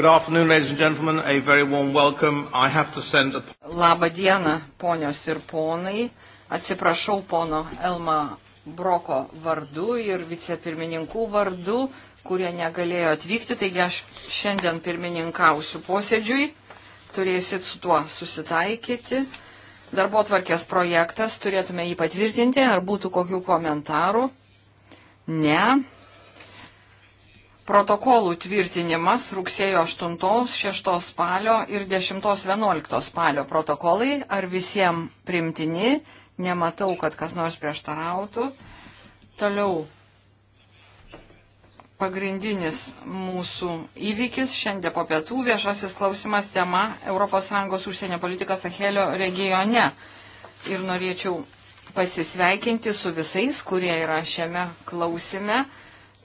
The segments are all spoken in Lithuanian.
Good afternoon, ladies and gentlemen. A very warm welcome. I have to send a... Labą dieną, ponios ir ponai. Atsiprašau pono Elma Broko vardu ir vicepirmininkų vardu, kurie negalėjo atvykti, taigi aš šiandien pirmininkausiu posėdžiui. Turėsit su tuo susitaikyti. Darbo tvarkės projektas, turėtume jį patvirtinti, ar būtų kokių komentarų. Ne protokolų tvirtinimas rugsėjo 8, 6 spalio ir 10-11 spalio protokolai. Ar visiems primtini? Nematau, kad kas nors prieštarautų. Toliau pagrindinis mūsų įvykis šiandien po pietų viešasis klausimas tema ES užsienio politika Sahelio regione. Ir norėčiau pasisveikinti su visais, kurie yra šiame klausime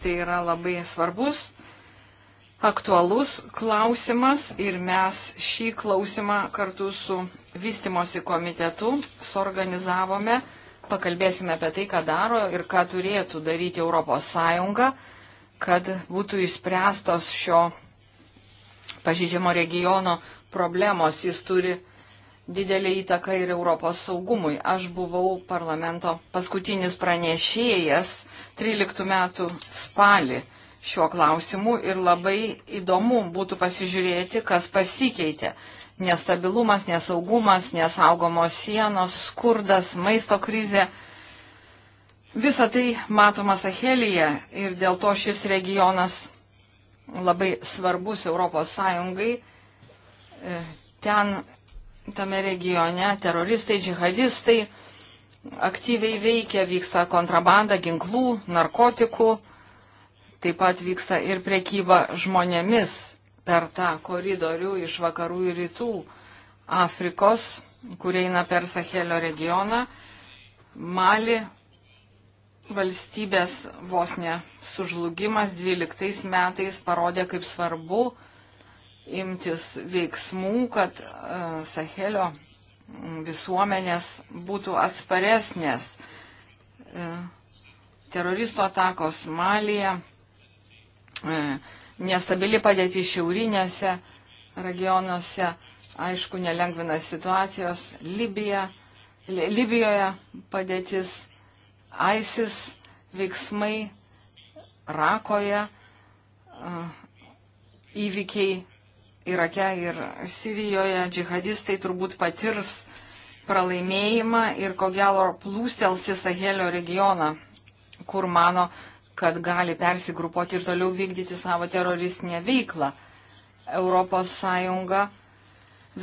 tai yra labai svarbus, aktualus klausimas ir mes šį klausimą kartu su vystimosi komitetu suorganizavome. Pakalbėsime apie tai, ką daro ir ką turėtų daryti ES, kad būtų išspręstos šio pažydžiamo regiono problemos. Jis turi didelį įtaką ir Europos saugumui. Aš buvau parlamento paskutinis pranešėjas 13 metų spalį šiuo klausimu ir labai įdomu būtų pasižiūrėti, kas pasikeitė. Nestabilumas, nesaugumas, nesaugomos sienos, skurdas, maisto krizė. Visa tai matoma Sahelyje ir dėl to šis regionas labai svarbus Europos Sąjungai. E, ten tame regione teroristai, džihadistai aktyviai veikia, vyksta kontrabanda ginklų, narkotikų, taip pat vyksta ir prekyba žmonėmis per tą koridorių iš vakarų ir rytų Afrikos, kurie eina per Sahelio regioną. Mali valstybės vos ne sužlugimas 12 metais parodė, kaip svarbu imtis veiksmų, kad e, Sahelio visuomenės būtų atsparesnės. E, Teroristų atakos Malija, e, nestabili padėti šiaurinėse regionuose, aišku, nelengvina situacijos Libija, Libijoje padėtis, ISIS veiksmai, Rakoje įvykiai Irake ir Sirijoje džihadistai turbūt patirs pralaimėjimą ir ko gero plūstels į Sahelio regioną, kur mano, kad gali persigrupuoti ir toliau vykdyti savo teroristinę veiklą. Europos Sąjunga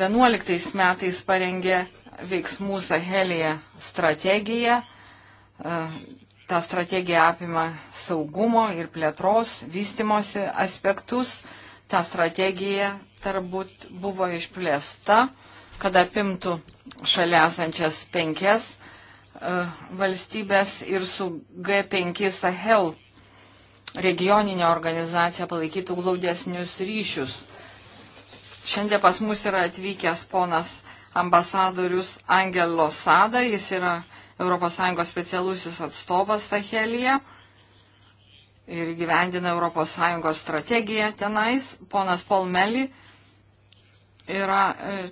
11 metais parengė veiksmų Sahelėje strategiją. E, Ta strategija apima saugumo ir plėtros vystimosi aspektus ta strategija turbūt buvo išplėsta, kad apimtų šalia esančias penkias e, valstybės ir su G5 Sahel regioninė organizacija palaikytų glaudesnius ryšius. Šiandien pas mus yra atvykęs ponas ambasadorius Angelo Sada, jis yra ES specialusis atstovas Sahelija ir gyvendina ES strategiją tenais. Ponas Paul Melly yra e,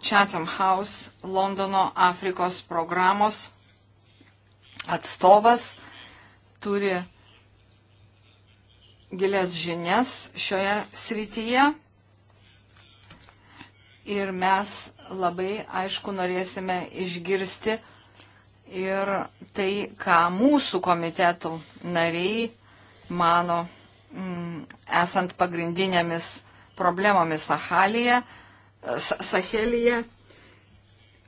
Chatham House Londono Afrikos programos atstovas, turi gilės žinias šioje srityje. Ir mes labai aišku norėsime išgirsti ir tai, ką mūsų komitetų nariai mano mm, esant pagrindinėmis problemomis Sahalyje, Sahelyje.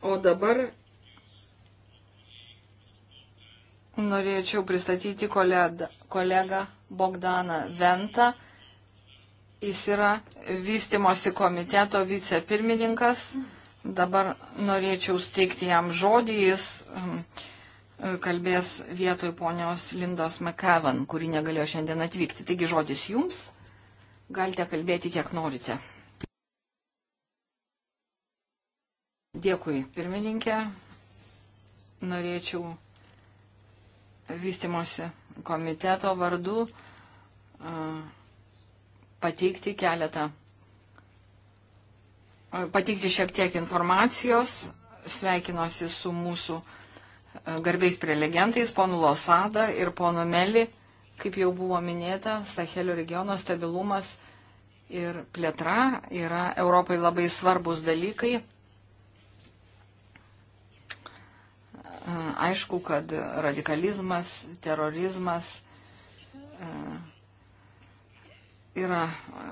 O dabar norėčiau pristatyti kolegą, kolegą Bogdaną Ventą. Jis yra vystimosi komiteto vicepirmininkas. Dabar norėčiau steikti jam žodį. Jis mm, kalbės vietoj ponios Lindos McCavan, kuri negalėjo šiandien atvykti. Taigi žodis jums, galite kalbėti kiek norite. Dėkui, pirmininkė. Norėčiau vystimosi komiteto vardu pateikti keletą, pateikti šiek tiek informacijos. Sveikinuosi su mūsų garbiais prelegentais, ponu Losada ir ponu Meli, kaip jau buvo minėta, Sahelio regiono stabilumas ir plėtra yra Europai labai svarbus dalykai. Aišku, kad radikalizmas, terorizmas e, yra e,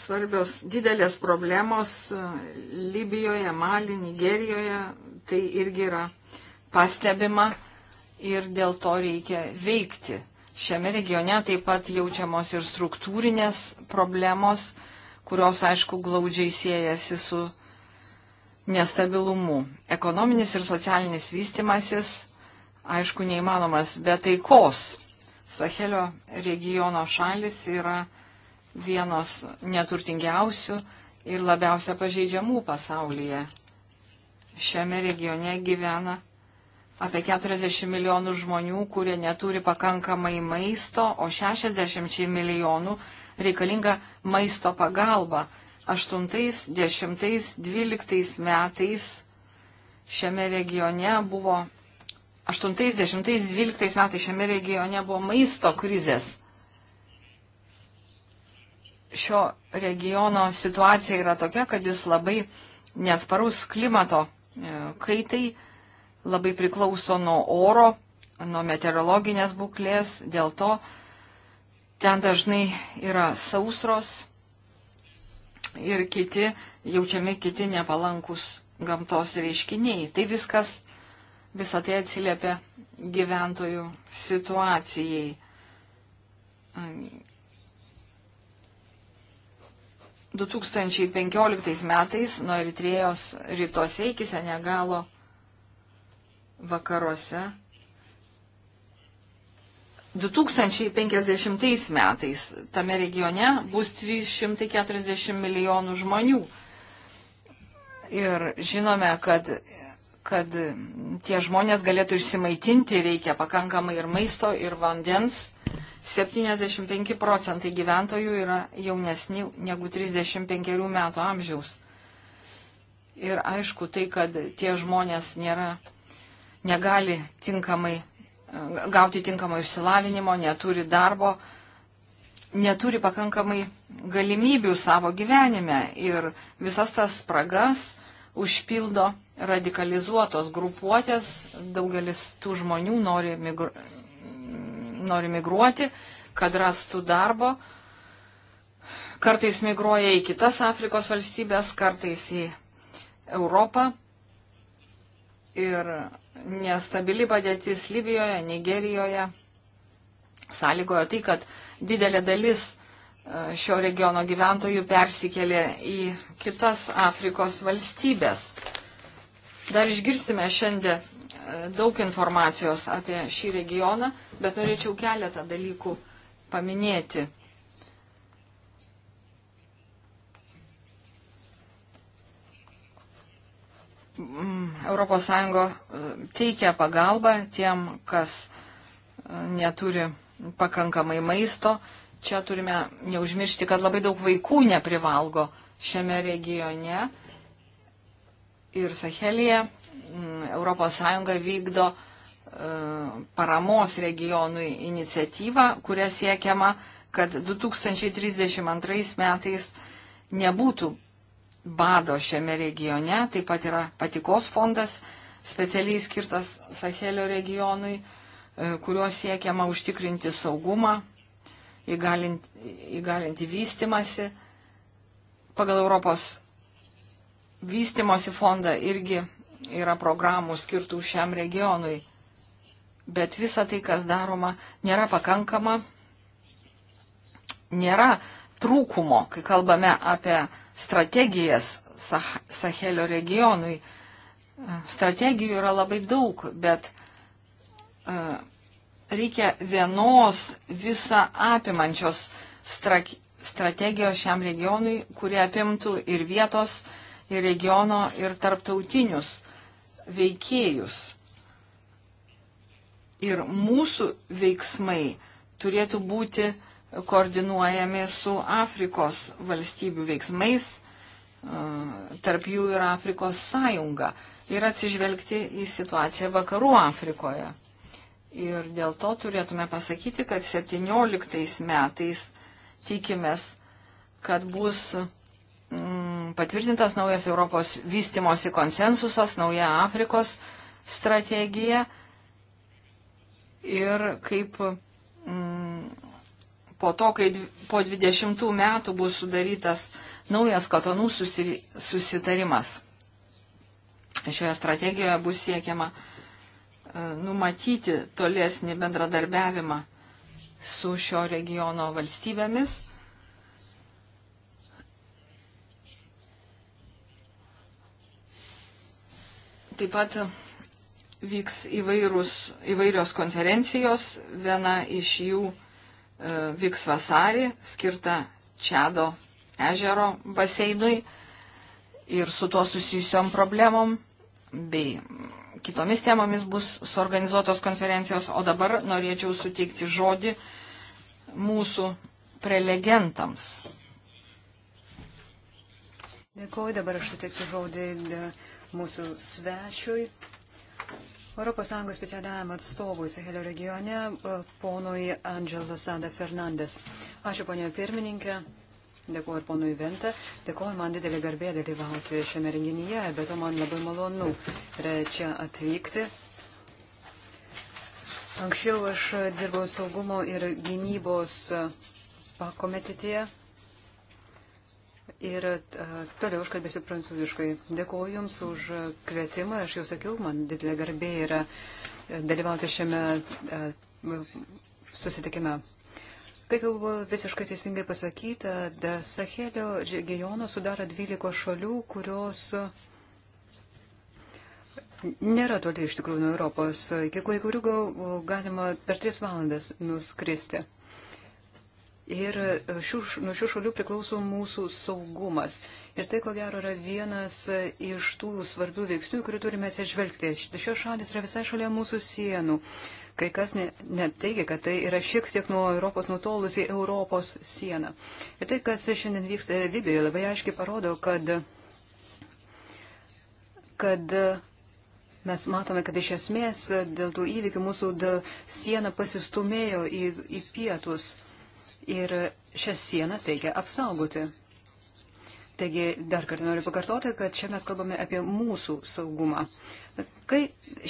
svarbios didelės problemos e, Libijoje, Mali, Nigerijoje. Tai irgi yra pastebima ir dėl to reikia veikti. Šiame regione taip pat jaučiamos ir struktūrinės problemos, kurios, aišku, glaudžiai siejasi su nestabilumu. Ekonominis ir socialinis vystimasis, aišku, neįmanomas be taikos. Sahelio regiono šalis yra vienos neturtingiausių ir labiausia pažeidžiamų pasaulyje. Šiame regione gyvena apie 40 milijonų žmonių, kurie neturi pakankamai maisto, o 60 milijonų reikalinga maisto pagalba. 8, 10, 12 metais šiame regione buvo 8, 10, 12 metais šiame regione buvo maisto krizės. Šio regiono situacija yra tokia, kad jis labai neatsparus klimato e, kaitai. E, labai priklauso nuo oro, nuo meteorologinės būklės, dėl to ten dažnai yra sausros ir kiti, jaučiami kiti nepalankus gamtos reiškiniai. Tai viskas, visą tai atsiliepia gyventojų situacijai. 2015 metais nuo Eritrėjos rytuose iki Senegalo vakaruose 2050 metais tame regione bus 340 milijonų žmonių. Ir žinome, kad, kad tie žmonės galėtų išsimaitinti, reikia pakankamai ir maisto, ir vandens. 75 procentai gyventojų yra jaunesni negu 35 metų amžiaus. Ir aišku, tai, kad tie žmonės nėra negali tinkamai e, gauti tinkamo išsilavinimo, neturi darbo, neturi pakankamai galimybių savo gyvenime ir visas tas spragas užpildo radikalizuotos grupuotės, daugelis tų žmonių nori, migru... nori migruoti, kad rastų darbo, kartais migruoja į kitas Afrikos valstybės, kartais į Europą ir nestabili padėtis Libijoje, Nigerijoje sąlygojo tai, kad didelė dalis e, šio regiono gyventojų persikėlė į kitas Afrikos valstybės. Dar išgirsime šiandien e, daug informacijos apie šį regioną, bet norėčiau keletą dalykų paminėti. ES e, teikia pagalbą tiem, kas e, neturi pakankamai maisto. Čia turime neužmiršti, kad labai daug vaikų neprivalgo šiame regione ir Sahelėje. ES vykdo e, paramos regionui iniciatyvą, kuria siekiama, kad 2032 metais nebūtų bado šiame regione, taip pat yra patikos fondas specialiai skirtas Sahelio regionui, e, kuriuo siekiama užtikrinti saugumą, įgalinti, įgalinti vystimasi. Pagal Europos vystimosi fondą irgi yra programų skirtų šiam regionui. Bet visa tai, kas daroma, nėra pakankama, nėra trūkumo, kai kalbame apie strategijas Sah Sahelio regionui. Strategijų yra labai daug, bet uh, reikia vienos visą apimančios strategijos šiam regionui, kurie apimtų ir vietos, ir regiono, ir tarptautinius veikėjus. Ir mūsų veiksmai turėtų būti uh, koordinuojami su Afrikos valstybių veiksmais, e, tarp jų ir Afrikos sąjunga, ir atsižvelgti į situaciją vakarų Afrikoje. Ir dėl to turėtume pasakyti, kad 17 metais tikimės, kad bus mm, patvirtintas naujas Europos vystimosi konsensusas, nauja Afrikos strategija. Ir kaip mm, po to, kai po 20 metų bus sudarytas naujas katonų susitarimas. Šioje strategijoje bus siekiama e, numatyti tolesnį bendradarbiavimą su šio regiono valstybėmis. Taip pat vyks įvairūs, įvairios konferencijos. Viena iš jų E, vyks vasarį, skirta Čado ežero baseinui ir su tuo susijusiom problemom bei kitomis temomis bus suorganizuotos konferencijos, o dabar norėčiau suteikti žodį mūsų prelegentams. Dėkuoju, dabar aš suteiksiu žodį mūsų svečiui, ES specialiajam atstovui Sahelio regione, e, ponui Andžel Sada Fernandes. Ačiū, ponio pirmininkė. Dėkuoju ir ponui Ventą. Dėkuoju, man didelį garbė dalyvauti šiame renginyje, bet to man labai malonu yra čia atvykti. Anksčiau aš dirbau saugumo ir gynybos e, pakomitetėje Ir toliau aš kalbėsiu prancūziškai. Dėkuoju Jums už kvietimą. Aš jau sakiau, man didelė garbė yra e, dalyvauti šiame susitikime. Tai kalbu visiškai teisingai pasakyta, Sahelio regiono sudaro 12 šalių, kurios nėra toli iš tikrųjų nuo Europos, iki kurių galima per 3 valandas nuskristi. Ir e, šių, nuo šių šalių priklauso mūsų saugumas. Ir tai, ko gero, yra vienas e, iš tų svarbių veiksnių, kurių turime atsižvelgti. Šios šalis yra visai šalia mūsų sienų. Kai kas net ne teigia, kad tai yra šiek tiek nuo Europos nutolusi Europos siena. Ir tai, kas šiandien vyksta Libijoje, labai aiškiai parodo, kad, kad e, mes matome, kad iš esmės dėl tų įvykių mūsų siena pasistumėjo į, į pietus ir šias sienas reikia apsaugoti. Taigi dar kartą noriu pakartoti, kad čia mes kalbame apie mūsų saugumą. Kai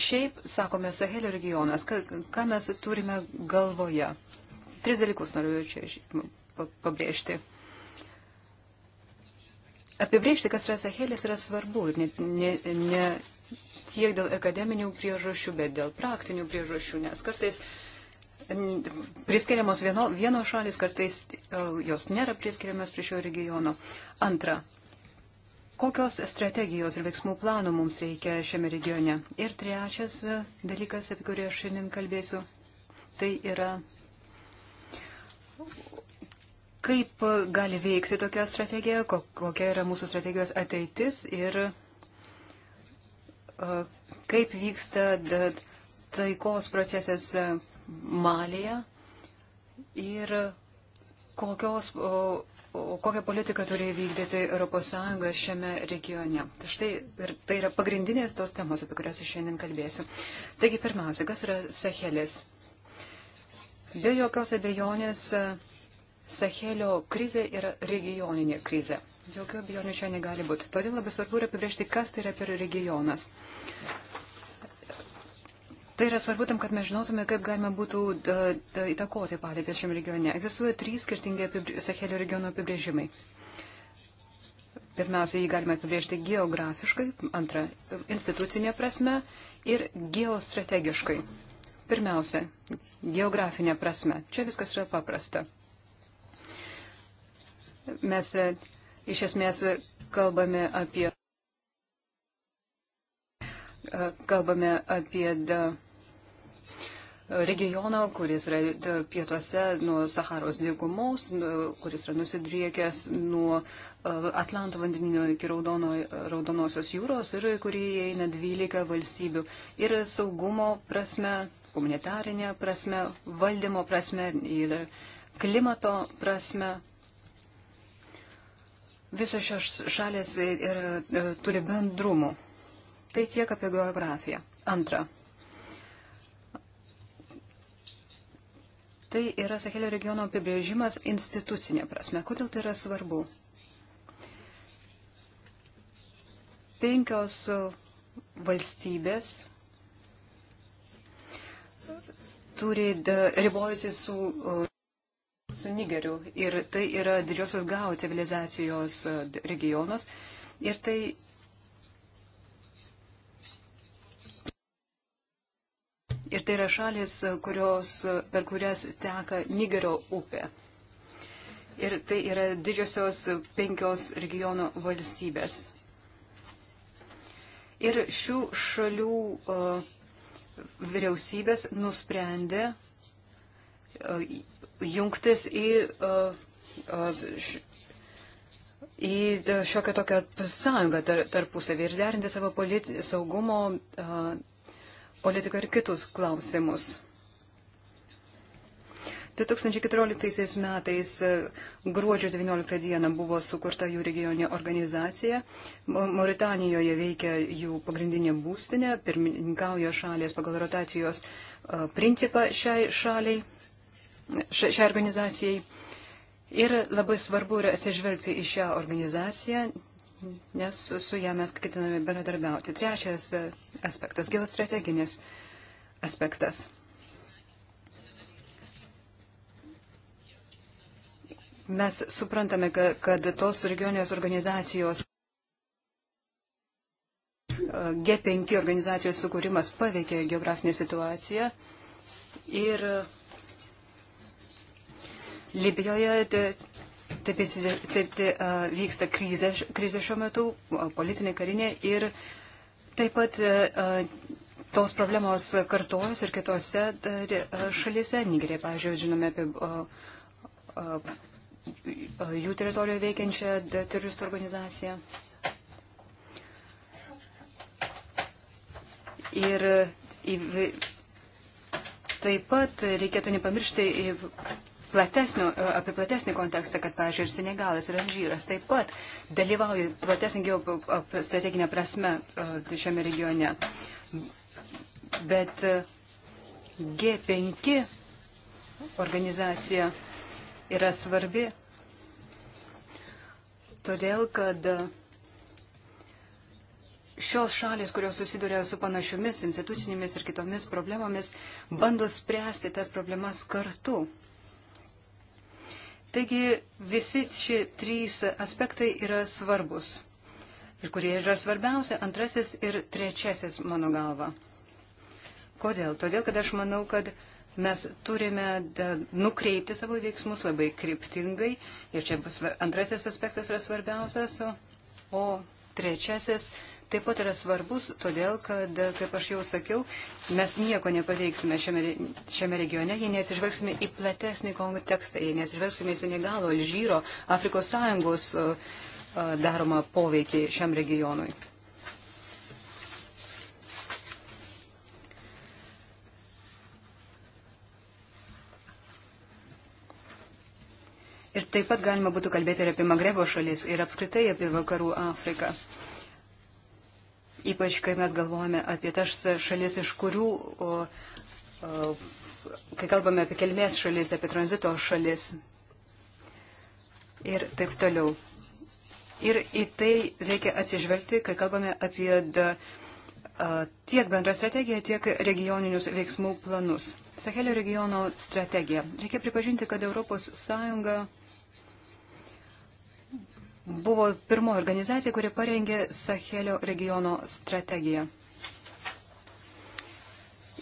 šiaip sakome Sahelio regionas, ką, ką mes turime galvoje? Tris dalykus noriu čia pabrėžti. Apibrėžti, kas yra Sahelis, yra svarbu ir ne, ne, ne tiek dėl akademinių priežasčių, bet dėl praktinių priežasčių, nes kartais uh, priskiriamos vieno, vieno šalis, kartais e, jos nėra priskiriamas prie šio regiono. Antra, kokios strategijos ir veiksmų planų mums reikia šiame regione. Ir trečias e, dalykas, apie kurį aš šiandien kalbėsiu, tai yra, kaip gali veikti tokia strategija, kokia yra mūsų strategijos ateitis ir e, kaip vyksta taikos procesas Malėje ir kokios, o, o, kokią politiką turi vykdyti ES šiame regione. Tai štai ir tai yra pagrindinės tos temos, apie kurias aš šiandien kalbėsiu. Taigi, pirmiausia, kas yra Sahelis? Be jokios abejonės, Sahelio krizė yra regioninė krizė. Jokių abejonių čia negali būti. Todėl labai svarbu yra apibriežti, kas tai yra per regionas. Tai yra svarbu tam, kad mes žinotume, kaip galima būtų da, da, įtakoti padėtį šiam regione. Egzistuoja trys skirtingi apibrė... Sahelio regiono apibrėžimai. Pirmiausia, jį galima apibrėžti geografiškai, antra, institucinė prasme ir geostrategiškai. Pirmiausia, geografinė prasme. Čia viskas yra paprasta. Mes e, iš esmės kalbame apie e, kalbame apie da, regiono, kuris yra e, pietuose nuo Saharos dėgumos, kuris yra nusidriekęs nuo e, Atlanto vandeninio iki Raudono, e, Raudonosios jūros ir kurį įeina 12 valstybių. Ir saugumo prasme, humanitarinė prasme, valdymo prasme ir klimato prasme. Visos šios šalės yra, turi bendrumų. Tai tiek apie geografiją. Antra, Tai yra Sahelio regiono apibrėžimas institucinė prasme. Kodėl tai yra svarbu? Penkios valstybės turi ribojusi su, uh, su Nigeriu ir tai yra didžiosios gao civilizacijos uh, regionas ir tai Ir tai yra šalis, kurios, per kurias teka Nigerio upė. Ir tai yra didžiosios penkios regiono valstybės. Ir šių šalių uh, vyriausybės nusprendė uh, jungtis į, uh, į šiokią tokią sąjungą tar, tarpusavį ir derinti savo politi, saugumo politiką ir kitus klausimus. 2014 metais e, gruodžio 19 dieną buvo sukurta jų regioninė organizacija. Mauritanijoje veikia jų pagrindinė būstinė, pirmininkauja šalės pagal rotacijos e, principą šiai šaliai, šiai organizacijai. Ir labai svarbu yra atsižvelgti į šią organizaciją, nes su ją mes ketiname bendradarbiauti. Trečias e, aspektas - geostrateginis aspektas. Mes suprantame, kad tos regioninės organizacijos e, G5 organizacijos sukūrimas paveikė geografinę situaciją ir Libijoje Taip, taip tai, vyksta krizė, krizė šiuo metu, politinė, karinė ir taip pat tos problemos kartojus ir kitose šalise. Nigerė, pavyzdžiui, žinome apie jų teritorijoje veikiančią teroristų organizaciją. Ir taip pat reikėtų nepamiršti platesnio, e, apie platesnį kontekstą, kad, pavyzdžiui, ir Senegalas, ir Alžyras taip pat dalyvauja platesnį geostrateginę prasme e, tai šiame regione. Bet e, G5 organizacija yra svarbi, todėl kad šios šalis, kurios susiduria su panašiomis institucinėmis ir kitomis problemomis, bando spręsti tas problemas kartu. Taigi visi šie trys aspektai yra svarbus. Ir kurie yra svarbiausia, antrasis ir trečiasis mano galva. Kodėl? Todėl, kad aš manau, kad mes turime nukreipti savo veiksmus labai kryptingai. Ir čia antrasis aspektas yra svarbiausias, o, o trečiasis taip pat yra svarbus, todėl kad, kaip aš jau sakiau, mes nieko nepaveiksime šiame, šiame regione, jei nesižvelgsime į platesnį kontekstą, jei nesižvelgsime į Senegalo, Alžyro, Afrikos Sąjungos daromą poveikį šiam regionui. Ir taip pat galima būtų kalbėti ir apie Magrebo šalis ir apskritai apie Vakarų Afriką. Ypač, kai mes galvojame apie tas šalis, iš kurių, o, o, kai kalbame apie kelmės šalis, apie tranzito šalis ir taip toliau. Ir į tai reikia atsižvelgti, kai kalbame apie da, a, tiek bendrą strategiją, tiek regioninius veiksmų planus. Sahelio regiono strategija. Reikia pripažinti, kad ES buvo pirmoji organizacija, kuri parengė Sahelio regiono strategiją.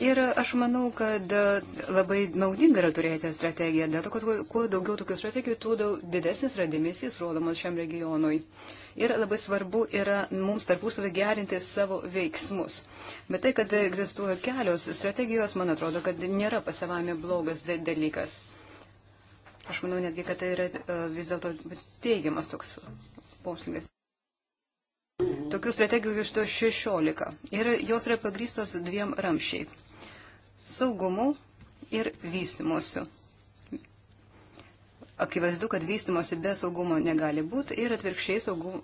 Ir aš manau, kad labai naudinga yra turėti strategiją, dėl to, kad kuo daugiau tokių strategijų, tuo didesnis yra dėmesys rodomas šiam regionui. Ir labai svarbu yra mums tarpusavį gerinti savo veiksmus. Bet tai, kad egzistuoja kelios strategijos, man atrodo, kad nėra pasavami blogas dalykas. Aš manau netgi, kad tai yra e, vis dėlto teigiamas toks poslinkis. Tokių strategijų iš to 16 ir jos yra pagrystos dviem ramšiai - saugumu ir vystimuosiu. Akivaizdu, kad vystimosi be saugumo negali būti ir atvirkščiai saugum,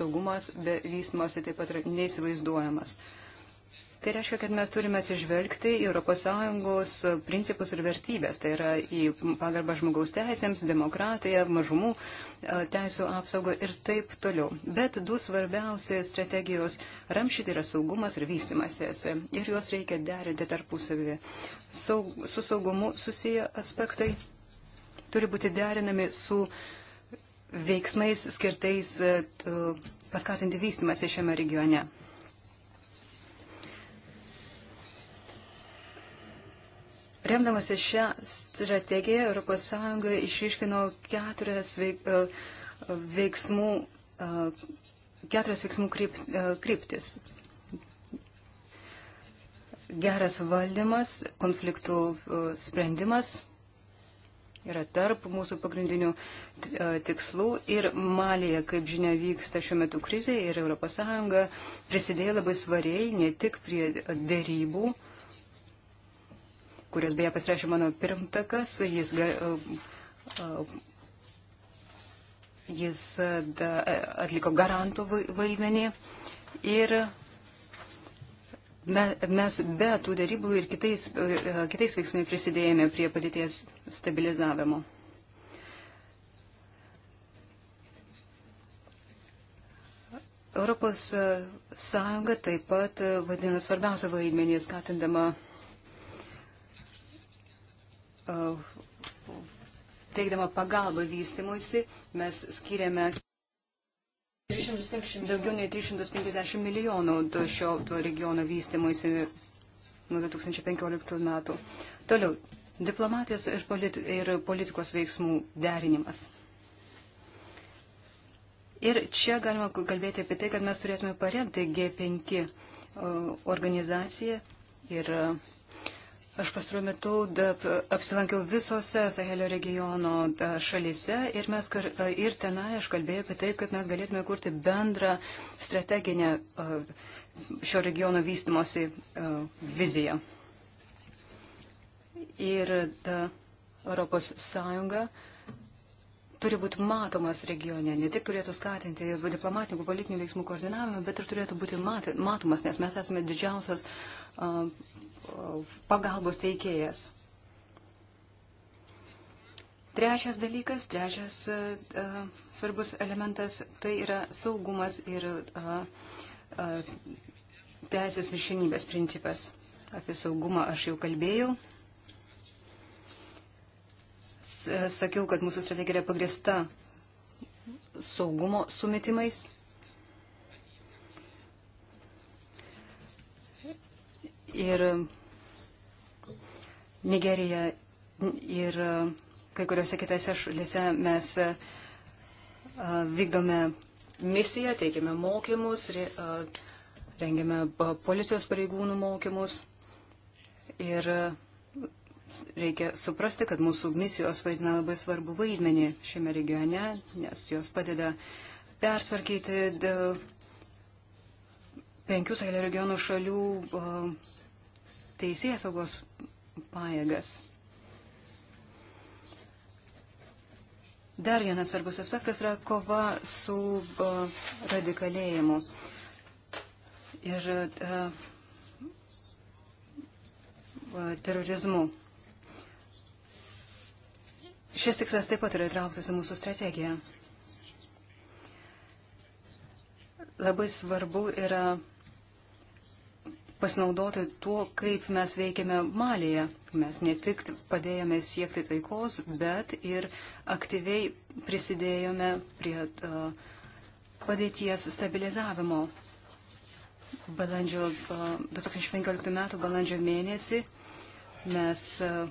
saugumas be vystimosi taip pat yra neįsivaizduojamas. Uh, Tai reiškia, kad mes turime atsižvelgti į ES principus ir vertybės, tai yra į pagarbą žmogaus teisėms, demokratiją, mažumų e, teisų apsaugą ir taip toliau. Bet du svarbiausi strategijos ramšyti tai yra saugumas ir vystimasis. Ir juos reikia derinti tarpusavį. Saug, su saugumu susiję aspektai turi būti derinami su veiksmais skirtais e, paskatinti vystimąsi šiame regione. Remdamasi šią strategiją, ES išryškino keturias veik, e, veiksmų, e, keturias veiksmų kryp, e, kryptis. Geras valdymas, konfliktų sprendimas yra tarp mūsų pagrindinių tikslų ir Malija, kaip žinia, vyksta šiuo metu krizė ir ES prisidėjo labai svariai ne tik prie dėrybų, kurios beje pasirašė mano pirmtakas, jis, jis atliko garantų vaidmenį ir mes be tų darybų ir kitais, kitais veiksmai prisidėjome prie padėties stabilizavimo. Europos Sąjunga taip pat vadina svarbiausią vaidmenį skatindama Uh, teikdama pagalbą vystimuisi, mes skiriame daugiau nei 350 milijonų šio regiono vystimuisi nuo 2015 metų. Toliau, diplomatijos ir, politi ir politikos veiksmų derinimas. Ir čia galima kalbėti apie tai, kad mes turėtume paremti G5 uh, organizaciją ir uh, Aš pastaruoju metu apsilankiau visose Sahelio regiono šalise ir, mes, ir tenai aš kalbėjau apie tai, kaip mes galėtume kurti bendrą strateginę šio regiono vystimosi viziją. Ir Europos Sąjunga turi būti matomas regione, ne tik turėtų skatinti diplomatinių politinių veiksmų koordinavimą, bet ir turėtų būti matomas, nes mes esame didžiausias uh, pagalbos teikėjas. Trečias dalykas, trečias uh, svarbus elementas, tai yra saugumas ir uh, uh, teisės viršinybės principas. Apie saugumą aš jau kalbėjau. S Sakiau, kad mūsų strategija yra pagrįsta saugumo sumetimais. ir e, Nigerija ir e, kai kuriuose kitose šalyse mes e, vykdome misiją, teikiame mokymus, rengiame policijos pareigūnų mokymus ir reikia suprasti, kad mūsų misijos vaidina labai svarbu vaidmenį šiame regione, nes jos padeda pertvarkyti penkių Sahelio regionų šalių uh, teisės saugos pajėgas. Dar vienas svarbus aspektas yra kova su uh, radikalėjimu. Ir uh, uh, terorizmu. Šis tikslas taip pat yra įtrauktas į mūsų strategiją. Labai svarbu yra pasinaudoti tuo, kaip mes veikiame Malyje. Mes ne tik padėjome siekti taikos, bet ir aktyviai prisidėjome prie uh, padėties stabilizavimo. Balandžio, uh, 2015 m. balandžio mėnesį mes uh,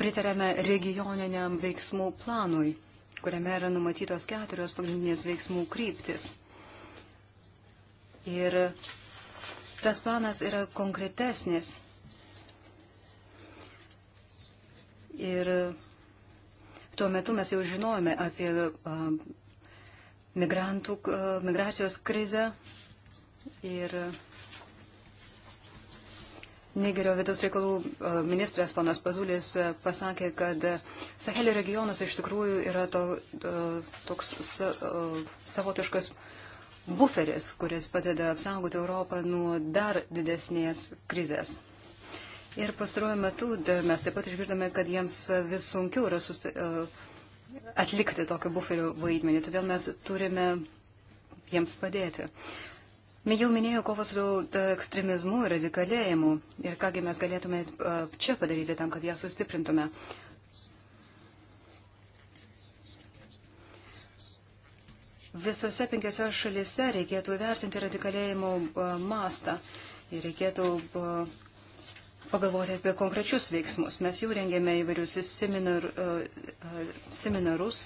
pritarėme regioniniam veiksmų planui, kuriame yra numatytos keturios pagrindinės veiksmų kryptis. Ir tas planas yra konkretesnis. Ir tuo metu mes jau žinojame apie migrantų, migracijos krizę ir Nigerio vidaus reikalų ministras panas Pazulis pasakė, kad Sahelio regionas iš tikrųjų yra to, toks savotiškas buferis, kuris padeda apsaugoti Europą nuo dar didesnės krizės. Ir pastaruoju metu mes taip pat išgirdome, kad jiems vis sunkiau yra susta, e, atlikti tokio buferio vaidmenį, todėl mes turime jiems padėti. Jau minėjau kovą su ekstremizmu ir radikalėjimu ir kągi mes galėtume e, čia padaryti tam, kad ją sustiprintume. Visose penkiose šalise reikėtų vertinti radikalėjimo e, mastą ir reikėtų e, pagalvoti apie konkrečius veiksmus. Mes jau rengėme įvairius seminar, e, seminarus.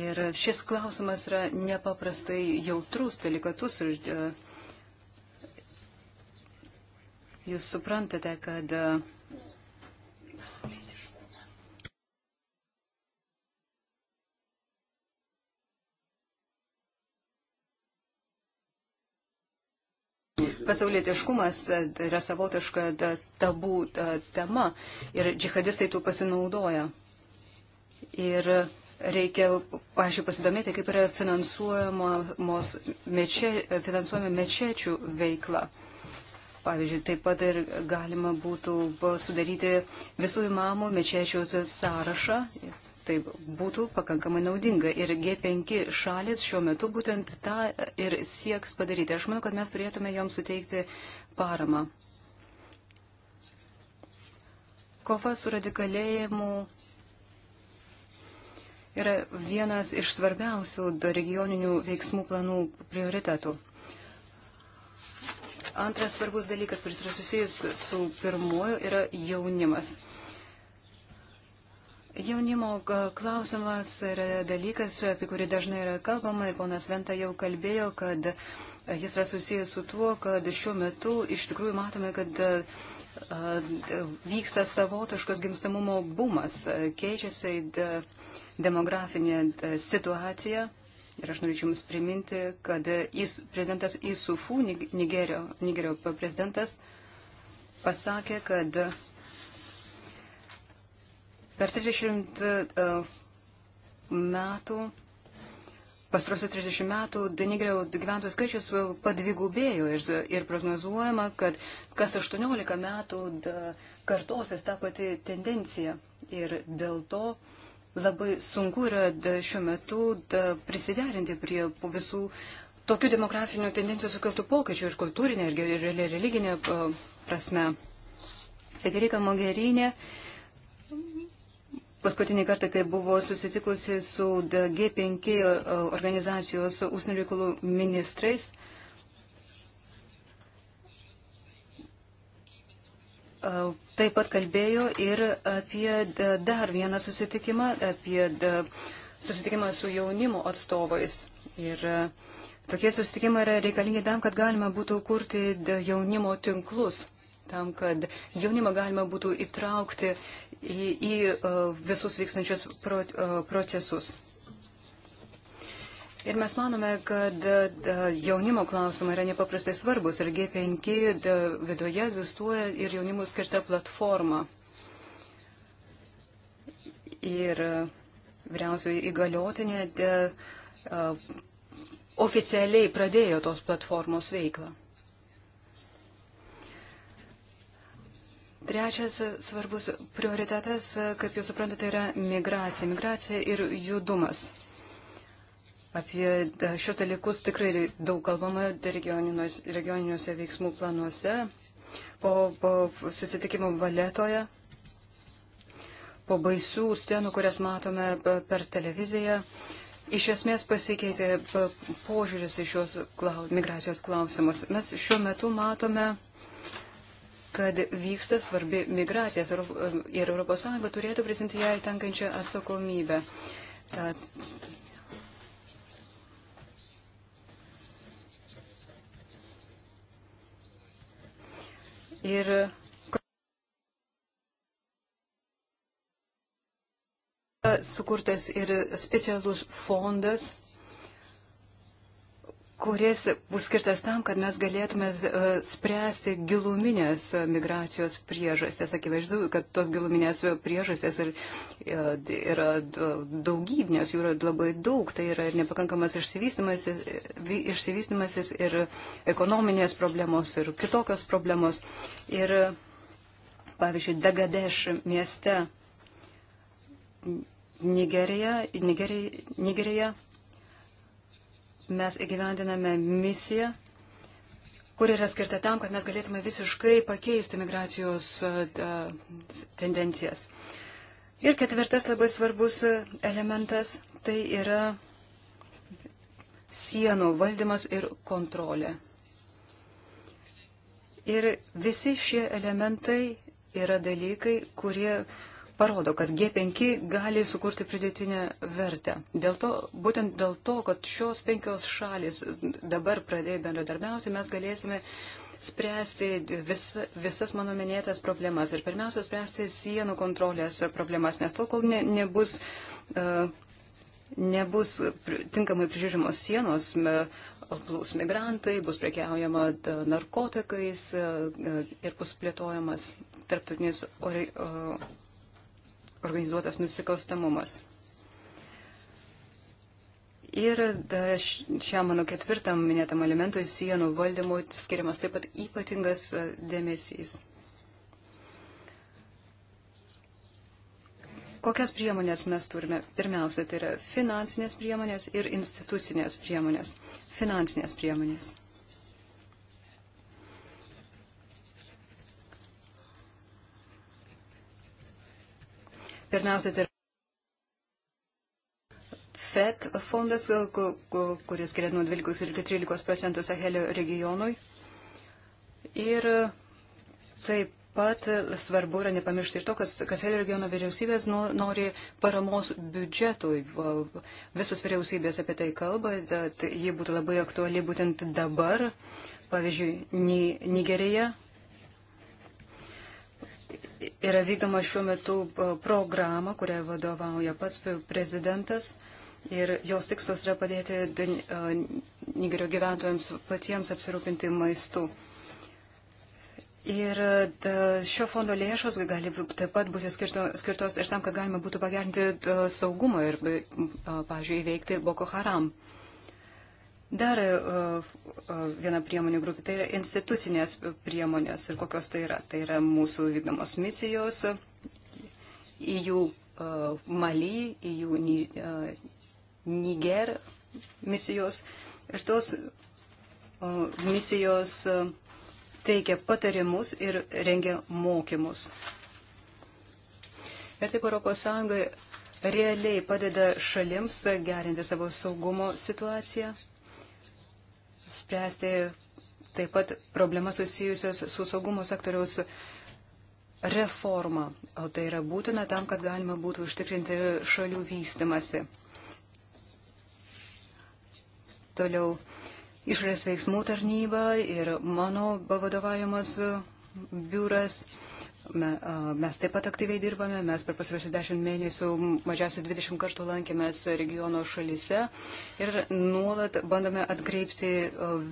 Ir šis klausimas yra nepaprastai jautrus, delikatus. Jūs suprantate, kad pasaulietiškumas e, tai yra savotiška tabų tema ir džihadistai tų pasinaudoja. Ir reikia, pažiūrėjau, pasidomėti, kaip yra meče, finansuojama mečečių veikla. Pavyzdžiui, taip pat ir galima būtų sudaryti visų įmamų mečečių sąrašą tai būtų pakankamai naudinga. Ir G5 šalis šiuo metu būtent tą ir sieks padaryti. Aš manau, kad mes turėtume joms suteikti paramą. Kova su radikalėjimu yra vienas iš svarbiausių regioninių veiksmų planų prioritetų. Antras svarbus dalykas, kuris yra susijęs su pirmuoju, yra jaunimas. Jaunimo klausimas yra dalykas, apie kurį dažnai yra kalbama ir ponas Venta jau kalbėjo, kad e, jis yra susijęs su tuo, kad šiuo metu iš tikrųjų matome, kad e, e, vyksta savotiškas gimstamumo bumas, keičiasi demografinė situacija. Ir aš norėčiau Jums priminti, kad jis, prezidentas Isufu, Nigerio, Nigerio prezidentas, pasakė, kad Per 30 e, metų, pastarosius 30 metų, Denigrio gyventojų skaičius padvigubėjo ir, ir prognozuojama, kad kas 18 metų kartosis tą patį tendenciją. Ir dėl to labai sunku yra šiuo metu prisiderinti prie visų tokių demografinių tendencijų sukeltų pokyčių ir kultūrinė, ir religinė e, prasme. Federika Mogerinė uh, paskutinį kartą, kai buvo susitikusi su G5 organizacijos užsienio reikalų ministrais, taip pat kalbėjo ir apie dar vieną susitikimą, apie susitikimą su jaunimo atstovais. Ir tokie susitikimai yra reikalingi tam, kad galima būtų kurti jaunimo tinklus tam, kad jaunimą galima būtų įtraukti į, į e, visus vykstančius pro, e, procesus. Ir mes manome, kad e, jaunimo klausimai yra nepaprastai svarbus ir G5 viduje egzistuoja ir jaunimų skirta platforma. Ir vyriausiai įgaliotinė oficialiai pradėjo tos platformos veiklą. Trečias svarbus prioritetas, kaip jūs suprantate, yra migracija. Migracija ir judumas. Apie e, šios dalykus tikrai daug kalbama regioniniuose veiksmų planuose. Po, po susitikimo valetoje, po baisių scenų, kurias matome e, per televiziją, Iš esmės pasikeitė e, požiūris į šios klau, migracijos klausimus. Mes šiuo metu matome kad vyksta svarbi migracija ir ES turėtų prisimti ją įtenkančią atsakomybę. Ir sukurtas ir specialus fondas kuris bus skirtas tam, kad mes galėtume e, spręsti giluminės e, migracijos priežastės. Akivaizdu, kad tos giluminės priežastės e, yra daugybinės, jų yra labai daug. Tai yra ir nepakankamas išsivystimasis, išsivystimasis ir ekonominės problemos, ir kitokios problemos. Ir, pavyzdžiui, Dagadeš mieste Nigerija, Nigerija, Nigerija mes įgyvendiname misiją, kuri yra skirta tam, kad mes galėtume visiškai pakeisti migracijos e, tendencijas. Ir ketvirtas labai svarbus e, elementas tai yra sienų valdymas ir kontrolė. Ir visi šie elementai yra dalykai, kurie uh, parodo, kad G5 gali sukurti pridėtinę vertę. Dėl to, būtent dėl to, kad šios penkios šalis dabar pradėjo bendradarbiauti, mes galėsime spręsti vis, visas mano minėtas problemas. Ir pirmiausia, spręsti sienų kontrolės problemas, nes tol, kol ne, nebus, uh, nebus tinkamai prižiūrimos sienos, plūs migrantai, bus prekiaujama e, narkotikais uh, ir bus plėtojamas tarptautinis ori, uh, organizuotas nusikalstamumas. Ir šiam mano ketvirtam minėtam elementui sienų valdymui skiriamas taip pat ypatingas e, dėmesys. Kokias priemonės mes turime? Pirmiausia, tai yra finansinės priemonės ir institucinės priemonės. Finansinės priemonės. Pirmiausia, tai yra FED fondas, kuris skiria nuo 12 iki 13 procentų Sahelio regionui. Ir taip pat svarbu yra nepamiršti ir to, kas, kas Helio regiono vyriausybės nu, nori paramos biudžetui. Visos vyriausybės apie tai kalba, tad jie būtų labai aktuali būtent dabar. Pavyzdžiui, Nigerija yra vykdoma šiuo metu e, programa, kurią vadovauja pats prezidentas. Ir jos tikslas yra padėti e, Nigerio gyventojams patiems apsirūpinti maistu. Ir e, šio fondo lėšos gali taip pat būti skirtos ir tam, kad galima būtų pagerinti saugumą ir, pavyzdžiui, įveikti Boko Haram. Dar e, e, viena priemonių grupė tai yra institucinės priemonės ir kokios tai yra. Tai yra mūsų vykdomos misijos į jų e, Mali, į jų Niger misijos. Ir tos misijos teikia patarimus ir rengia mokymus. Ir taip ES realiai padeda šalims gerinti savo saugumo situaciją spręsti taip pat problemas susijusios su saugumo sektoriaus reforma, o tai yra būtina tam, kad galima būtų užtikrinti šalių vystimasi. Toliau išorės veiksmų tarnyba ir mano vadovaujamas biuras Mes taip pat aktyviai dirbame, mes per pasirašę 10 mėnesių mažiausiai 20 kartų lankėmės regiono šalyse ir nuolat bandome atkreipti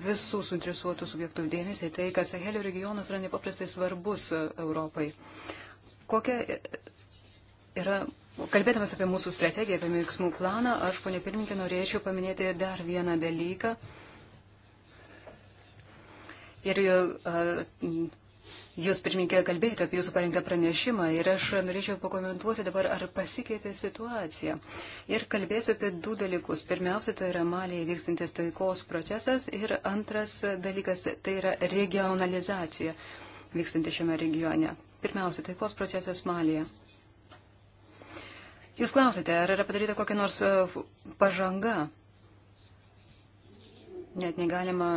visų suinteresuotų subjektų dėmesį į tai, kad Sahelio regionas yra nepaprastai svarbus Europai. Kokia e, yra Kalbėdamas apie mūsų strategiją, apie veiksmų planą, aš, ponė pirmininkė, norėčiau paminėti dar vieną dalyką. Ir uh, Jūs pirmininkė kalbėjote apie jūsų parengtą pranešimą ir aš norėčiau pakomentuoti dabar, ar pasikeitė situacija. Ir kalbėsiu apie du dalykus. Pirmiausia, tai yra Malėje vykstantis taikos procesas ir antras dalykas, tai yra regionalizacija vykstanti šiame regione. Pirmiausia, taikos procesas Malėje. Jūs klausite, ar yra padaryta kokia nors e, pažanga? Net negalima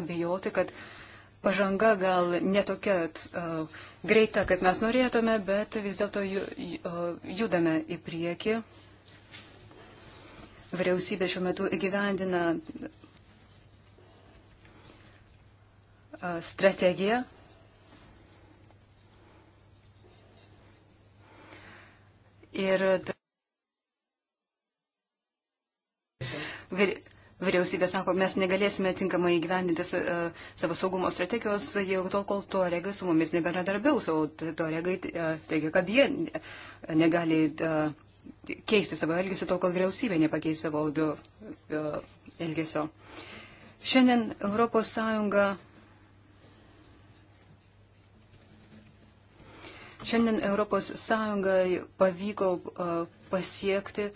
abejoti, kad pažanga gal netokia uh, greita, kaip mes norėtume, bet vis dėlto ju, judame į priekį. Vyriausybė šiuo metu įgyvendina strategiją. Ir vyri, vyriausybė sako, mes negalėsime tinkamai įgyvendinti e, savo saugumo strategijos, jau tol, kol to regai su mumis nebendradarbiaus, o to regai e, teigia, kad jie negali e, keisti savo elgesio, tol, kol vyriausybė nepakeis savo elgesio. Šiandien ES Šiandien ES pavyko pasiekti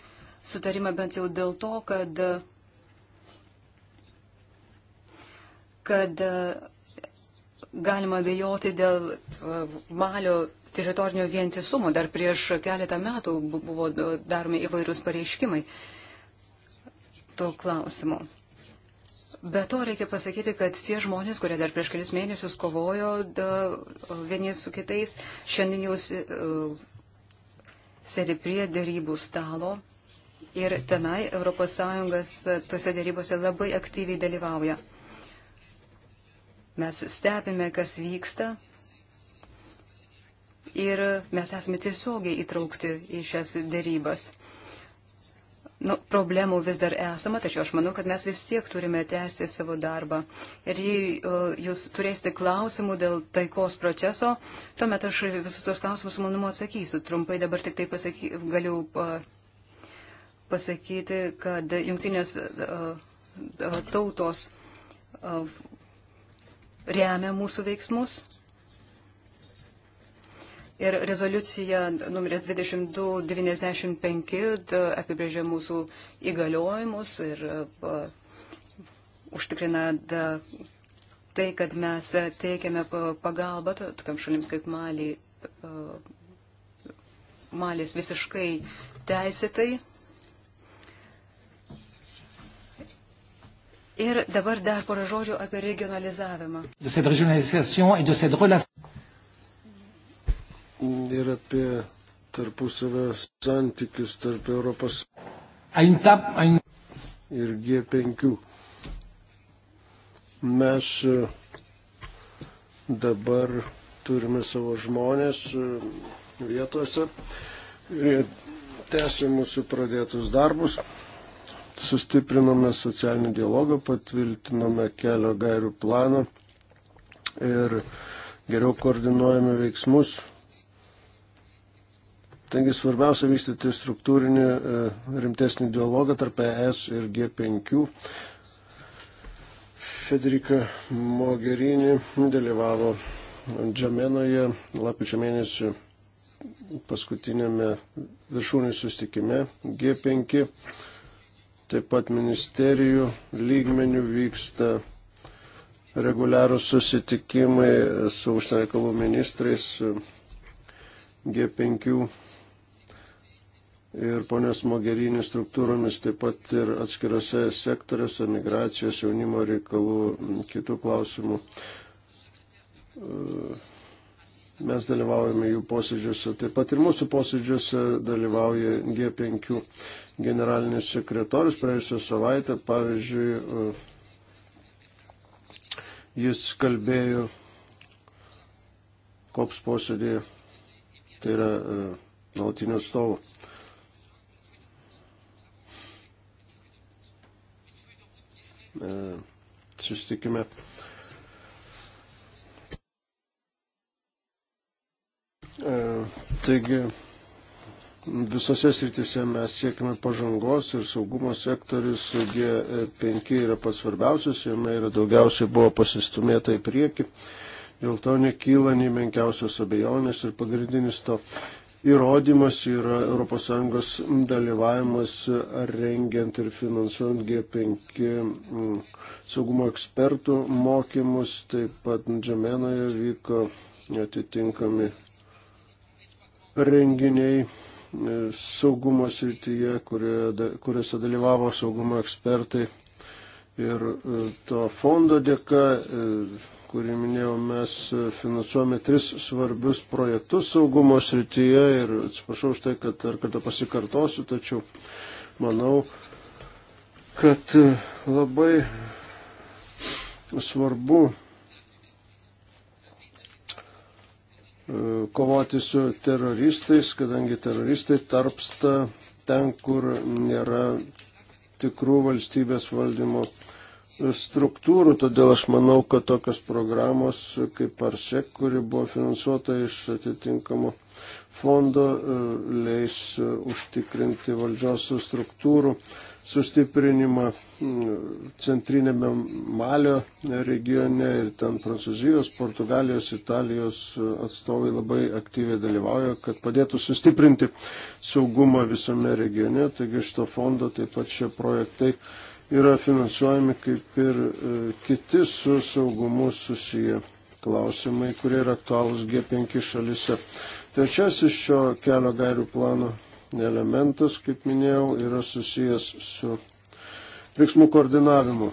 sutarimą bent jau dėl to, kad kad e, galima abejoti dėl e, Malio teritorinio vientisumo. Dar prieš keletą metų buvo daromi įvairūs pareiškimai tuo klausimu. Be to reikia pasakyti, kad tie žmonės, kurie dar prieš kelis mėnesius kovojo da, vieni su kitais, šiandien jau uh, sėdi prie dėrybų stalo ir tenai ES tose dėrybose labai aktyviai dalyvauja. Mes stebime, kas vyksta ir mes esame tiesiogiai įtraukti į šias dėrybas. Nu, problemų vis dar esama, tačiau aš manau, kad mes vis tiek turime tęsti savo darbą. Ir jei uh, jūs turėsite klausimų dėl taikos proceso, tuomet aš visus tuos klausimus manumu atsakysiu. Trumpai dabar tik tai pasaky, galiu uh, pasakyti, kad jungtinės uh, tautos uh, remia mūsų veiksmus. Ir rezoliucija numeris 2295 apibrėžia mūsų įgaliojimus ir uh, užtikrina da, tai, kad mes teikiame pagalbą tokiam šalims kaip Mali, uh, Malis visiškai teisėtai Ir dabar dar porą žodžių apie regionalizavimą. Ir apie tarpusavio santykius tarp Europos ir G5. Mes e, dabar turime savo žmonės e, vietose ir tęsime mūsų pradėtus darbus sustiprinome socialinį dialogą, patvirtinome kelio gairių planą ir geriau koordinuojame veiksmus. Taigi svarbiausia vystyti struktūrinį e, rimtesnį dialogą tarp ES ir G5. Federika Mogherini dalyvavo Džamenoje lapkričio mėnesį paskutinėme viršūnių sustikime G5 Taip pat ministerijų lygmenių vyksta reguliarūs susitikimai su užsienio reikalų ministrais G5 ir ponios Mogerinį struktūromis, taip pat ir atskirose sektoriuose, migracijos, jaunimo reikalų, kitų klausimų mes dalyvaujame jų posėdžiuose. Taip pat ir mūsų posėdžiuose dalyvauja G5 generalinis sekretorius praėjusią savaitę. Pavyzdžiui, uh, jis kalbėjo kops posėdėje, tai yra uh, nuolatinių atstovų. Uh, susitikime. Uh, E, taigi visose srityse mes siekime pažangos ir saugumo sektorius G5 yra pats svarbiausias, jame yra daugiausiai buvo pasistumėta į priekį, dėl to nekyla nei menkiausios abejonės ir pagrindinis to įrodymas yra ES dalyvavimas rengiant ir finansuojant G5 mm, saugumo ekspertų mokymus, taip pat Džamenoje vyko atitinkami renginiai e, saugumo srityje, kuriuose dalyvavo saugumo ekspertai. Ir e, to fondo dėka, e, kurį minėjau, mes finansuojame tris svarbius projektus saugumo srityje ir atsiprašau už tai, kad dar kartą pasikartosiu, tačiau manau, kad labai svarbu E, kovoti su teroristais, kadangi teroristai tarpsta ten, kur nėra tikrų valstybės valdymo struktūrų. Todėl aš manau, kad tokios programos kaip Parsek, kuri buvo finansuota iš atitinkamo fondo, e, leis užtikrinti valdžios struktūrų sustiprinimą centrinėme Malio regione ir ten Prancūzijos, Portugalijos, Italijos atstovai labai aktyviai dalyvauja, kad padėtų sustiprinti saugumą visame regione. Taigi iš to fondo taip pat šie projektai yra finansuojami kaip ir e, kiti su saugumu susiję klausimai, kurie yra aktualūs G5 šalise. Trečiasis šio kelio gairių plano elementas, kaip minėjau, yra susijęs su veiksmų koordinavimu,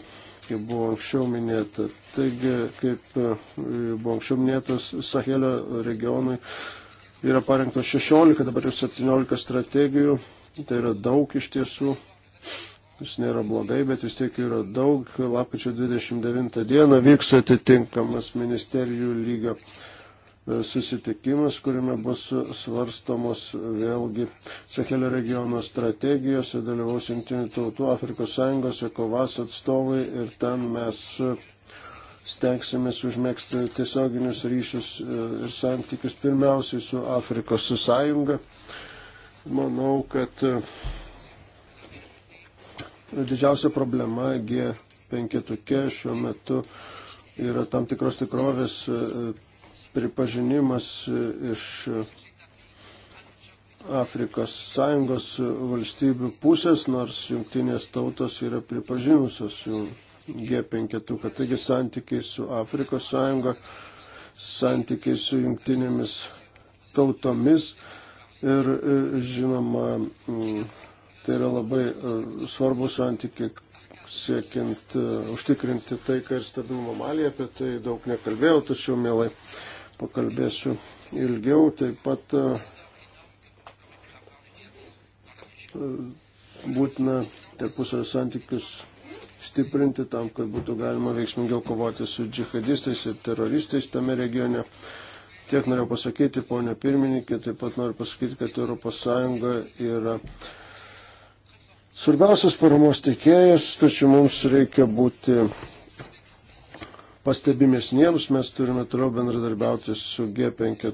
kaip buvo anksčiau minėta. Taigi, kaip e, buvo anksčiau minėtas, Sahelio regionai yra parengtos 16, dabar jau 17 strategijų. Tai yra daug iš tiesų. Jis nėra blogai, bet vis tiek yra daug. Lapkričio 29 dieną vyks atitinkamas ministerijų lygio E, susitikimas, kuriame bus svarstamos vėlgi Sahelio regiono strategijos, dalyvaus Junktinių tautų, Afrikos Sąjungos, Ekovas atstovai ir ten mes stengsimės užmėgsti tiesioginius ryšius e, ir santykius pirmiausiai su Afrikos su sąjunga. Manau, kad e, didžiausia problema G5 šiuo metu yra tam tikros tikrovės pripažinimas iš Afrikos Sąjungos valstybių pusės, nors jungtinės tautos yra pripažinusios jau G5, taigi santykiai su Afrikos Sąjunga, santykiai su jungtinėmis tautomis ir žinoma, tai yra labai e, svarbus santykiai siekiant e, užtikrinti taiką ir stabilumą Malį, apie tai daug nekalbėjau, tačiau mielai pakalbėsiu ilgiau. Taip pat e, būtina tarpusavio santykius stiprinti tam, kad būtų galima veiksmingiau kovoti su džihadistais ir teroristais tame regione. Tiek noriu pasakyti, ponė pirmininkė, taip pat noriu pasakyti, kad ES yra svarbiausias paramos teikėjas, tačiau mums reikia būti pastebimėsniems, mes turime toliau bendradarbiauti su G5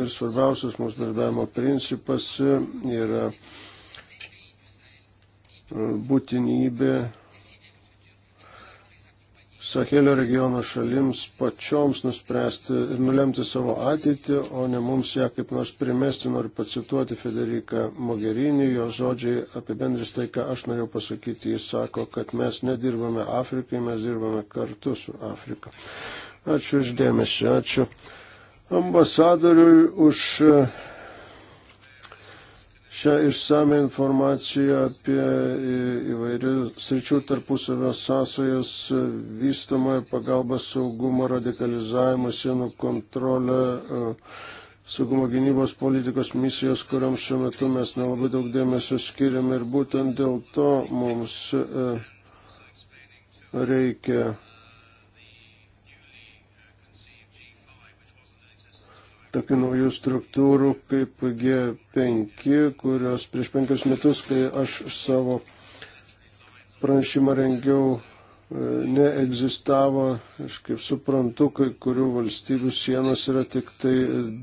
ir svarbiausias mūsų darbiavimo principas yra būtinybė Sahelio regiono šalims pačioms nuspręsti ir nulemti savo ateitį, o ne mums ją kaip nors primesti. Noriu pacituoti Federiką Mogerinį, jo žodžiai apibendris tai, ką aš norėjau pasakyti. Jis sako, kad mes nedirbame Afrikai, mes dirbame kartu su Afrika. Ačiū uždėmesi, ačiū ambasadoriui už. Uh, šią išsame informaciją apie įvairių sričių tarpusavio sąsajas, vystamąją pagalbą saugumą, radikalizavimą, sienų kontrolę, saugumo gynybos politikos misijos, kuriams šiuo metu mes nelabai daug dėmesio skiriam ir būtent dėl to mums e, reikia tokių naujų struktūrų kaip G5, kurios prieš penkius metus, kai aš savo pranešimą rengiau, e, neegzistavo, aš kaip suprantu, kai kurių valstybių sienos yra tik tai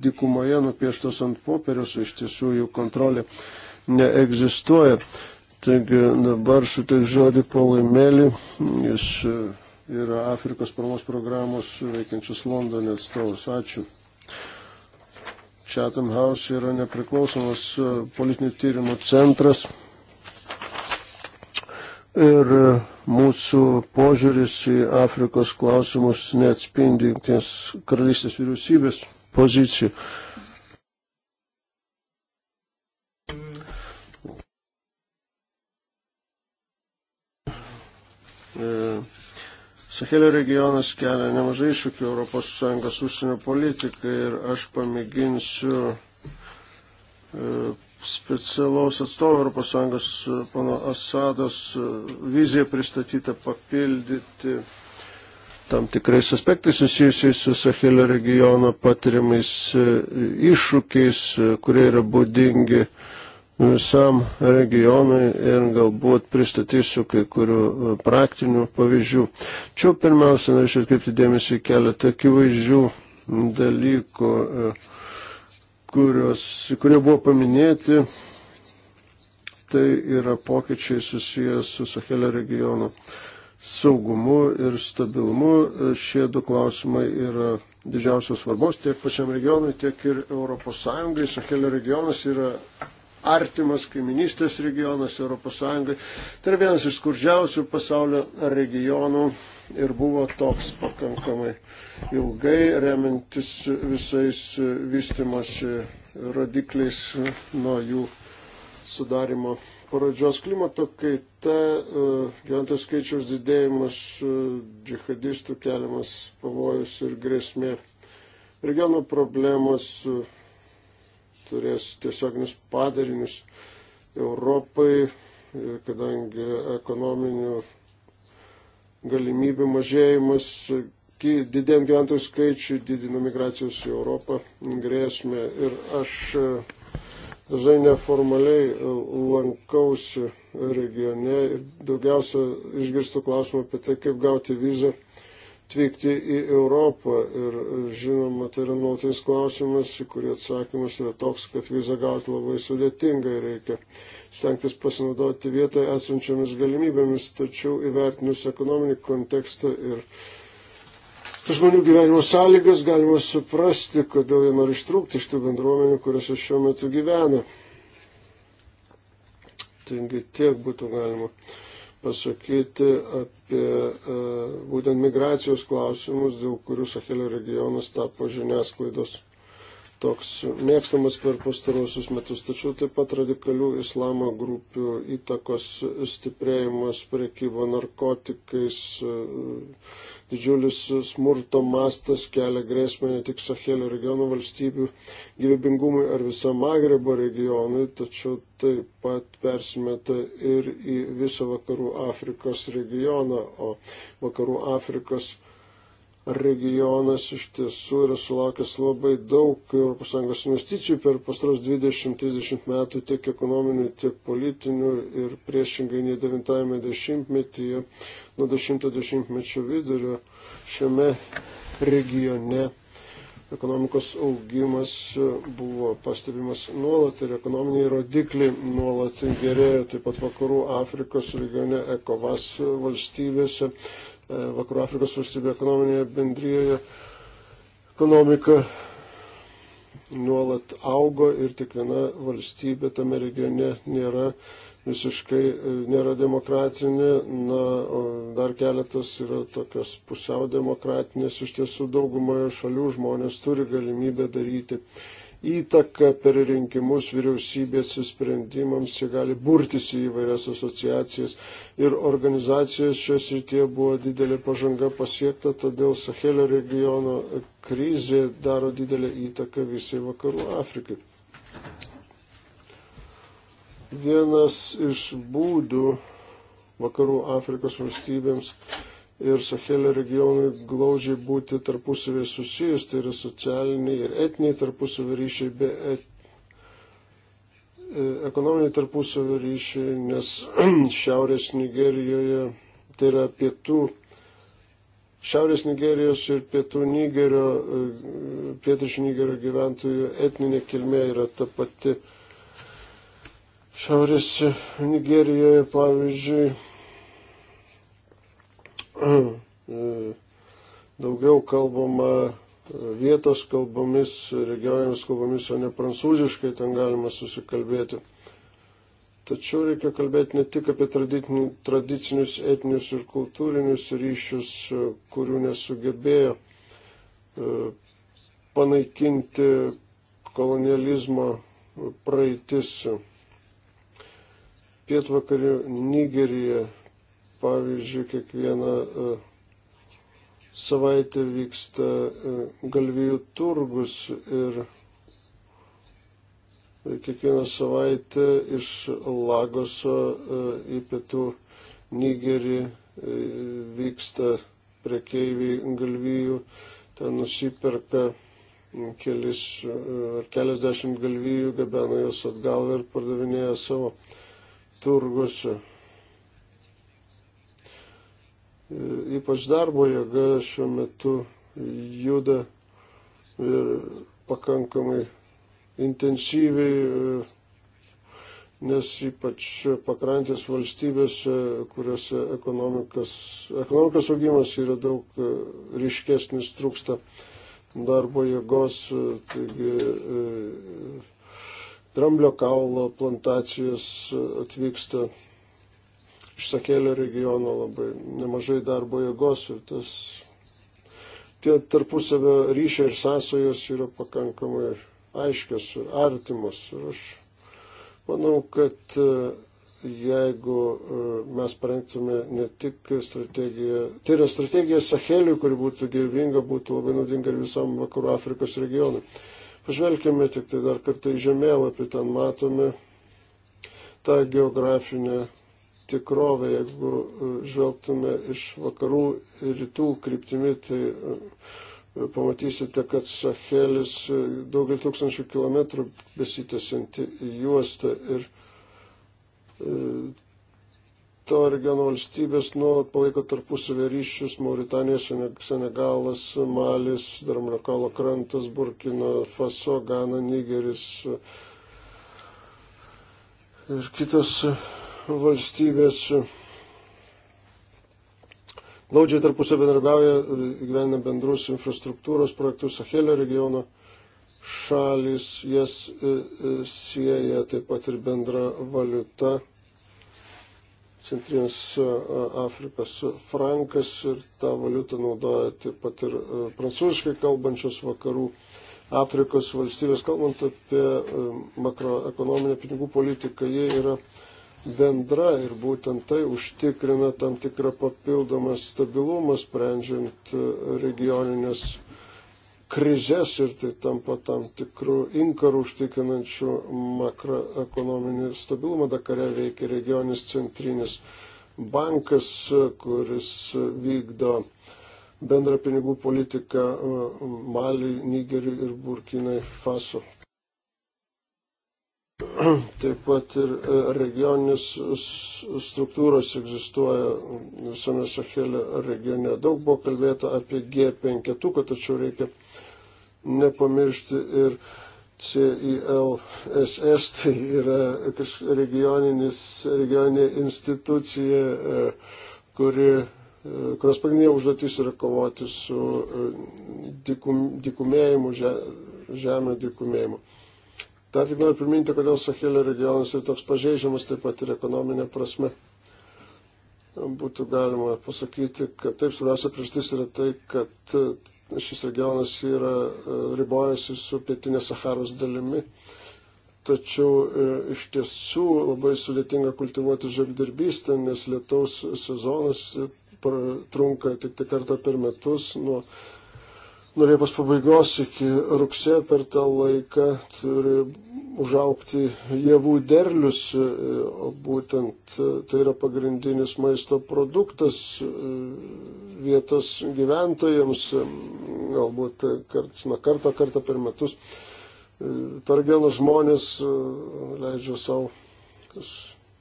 dikumoje nupieštos ant popieriaus, iš tiesų jų kontrolė neegzistuoja. Taigi dabar sutik žodį palaimėlį, jis e, yra Afrikos paramos programos veikiančios Londone atstovas. Ačiū. Chatham House yra nepriklausomas e, politinių tyrimų centras. Ir e, mūsų požiūris į Afrikos klausimus neatspindi jungtinės karalystės vyriausybės pozicijų. E, Sahelio regionas kelia nemažai iššūkių ES užsienio politikai ir aš pamėginsiu e, specialaus atstovo ES e, pano Asados e, viziją pristatytą papildyti tam tikrais aspektais susijusiais su Sahelio regiono patiriamais iššūkiais, kurie yra būdingi visam regionui ir galbūt pristatysiu kai kurių e, praktinių pavyzdžių. Čia pirmiausia, norėčiau atkreipti dėmesį į keletą akivaizdžių dalykų, e, kurios, kurie buvo paminėti. Tai yra pokyčiai susijęs su Sahelio regionu saugumu ir stabilumu. E, šie du klausimai yra didžiausios svarbos tiek pačiam regionui, tiek ir Europos Sąjungai. Sahelio regionas yra artimas kaiminystės regionas Europos Sąjungai. Tai yra vienas iš skurdžiausių pasaulio regionų ir buvo toks pakankamai ilgai, remintis visais vystimosi rodikliais nuo jų sudarimo pradžios klimato kaita, e, gyventojų skaičiaus didėjimas, e, džihadistų keliamas pavojus ir grėsmė. Regionų problemos e, turės tiesioginius padarinius Europai, kadangi ekonominių galimybių mažėjimas, didėjant gyventojų skaičių, didina migracijos į Europą grėsmę. Ir aš dažnai e, neformaliai e, lankausi regione ir daugiausia išgirstu klausimą apie tai, kaip gauti vizą atvykti į Europą. Ir žinoma, tai yra nuolatinis klausimas, į kurį atsakymas yra toks, kad vizą gauti labai sudėtinga ir reikia stengtis pasinaudoti vietoje esančiomis galimybėmis, tačiau įvertinus ekonominį kontekstą ir žmonių gyvenimo sąlygas galima suprasti, kodėl jie nori ištrūkti iš tų bendruomenių, kuriuose šiuo metu gyvena. Taigi tiek būtų galima pasakyti apie e, būtent migracijos klausimus, dėl kurių Sahelio regionas tapo žiniasklaidos toks mėgstamas per pastarosius metus, tačiau taip pat radikalių islamo grupių įtakos stiprėjimas, priekyba narkotikais, didžiulis smurto mastas kelia grėsmę ne tik Sahelio regiono valstybių gyvybingumui ar visam Magrebo regionui, tačiau taip pat persimeta ir į visą vakarų Afrikos regioną, o vakarų Afrikos regionas iš tiesų yra sulaukęs labai daug ES investicijų per pastaros 20-30 metų tiek ekonominių, tiek politinių ir priešingai nei 90-ame dešimtmetyje nuo 10-mečio vidurio šiame regione. Ekonomikos augimas buvo pastebimas nuolat ir ekonominiai rodikliai nuolat gerėjo, taip pat vakarų Afrikos regione, ECOVAS valstybėse E, Vakarų Afrikos valstybė ekonominėje bendryjoje ekonomika nuolat augo ir tik viena valstybė tame regione nėra visiškai e, nėra demokratinė, na, dar keletas yra tokios pusiau demokratinės, iš tiesų daugumoje šalių žmonės turi galimybę daryti įtaką per rinkimus vyriausybės sprendimams, jie gali burtis į įvairias asociacijas ir organizacijas šios rytie buvo didelė pažanga pasiekta, todėl Sahelio regiono krizė daro didelę įtaką visai vakarų Afrikai. Vienas iš būdų vakarų Afrikos valstybėms ir Sahelio regionai glaudžiai būti tarpusavėje susijus, tai yra socialiniai ir etiniai tarpusavio ryšiai, be et... E, ekonominiai tarpusavio ryšiai, nes šiaurės Nigerijoje, tai yra pietų, šiaurės Nigerijos ir pietų Nigerio, e, pietišų Nigerio gyventojų etninė kilmė yra ta pati. Šiaurės Nigerijoje, pavyzdžiui, Mm. Mm. daugiau kalbama e, vietos kalbomis, regioninės kalbomis, o ne prancūziškai ten galima susikalbėti. Tačiau reikia kalbėti ne tik apie tradicinius etinius ir kultūrinius ryšius, e, kurių nesugebėjo e, panaikinti kolonializmo praeitis. Pietvakarių Nigerija Pavyzdžiui, kiekvieną e, savaitę vyksta e, galvijų turgus ir kiekvieną savaitę iš Lagoso e, į pietų Nigerį vyksta prekeiviai galvijų, ten nusiperka kelis ar keliasdešimt galvijų, gabena juos atgal ir pardavinėja savo turguose. E, ypač darbo jėga šiuo metu juda ir pakankamai intensyviai, e, nes ypač pakrantės valstybėse, kuriuose ekonomikos, ekonomikos augimas yra daug e, ryškesnis, trūksta darbo jėgos, taigi dramblio kaulo plantacijos atvyksta iš Sakelio regiono labai nemažai darbo jėgos ir tas tie tarpusavio ryšiai ir sąsajos yra pakankamai aiškios ir artimos. Ir aš manau, kad e, jeigu e, mes parengtume ne tik strategiją, tai yra strategija Saheliui, kuri būtų gyvybinga, būtų labai naudinga ir visam Vakarų Afrikos regionui. Pažvelkime tik tai dar kartą į žemėlapį, ten matome tą geografinę tikrovę. Jeigu e, žvelgtume iš vakarų rytų kryptimi, tai e, e, pamatysite, kad Sahelis daugelį tūkstančių kilometrų besitęsianti į juostą ir to regiono valstybės nuolat palaiko tarpusavio ryšius Mauritanija, Senegalas, Malis, Darmrakalo krantas, Burkina, Faso, Gana, Nigeris ir kitos valstybės e, glaudžiai tarpusio bendrabiauja, gyvena bendrus infrastruktūros projektus Sahelio regiono šalis, jas e, e, sieja taip pat ir bendra valiuta, Centrinės Afrikos frankas ir tą valiutą naudoja taip pat ir prancūziškai kalbančios vakarų Afrikos valstybės, kalbant apie makroekonominę pinigų politiką, jie yra bendra ir būtent tai užtikrina tam tikrą papildomą stabilumą sprendžiant e, regioninės krizės ir tai tampa tam tikrų inkarų užtikrinančių makroekonominį stabilumą. Dakare veikia regioninis centrinis bankas, e, kuris vykdo bendrą pinigų politiką e, Maliui, Nigeriui ir Burkinai Faso. Taip pat ir e, regioninis struktūros egzistuoja visame Sahelio regione. Daug buvo kalbėta apie G5, tačiau reikia nepamiršti ir CILSS, tai yra regioninė institucija, e, kuri e, kurios pagrindinė užduotis yra kovoti su dikum, dikumėjimu, žemė dikumėjimu. Dar tik noriu priminti, kodėl Sahelio regionas yra toks pažeidžiamas taip pat ir ekonominė prasme. Būtų galima pasakyti, kad taip svarbiausia priežastis yra tai, kad e, šis regionas yra e, ribojasi su pietinė Saharos dalimi. Tačiau e, iš tiesų labai sudėtinga kultivuoti žemdirbystę, nes lietaus sezonas trunka tik tai kartą per metus nuo nuo Liepos pabaigos iki rugsėjo per tą laiką turi užaukti javų derlius, o būtent tai yra pagrindinis maisto produktas vietos gyventojams, galbūt karts nuo karto, kartą per metus. Targenos žmonės e, leidžia savo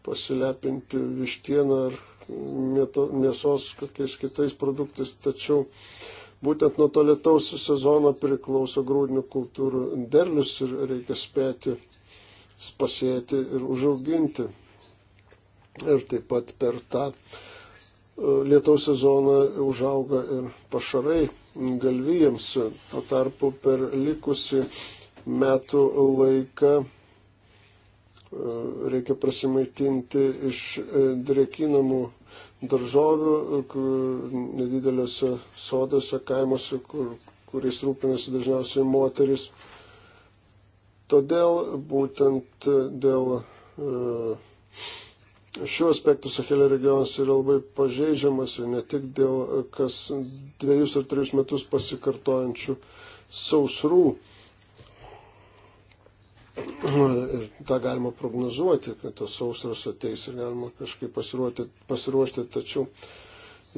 pasilepinti vištieną ar mėsos kokiais kitais produktais, tačiau uh, Būtent nuo to lietaus sezono priklauso grūdinių kultūrų derlius ir reikia spėti pasėti ir užauginti. Ir taip pat per tą e, lietaus sezoną užauga ir pašarai galvijams. Tuo tarpu per likusi metų laiką e, reikia prasimaitinti iš e, drekinamų daržovių nedideliuose sodose, kaimuose, kur, kuriais rūpinasi dažniausiai moteris. Todėl būtent dėl e, šių aspektų Sahelio regionas yra labai pažeidžiamas ir ne tik dėl kas dviejus ar trejus metus pasikartojančių sausrų. Nu, ir tą galima prognozuoti, kad tos sausros ateis ir galima kažkaip pasiruošti, pasiruošti tačiau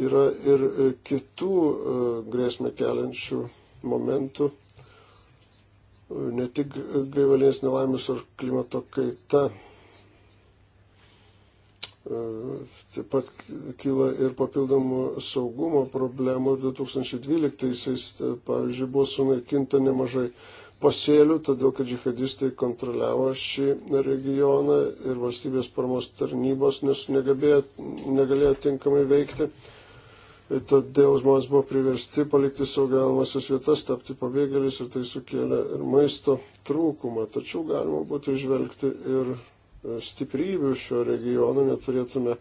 yra ir e, kitų e, grėsmę keliančių momentų, e, ne tik gaivalinės nelaimės ar klimato kaita. Taip pat kyla ir papildomų saugumo problemų. 2012-aisiais, pavyzdžiui, buvo sunaikinta nemažai pasėlių, todėl kad džihadistai kontroliavo šį regioną ir valstybės paramos tarnybos, nes negabėjo, negalėjo tinkamai veikti. Ir todėl žmonės buvo priversti palikti savo gyvenamasias vietas, tapti pabėgėliais ir tai sukėlė ir maisto trūkumą. Tačiau galima būtų išvelgti ir e, stiprybių šio regiono, neturėtume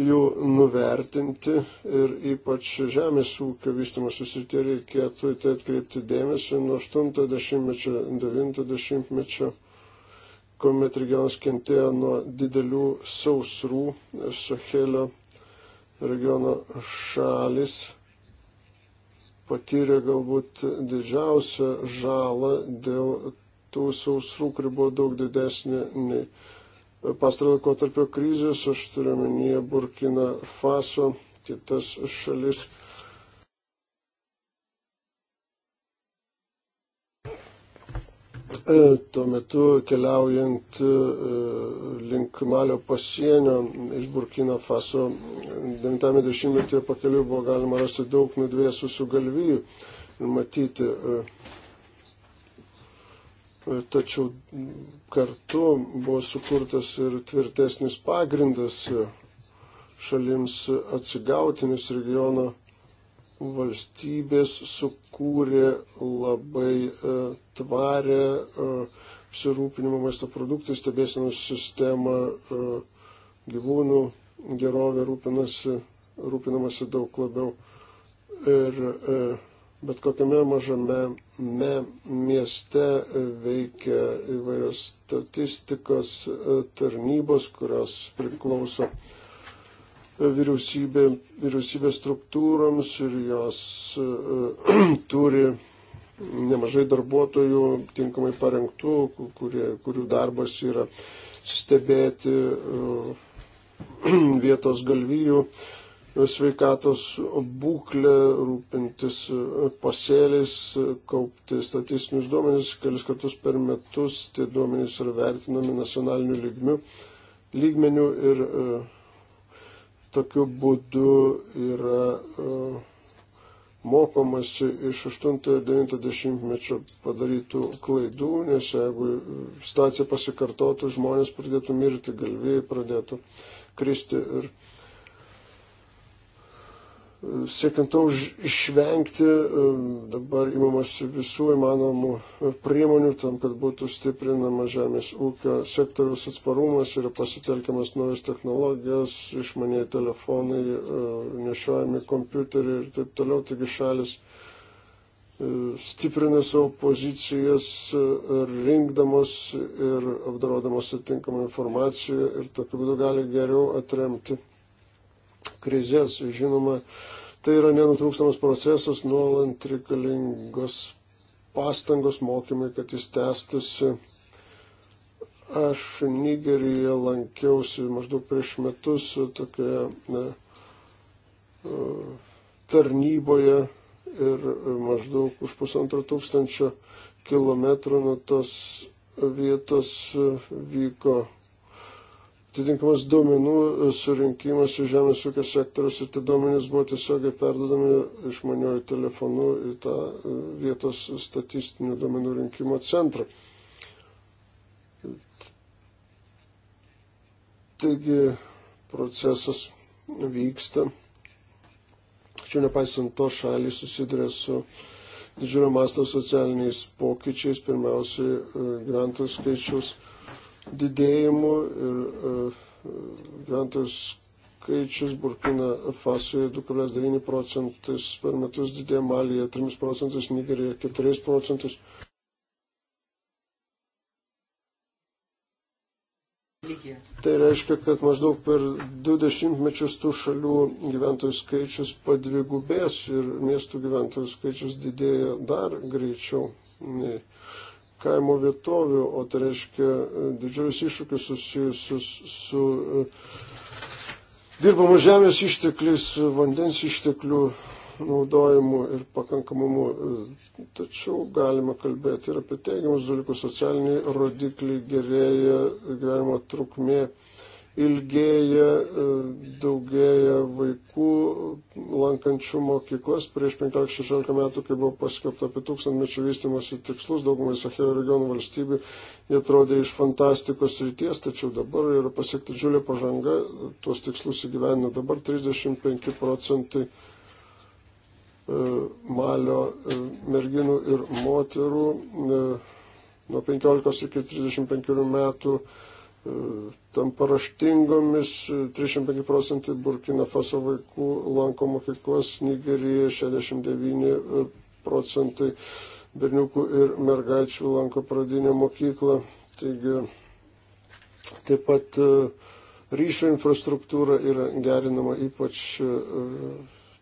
jų nuvertinti ir ypač žemės ūkio vystimo susitie reikėtų į tai atkreipti dėmesį nuo 80-mečio, 90-mečio, kuomet regionas kentėjo nuo didelių sausrų Sahelio regiono šalis patyrė galbūt didžiausią žalą dėl tų sausrų, kuri buvo daug didesnė nei pastarojo laikotarpio krizės, aš turiu menyje Burkina Faso, kitas šalis. E, tuo metu keliaujant e, link Malio pasienio iš Burkina Faso 90-metyje pakeliu buvo galima rasti daug nudvėsusių galvijų ir matyti e, tačiau kartu buvo sukurtas ir tvirtesnis pagrindas šalims atsigauti, nes regiono valstybės sukūrė labai e, tvarę e, apsirūpinimo maisto produktais, stebėsienos sistemą, e, gyvūnų gerovė rūpinasi, rūpinamasi daug labiau. Ir bet kokiame mažame me, mieste veikia įvairios statistikos e, tarnybos, kurios priklauso vyriausybė, vyriausybės struktūroms ir jos e, turi nemažai darbuotojų tinkamai parengtų, kurie, kurių darbas yra stebėti e, vietos galvijų sveikatos būklę, rūpintis pasėlis, kaupti statistinius duomenys kelis kartus per metus. Tie duomenys yra vertinami nacionaliniu lygmiu, lygmeniu ir e, tokiu būdu yra e, mokomasi iš 8-90-mečio padarytų klaidų, nes jeigu situacija pasikartotų, žmonės pradėtų mirti, galvijai pradėtų kristi ir siekiant to išvengti, e, dabar įmamas visų įmanomų e, priemonių tam, kad būtų stiprinama žemės ūkio sektoriaus atsparumas ir pasitelkiamas naujas technologijas, išmaniai telefonai, e, nešiojami kompiuteriai ir taip toliau. Taigi šalis stiprina savo pozicijas, rinkdamos ir apdorodamos atitinkamą informaciją ir tokiu būdu gali geriau atremti krizės. Žinoma, tai yra nenutrūkstamas procesas, nuolant reikalingos pastangos mokymai, kad jis tęstusi. Aš Nigerijoje lankiausi maždaug prieš metus tokioje ne, tarnyboje ir maždaug už pusantro tūkstančio kilometrų nuo tos vietos vyko atitinkamas duomenų surinkimas iš žemės ūkio sektoriaus ir tie duomenys buvo tiesiogiai perdodami išmaniojų telefonų į tą e, vietos statistinių duomenų rinkimo centrą. Taigi procesas vyksta. Tačiau nepaisant to šalį susiduria su didžiulio masto socialiniais pokyčiais, pirmiausiai e, gyventojų skaičiaus didėjimu ir e, gyventojų skaičius Burkina Fasoje 2,9 procentais per metus didėja Malija 3 procentais, Nigerija 4 procentais. Tai reiškia, kad maždaug per 20 mečius tų šalių gyventojų skaičius padvigubės ir miestų gyventojų skaičius didėja dar greičiau nei kaimo vietovių, o tai reiškia e, didžiulis iššūkis susijusius su, su e, dirbamo žemės ištekliais, vandens išteklių naudojimu ir pakankamumu. E, tačiau galima kalbėti ir apie teigiamus dalykus. Socialiniai rodikliai gerėja, gyvenimo trukmė ilgėja, e, daugėja vaikų lankančių mokyklas. Prieš 15-16 metų, kai buvo paskelbta apie tūkstantmečių vystimosi tikslus, daugumai Sahelio regionų valstybių jie atrodė iš fantastikos ryties, tačiau dabar yra pasiekta didžiulė pažanga, tuos tikslus įgyvenina dabar 35 procentai e, malio e, merginų ir moterų nuo 15 iki 35 metų tam paraštingomis 35 procentai Burkina Faso vaikų lanko mokyklas, Nigerija 69 e, procentai berniukų ir mergaičių lanko pradinę mokyklą. Taigi taip pat e, ryšio infrastruktūra yra gerinama ypač e,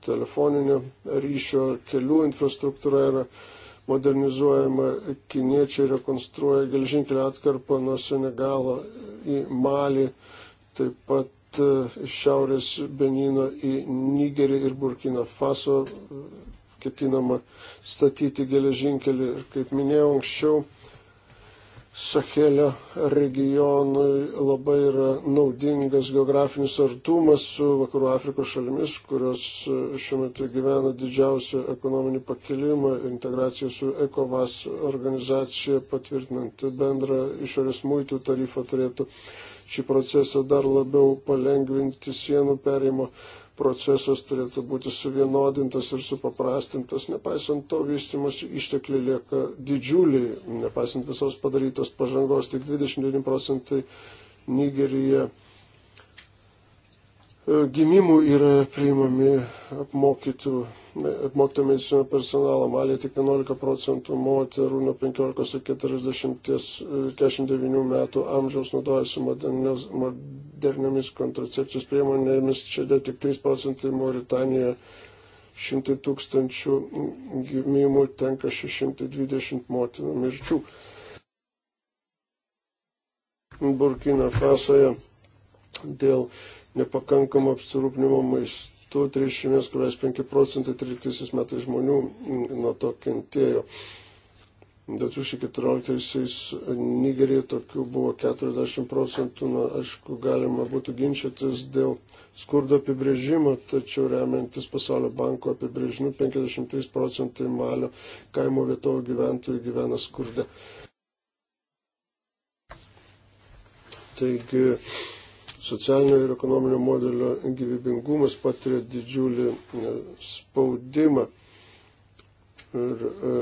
telefoninio ryšio, kelių infrastruktūra yra modernizuojama, kiniečiai rekonstruoja gelžinkelio atkarpą nuo Senegalo į Malį, taip pat e, iš šiaurės Benino į Nigerį ir Burkina Faso e, ketinama statyti geležinkelį. Ir kaip minėjau anksčiau, Sahelio regionui labai yra naudingas geografinis artumas su Vakarų Afrikos šalimis, kurios e, šiuo metu gyvena didžiausią ekonominį pakilimą, integracija su ECOVAS organizacija patvirtinant bendrą išorės muitų tarifą turėtų šį procesą dar labiau palengvinti sienų perėjimo procesas turėtų būti suvienodintas ir supaprastintas. Nepaisant to, vystimosi ištekliai lieka didžiuliai, nepaisant visos padarytos pažangos, tik 29 procentai Nigerija E, gimimų yra priimami apmokytų, e, apmokytą mediciną personalą. Malė tik 11 procentų moterų nuo 15 iki 49 e, metų amžiaus naudojasi moderniamis kontracepcijos priemonėmis. Čia tik 3 procentai Mauritanijoje šimtai tūkstančių gimimų tenka 620 motinų mirčių. Burkina Fasoje dėl nepakankamo apsirūpinimo maistu 31,5 procentai 13 metais žmonių mm, nuo to kentėjo. 2014-aisiais Nigerija tokių buvo 40 procentų, na, aišku, galima būtų ginčytis dėl skurdo apibrėžimo, tačiau remiantis pasaulio banko apibrėžimu 53 procentai malio kaimo vietovių gyventojų gyvena skurde. Taigi, socialinio ir ekonominio modelio gyvybingumas patiria didžiulį e, spaudimą. Ir e,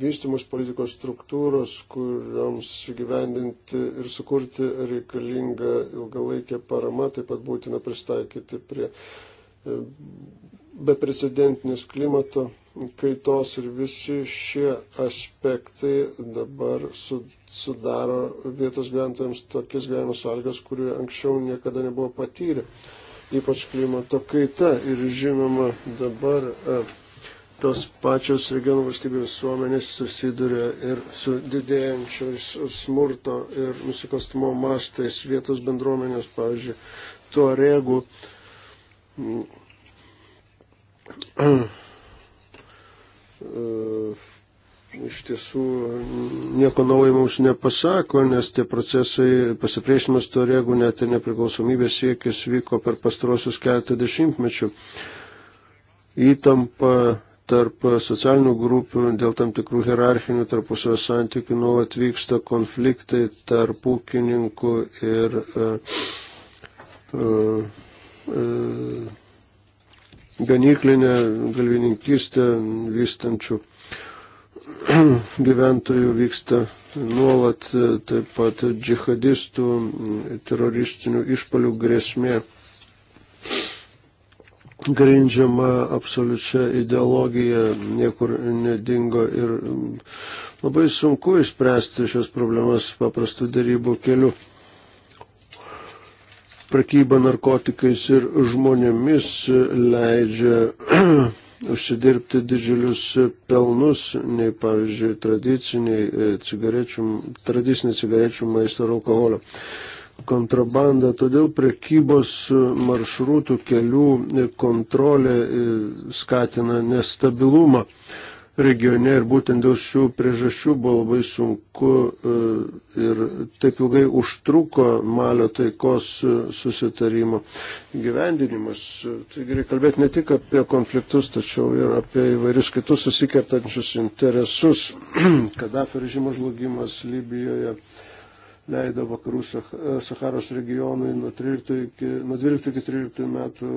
vystimus politikos struktūros, kuriams gyvendinti ir sukurti reikalinga ilgalaikė parama, taip pat būtina pristaikyti prie e, beprecedentinis klimato kaitos ir visi šie aspektai dabar sudaro vietos gyventojams tokias gyvenimo sąlygas, kurių anksčiau niekada nebuvo patyrę, ypač klimato kaita. Ir žinoma, dabar e, tos pačios regionų valstybių visuomenės susiduria ir su didėjančiais smurto ir nusikalstamo mastais vietos bendruomenės, pavyzdžiui, tuo regų iš tiesų nieko naujo mums nepasako, nes tie procesai pasipriešinimas to jeigu net ir nepriklausomybės siekis vyko per pastarosius keletą dešimtmečių. Įtampa tarp socialinių grupių dėl tam tikrų hierarchinių tarpusio santykių nuolat vyksta konfliktai tarp ūkininkų ir uh, uh, uh, ganyklinę galvininkystę vystančių gyventojų vyksta nuolat e, taip pat džihadistų, teroristinių išpalių grėsmė grindžiama absoliučia ideologija, niekur nedingo ir labai sunku išspręsti šios problemas paprastų darybų keliu prekyba narkotikais ir žmonėmis leidžia užsidirbti didžiulius pelnus, nei, pavyzdžiui, tradiciniai e, cigarečių, tradicinė cigarečių maisto ir alkoholio kontrabanda. Todėl prekybos maršrutų kelių kontrolė e, skatina nestabilumą regione ir būtent dėl šių priežasčių buvo labai sunku e, ir taip ilgai užtruko Malio taikos e, susitarimo gyvendinimas. Taigi reikia kalbėti ne tik apie konfliktus, tačiau ir apie įvairius kitus susikertančius interesus. Kadafio režimo žlugimas Libijoje leido vakarų e, Saharos regionui nuo, 13 iki, nuo 12 iki 13 metų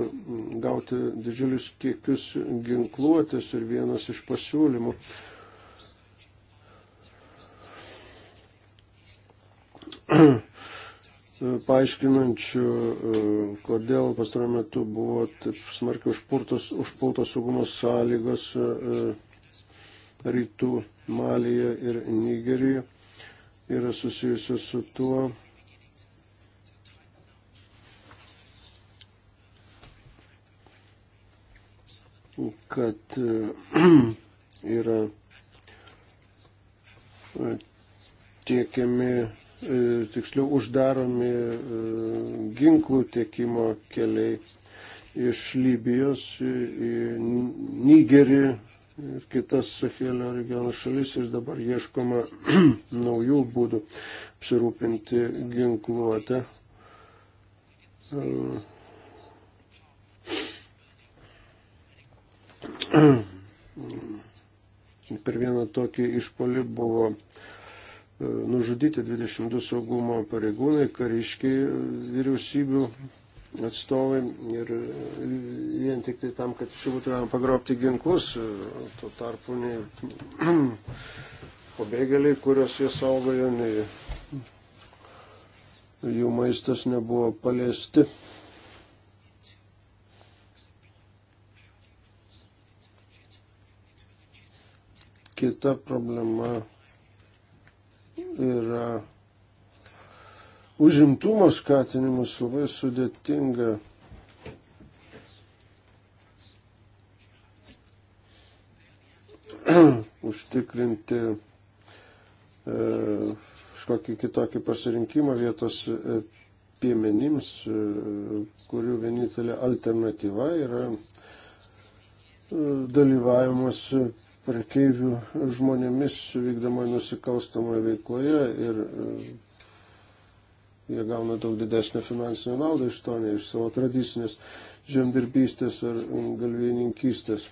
gauti didžiulius kiekius ginkluotės ir vienas iš pasiūlymų. paaiškinančių, e, kodėl pastaruoju metu buvo taip smarkiai užpultos, užpultos saugumo sąlygos e, rytų Malyje ir Nigerijoje yra susijusios su tuo, kad yra e, tiekiami, e, tiksliau uždaromi e, ginklų tiekimo keliai iš Libijos į Nigerį ir kitas Sahelio regiono šalis ir dabar ieškoma naujų būdų apsirūpinti ginkluotę. Ehm, per vieną tokį išpolį buvo e, nužudyti 22 saugumo pareigūnai, kariškiai vyriausybių atstovai ir e, vien tik tai tam, kad iš jų būtų galima pagrobti ginklus, e, tuo tarpu nei pabėgėliai, kuriuos jie saugojo, nei jų maistas nebuvo paliesti. Kita problema yra užimtumo skatinimas labai sudėtinga. užtikrinti e, kažkokį e, kitokį pasirinkimą vietos e, piemenims, e, kurių vienintelė alternatyva yra e, dalyvavimas prekeivių žmonėmis vykdomai nusikalstamoje veikloje ir e, jie gauna daug didesnę finansinę naudą iš to, ne iš savo tradicinės žemdirbystės ar galvininkystės.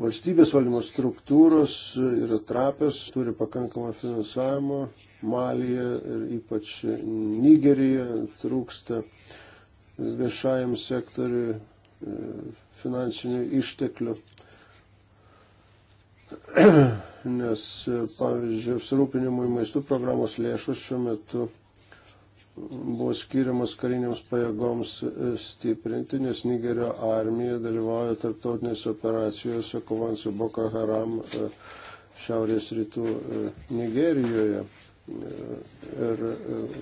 Valstybės valdymo struktūros yra trapės, turi pakankamą finansavimą, Malija ir ypač Nigerija trūksta viešajam sektoriui e, finansinių išteklių nes, pavyzdžiui, apsirūpinimui maistų programos lėšus šiuo metu buvo skiriamas kariniams pajėgoms e, stiprinti, nes Nigerio armija dalyvauja tarptautinėse operacijose kovant su Boko Haram e, šiaurės rytų e, Nigerijoje. Ir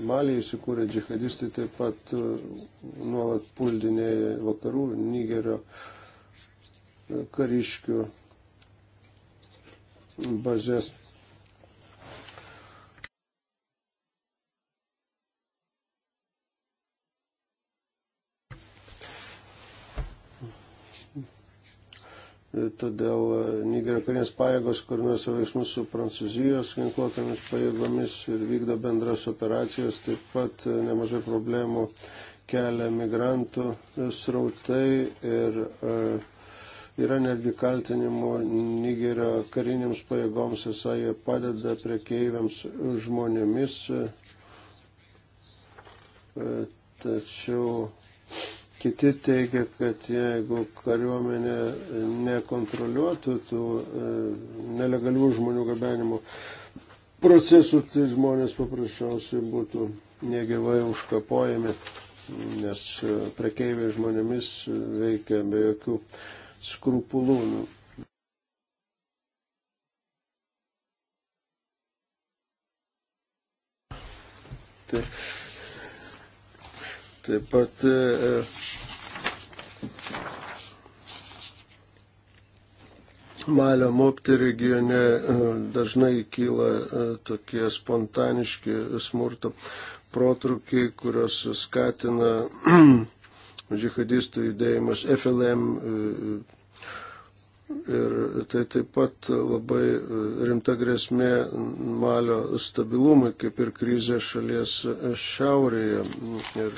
Maliai įsikūrė džihadistai taip pat nuolat puldinėje vakarų Nigerio kariškių bazės. Todėl Nigerio karinės pajėgos, kuriomis veiksmus su Prancūzijos ginkluotomis pajėgomis ir vykdo bendras operacijas, taip pat nemažai problemų kelia migrantų srautai ir uh, Yra netgi kaltinimų Nigerio kariniams pajėgoms, esą jie padeda prekeiviams žmonėmis. Tačiau kiti teigia, kad jeigu kariuomenė nekontroliuotų tų e, nelegalių žmonių gabenimo procesų, tai žmonės paprasčiausiai būtų negyvai užkapojami, nes e, prekeiviai žmonėmis veikia be jokių skrupulų. Nu. Tai, taip pat e, e Malio Mopti regione e, dažnai kyla e, tokie spontaniški smurto protrukiai, kurios skatina džihadistų judėjimas FLM e, e, ir tai taip pat labai e, rimta grėsmė malio stabilumui, kaip ir krizė šalies šiaurėje. Ir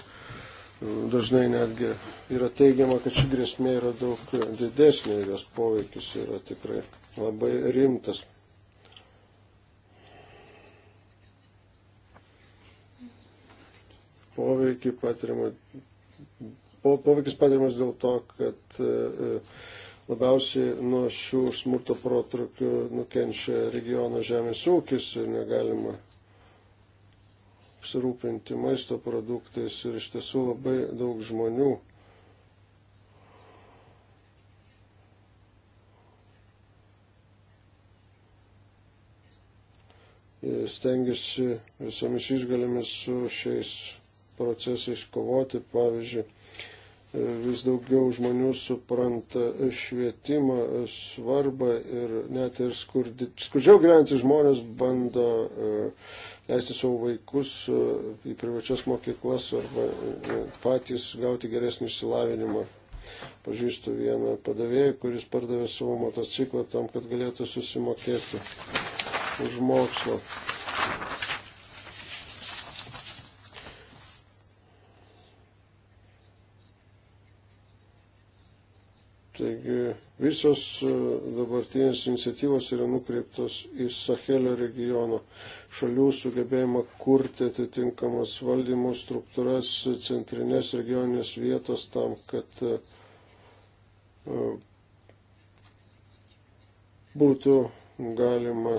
dažnai netgi yra teigiama, kad ši grėsmė yra daug didesnė ir jos poveikis yra tikrai labai rimtas. Poveikį patiriama poveikis padarimas dėl to, kad e, e, labiausiai nuo šių smurto protrukių nukenčia regiono žemės ūkis ir negalima apsirūpinti maisto produktais ir iš tiesų labai daug žmonių stengiasi visomis išgalėmis su šiais procesais kovoti. Pavyzdžiui, vis daugiau žmonių supranta švietimą, svarbą ir net ir skurdi, skurdžiau gyventi žmonės bando e, leisti savo vaikus e, į privačias mokyklas arba e, patys gauti geresnį išsilavinimą. Pažįstu vieną padavėją, kuris pardavė savo motociklą tam, kad galėtų susimokėti už mokslą. Taigi visos e, dabartinės iniciatyvos yra nukreiptos į Sahelio regiono šalių sugebėjimą kurti atitinkamas valdymo struktūras, centrinės regioninės vietos tam, kad e, e, būtų galima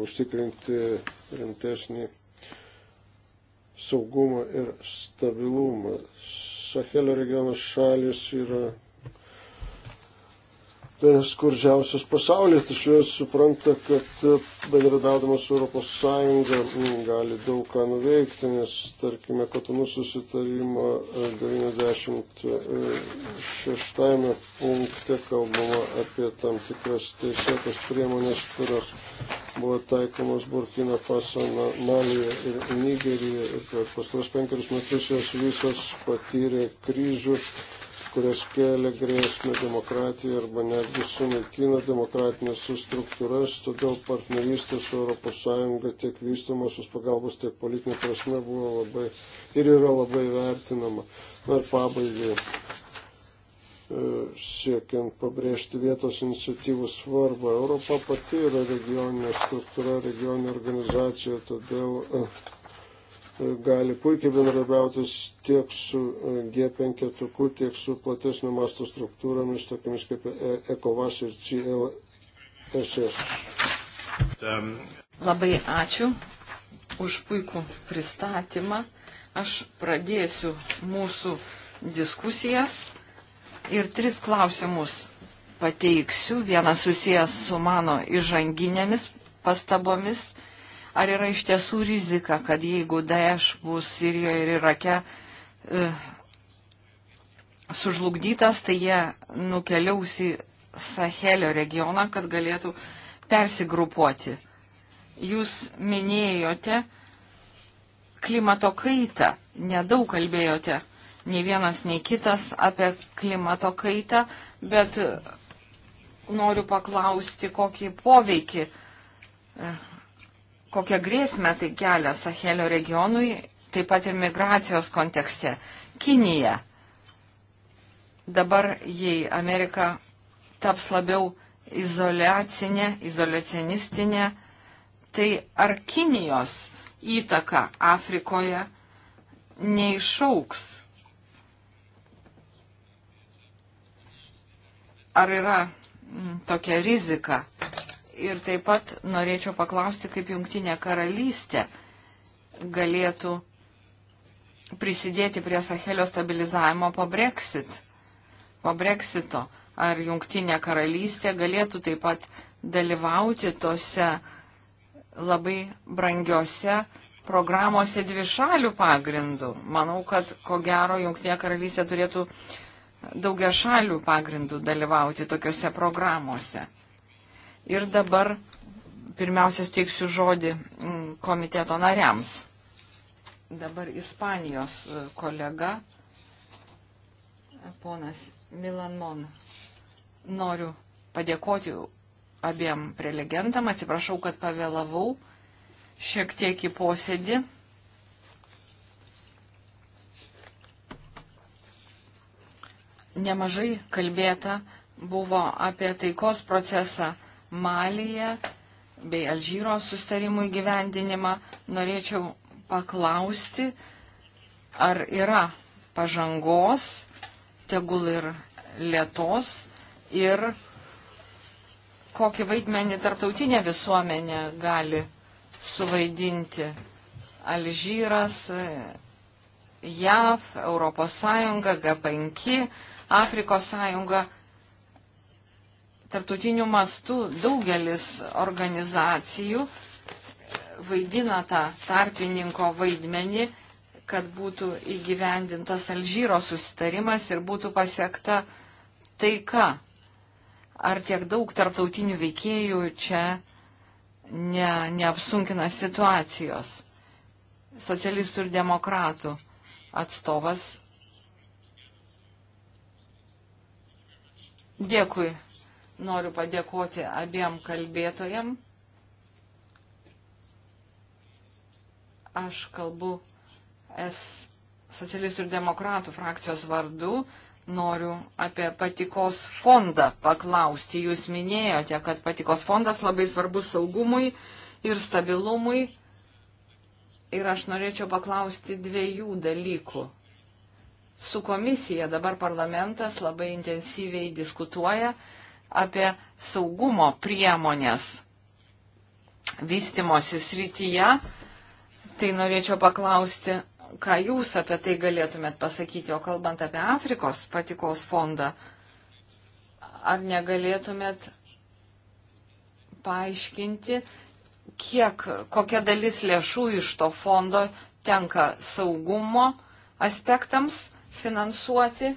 užtikrinti rimtesnį saugumą ir stabilumą. Sahelio regiono šalis yra per skurdžiausius pasaulyje, tačiau jos supranta, kad e, bendradavimas su ES gali daug ką nuveikti, nes tarkime, Katonų susitarimo 96 e, e, punkte kalbama apie tam tikras teisėtas priemonės, kurios buvo taikomos Burkina Faso, Malija ir Nigerija ir per pastaros penkerius metus jos visos patyrė kryžių kurios kelia grėsmę demokratijai arba netgi sunaikina demokratinės struktūras, todėl partnerystė su ES tiek vystamosios pagalbos, tiek politinė prasme buvo labai ir yra labai vertinama. Na ir pabaigai, e, siekiant pabrėžti vietos iniciatyvų svarbą, Europa pati yra regioninė struktūra, regioninė organizacija, todėl e, gali puikiai bendradarbiautis tiek su e, G5, tiek su platesnio masto struktūromis, tokiamis kaip e, ECOVAS ir CLSS. Labai ačiū už puikų pristatymą. Aš pradėsiu mūsų diskusijas ir tris klausimus pateiksiu. Vienas susijęs su mano įžanginėmis pastabomis Ar yra iš tiesų rizika, kad jeigu Daesh bus Sirijoje ir Irake e, sužlugdytas, tai jie nukeliaus į Sahelio regioną, kad galėtų persigrupuoti? Jūs minėjote klimato kaitą, nedaug kalbėjote, nei vienas, nei kitas apie klimato kaitą, bet noriu paklausti, kokį poveikį e, kokią grėsmę tai kelia Sahelio regionui, taip pat ir migracijos kontekste. Kinija. Dabar, jei Amerika taps labiau izolacinė, izolacionistinė, tai ar Kinijos įtaka Afrikoje neišauks? Ar yra mm, tokia rizika? Ir taip pat norėčiau paklausti, kaip Junktinė karalystė galėtų prisidėti prie Sahelio stabilizavimo po Brexit. Po Brexito. Ar Junktinė karalystė galėtų taip pat dalyvauti tose labai brangiose programuose dvišalių pagrindų? Manau, kad ko gero Junktinė karalystė turėtų daugia šalių pagrindų dalyvauti tokiuose programuose. Ir dabar pirmiausia steiksiu žodį mm, komiteto nariams. Dabar Ispanijos e, kolega, e, ponas Milan Mon. Noriu padėkoti abiem prelegentam, atsiprašau, kad pavėlavau šiek tiek į posėdį. Nemažai kalbėta buvo apie taikos procesą Malyje bei Alžyro sustarimų įgyvendinimą, norėčiau paklausti, ar yra pažangos, tegul ir lietos, ir kokį vaidmenį tarptautinė visuomenė gali suvaidinti Alžyras, JAV, ES, G5, Afrikos sąjunga tarptautiniu mastu daugelis organizacijų vaidina tą tarpininko vaidmenį, kad būtų įgyvendintas Alžyro susitarimas ir būtų pasiekta taika. Ar tiek daug tarptautinių veikėjų čia ne, neapsunkina situacijos? Socialistų ir demokratų atstovas. Dėkui, Noriu padėkoti abiem kalbėtojam. Aš kalbu S socialistų ir demokratų frakcijos vardu. Noriu apie patikos fondą paklausti. Jūs minėjote, kad patikos fondas labai svarbus saugumui ir stabilumui. Ir aš norėčiau paklausti dviejų dalykų. Su komisija dabar parlamentas labai intensyviai diskutuoja apie saugumo priemonės vystimosi srityje, tai norėčiau paklausti, ką jūs apie tai galėtumėt pasakyti, o kalbant apie Afrikos patikos fondą, ar negalėtumėt paaiškinti, kiek, kokia dalis lėšų iš to fondo tenka saugumo aspektams finansuoti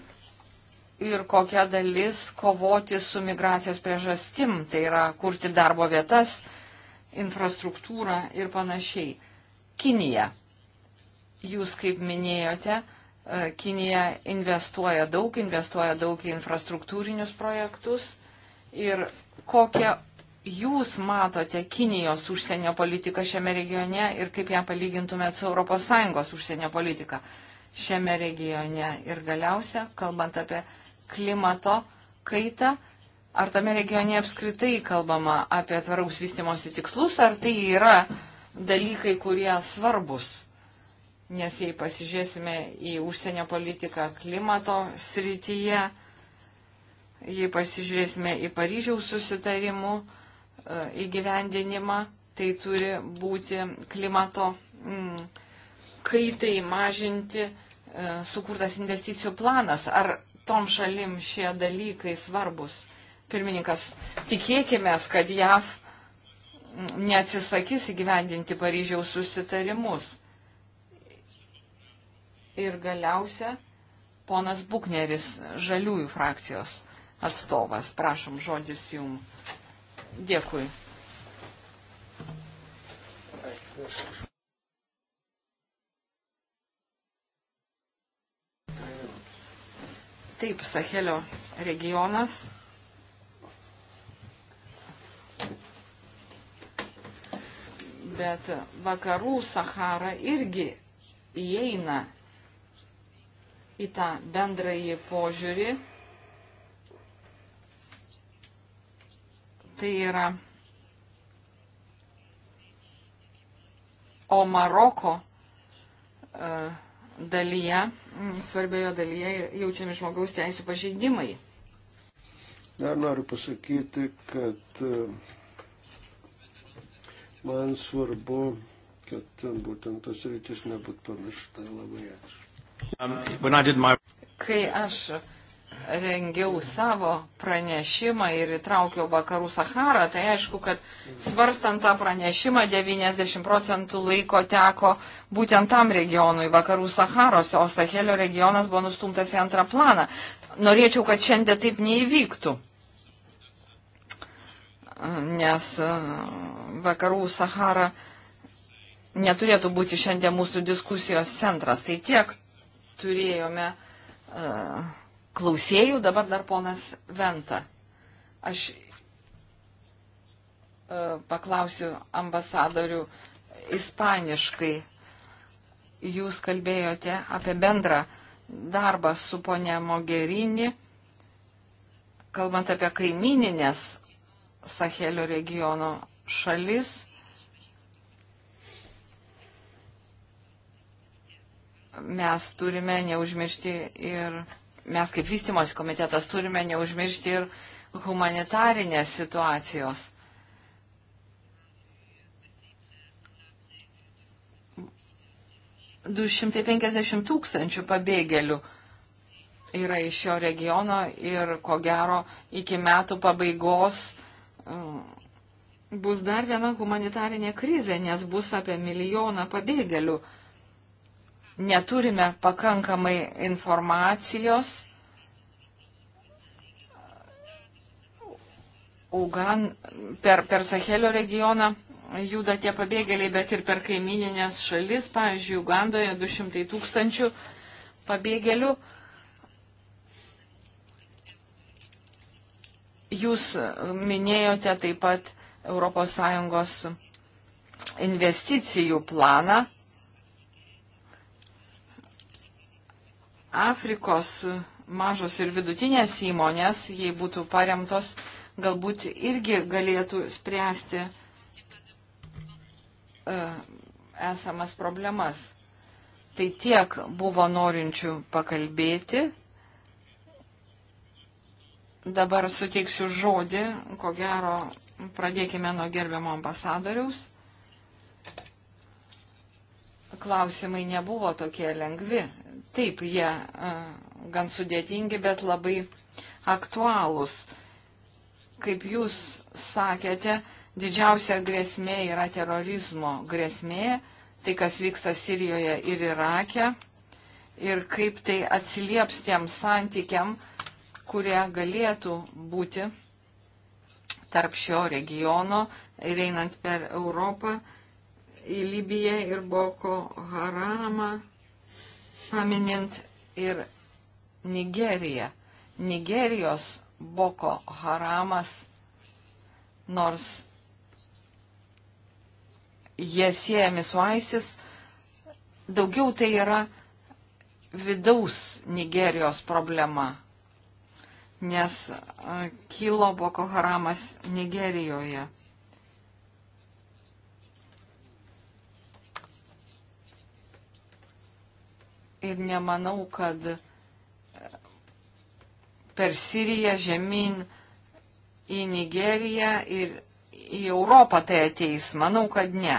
ir kokia dalis kovoti su migracijos priežastim, tai yra kurti darbo vietas, infrastruktūrą ir panašiai. Kinija. Jūs kaip minėjote, e, Kinija investuoja daug, investuoja daug į infrastruktūrinius projektus ir kokią jūs matote Kinijos užsienio politiką šiame regione ir kaip ją palygintumėt su ES užsienio politika šiame regione. Ir galiausia, kalbant apie klimato kaitą. Ar tame regione apskritai kalbama apie tvaraus vystimosi tikslus, ar tai yra dalykai, kurie svarbus? Nes jei pasižiūrėsime į užsienio politiką klimato srityje, jei pasižiūrėsime į Paryžiaus susitarimų e, įgyvendinimą, tai turi būti klimato mm, kaitai mažinti e, sukurtas investicijų planas. Ar tom šalim šie dalykai svarbus. Pirmininkas, tikėkime, kad JAV neatsisakys įgyvendinti Paryžiaus susitarimus. Ir galiausia, ponas Bukneris, žaliųjų frakcijos atstovas. Prašom, žodis jums. Dėkui. Taip, Sahelio regionas. Bet vakarų Sahara irgi įeina į tą bendrąjį požiūrį. Tai yra O Maroko uh, dalyje, mm, svarbiojo dalyje jaučiami žmogaus teisų pažeidimai. Dar noriu pasakyti, kad e, man svarbu, kad būtent tas rytis nebūtų pamiršta. Labai ačiū. Um, my... Kai aš rengiau savo pranešimą ir įtraukiau vakarų Saharą, tai aišku, kad svarstant tą pranešimą 90 procentų laiko teko būtent tam regionui, vakarų Saharos, o Sahelio regionas buvo nustumtas į antrą planą. Norėčiau, kad šiandien taip neįvyktų, nes e, vakarų Sahara neturėtų būti šiandien mūsų diskusijos centras. Tai tiek turėjome. Uh, klausėjų, dabar dar ponas Venta. Aš e, paklausiu ambasadorių ispaniškai. Jūs kalbėjote apie bendrą darbą su ponia Mogerini, kalbant apie kaimininės Sahelio regiono šalis. Mes turime neužmiršti ir mes kaip vystimosi komitetas turime neužmiršti ir humanitarinės situacijos. Du šimtai penkiasdešimt tūkstančių pabėgėlių yra iš šio regiono ir ko gero iki metų pabaigos um, bus dar viena humanitarinė krizė, nes bus apie milijoną pabėgėlių neturime pakankamai informacijos. Ugan, per, per Sahelio regioną juda tie pabėgėliai, bet ir per kaimininės šalis, pavyzdžiui, Ugandoje 200 tūkstančių pabėgėlių. Jūs minėjote taip pat ES investicijų planą Afrikos mažos ir vidutinės įmonės, jei būtų paremtos, galbūt irgi galėtų spręsti e, esamas problemas. Tai tiek buvo norinčių pakalbėti. Dabar suteiksiu žodį, ko gero, pradėkime nuo gerbiamo ambasadoriaus klausimai nebuvo tokie lengvi. Taip, jie gan sudėtingi, bet labai aktualūs. Kaip jūs sakėte, didžiausia grėsmė yra terorizmo grėsmė, tai kas vyksta Sirijoje ir Irake ir kaip tai atsilieps tiem santykiam, kurie galėtų būti tarp šio regiono ir einant per Europą į Libiją ir Boko Haramą, paminint ir Nigeriją. Nigerijos Boko Haramas, nors jie siejami su ISIS, daugiau tai yra vidaus Nigerijos problema, nes kilo Boko Haramas Nigerijoje. ir nemanau, kad per Siriją žemyn į Nigeriją ir į Europą tai ateis. Manau, kad ne.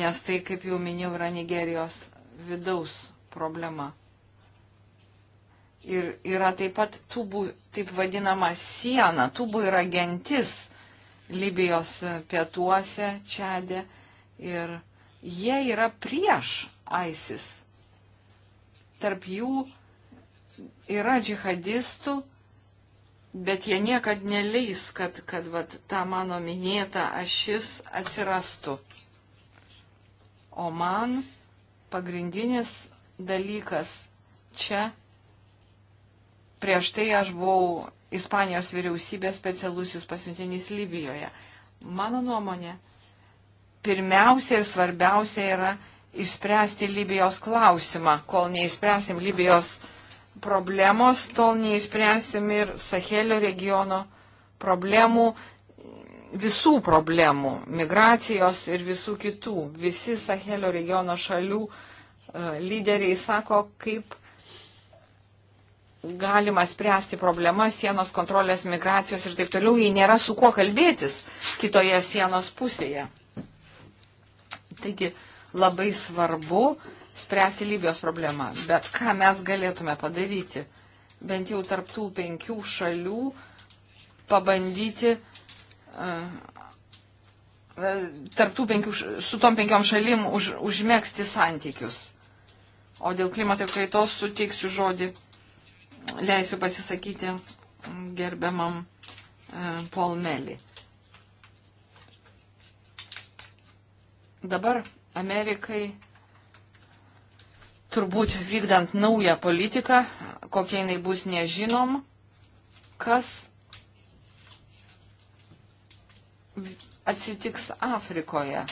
Nes tai, kaip jau minėjau, yra Nigerijos vidaus problema. Ir yra taip pat tubų, taip vadinama siena, tubų yra gentis Libijos pietuose, Čadė. Ir jie yra prieš ISIS tarp jų yra džihadistų, bet jie niekad neleis, kad, kad vat, ta mano minėta ašis atsirastų. O man pagrindinis dalykas čia, prieš tai aš buvau Ispanijos vyriausybės specialusis pasiuntinys Libijoje. Mano nuomonė, pirmiausia ir svarbiausia yra išspręsti Libijos klausimą. Kol neišspręsim Libijos problemos, tol neišspręsim ir Sahelio regiono problemų, visų problemų, migracijos ir visų kitų. Visi Sahelio regiono šalių e, lyderiai sako, kaip galima spręsti problemas, sienos kontrolės, migracijos ir taip toliau, jei nėra su kuo kalbėtis kitoje sienos pusėje. Taigi, labai svarbu spręsti Libijos problemą. Bet ką mes galėtume padaryti? Bent jau tarptų penkių šalių pabandyti. Uh, e, tarptų penkių, su tom penkiom šalim už, užmėgsti santykius. O dėl klimato kaitos suteiksiu žodį, leisiu pasisakyti gerbiamam e, Paul Melį. Dabar Amerikai turbūt vykdant naują politiką, kokia jinai bus nežinom, kas atsitiks Afrikoje.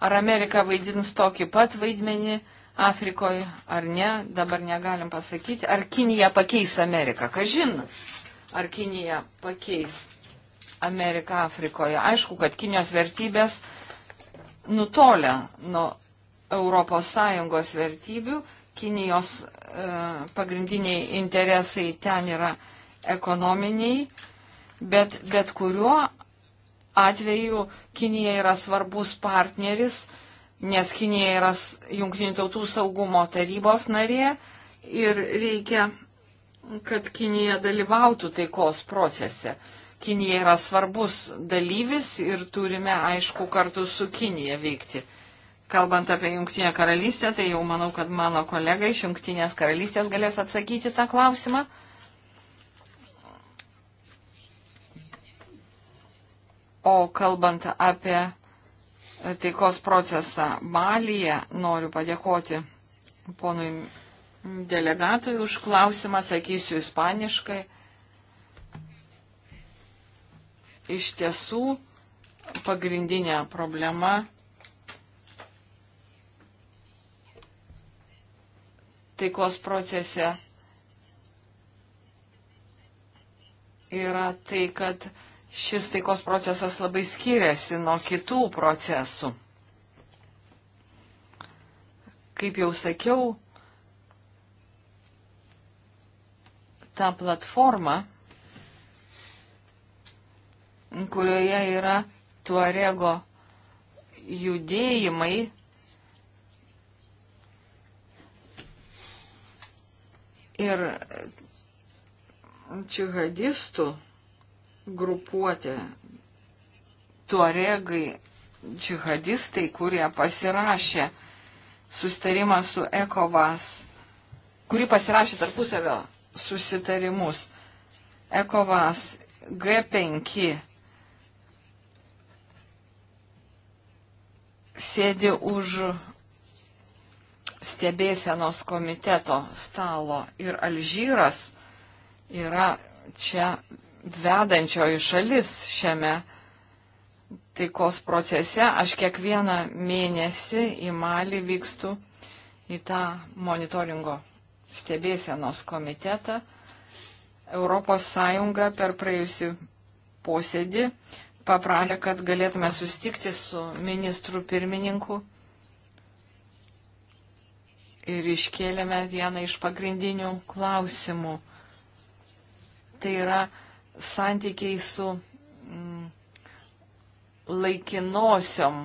Ar Amerika vaidins tokį pat vaidmenį Afrikoje ar ne, dabar negalim pasakyti. Ar Kinija pakeis Ameriką? Kažin, ar Kinija pakeis Amerika Afrikoje. Aišku, kad Kinijos vertybės nutolia nuo ES vertybių, Kinijos e, pagrindiniai interesai ten yra ekonominiai, bet bet kuriuo atveju Kinija yra svarbus partneris, nes Kinija yra Junktinių tautų saugumo tarybos narė ir reikia, kad Kinija dalyvautų taikos procese. Kinija yra svarbus dalyvis ir turime, aišku, kartu su Kinija veikti. Kalbant apie Junktinę karalystę, tai jau manau, kad mano kolega iš Junktinės karalystės galės atsakyti tą klausimą. O kalbant apie taikos procesą Malyje, noriu padėkoti ponui delegatui už klausimą, atsakysiu ispaniškai. Iš tiesų, pagrindinė problema taikos procese yra tai, kad šis taikos procesas labai skiriasi nuo kitų procesų. Kaip jau sakiau, ta platforma kurioje yra tuarego judėjimai. Ir džihadistų grupuotė, tuaregai, džihadistai, kurie pasirašė susitarimą su ECOVAS, kuri pasirašė tarpusavio susitarimus. ECOVAS G5 sėdi už stebėsenos komiteto stalo ir Alžyras yra čia vedančioji šalis šiame taikos procese. Aš kiekvieną mėnesį į Malį vykstu į tą monitoringo stebėsenos komitetą. Europos Sąjunga per praėjusią posėdį paprašė, kad galėtume sustikti su ministru pirmininku ir iškėlėme vieną iš pagrindinių klausimų. Tai yra santykiai su mm, laikinosiom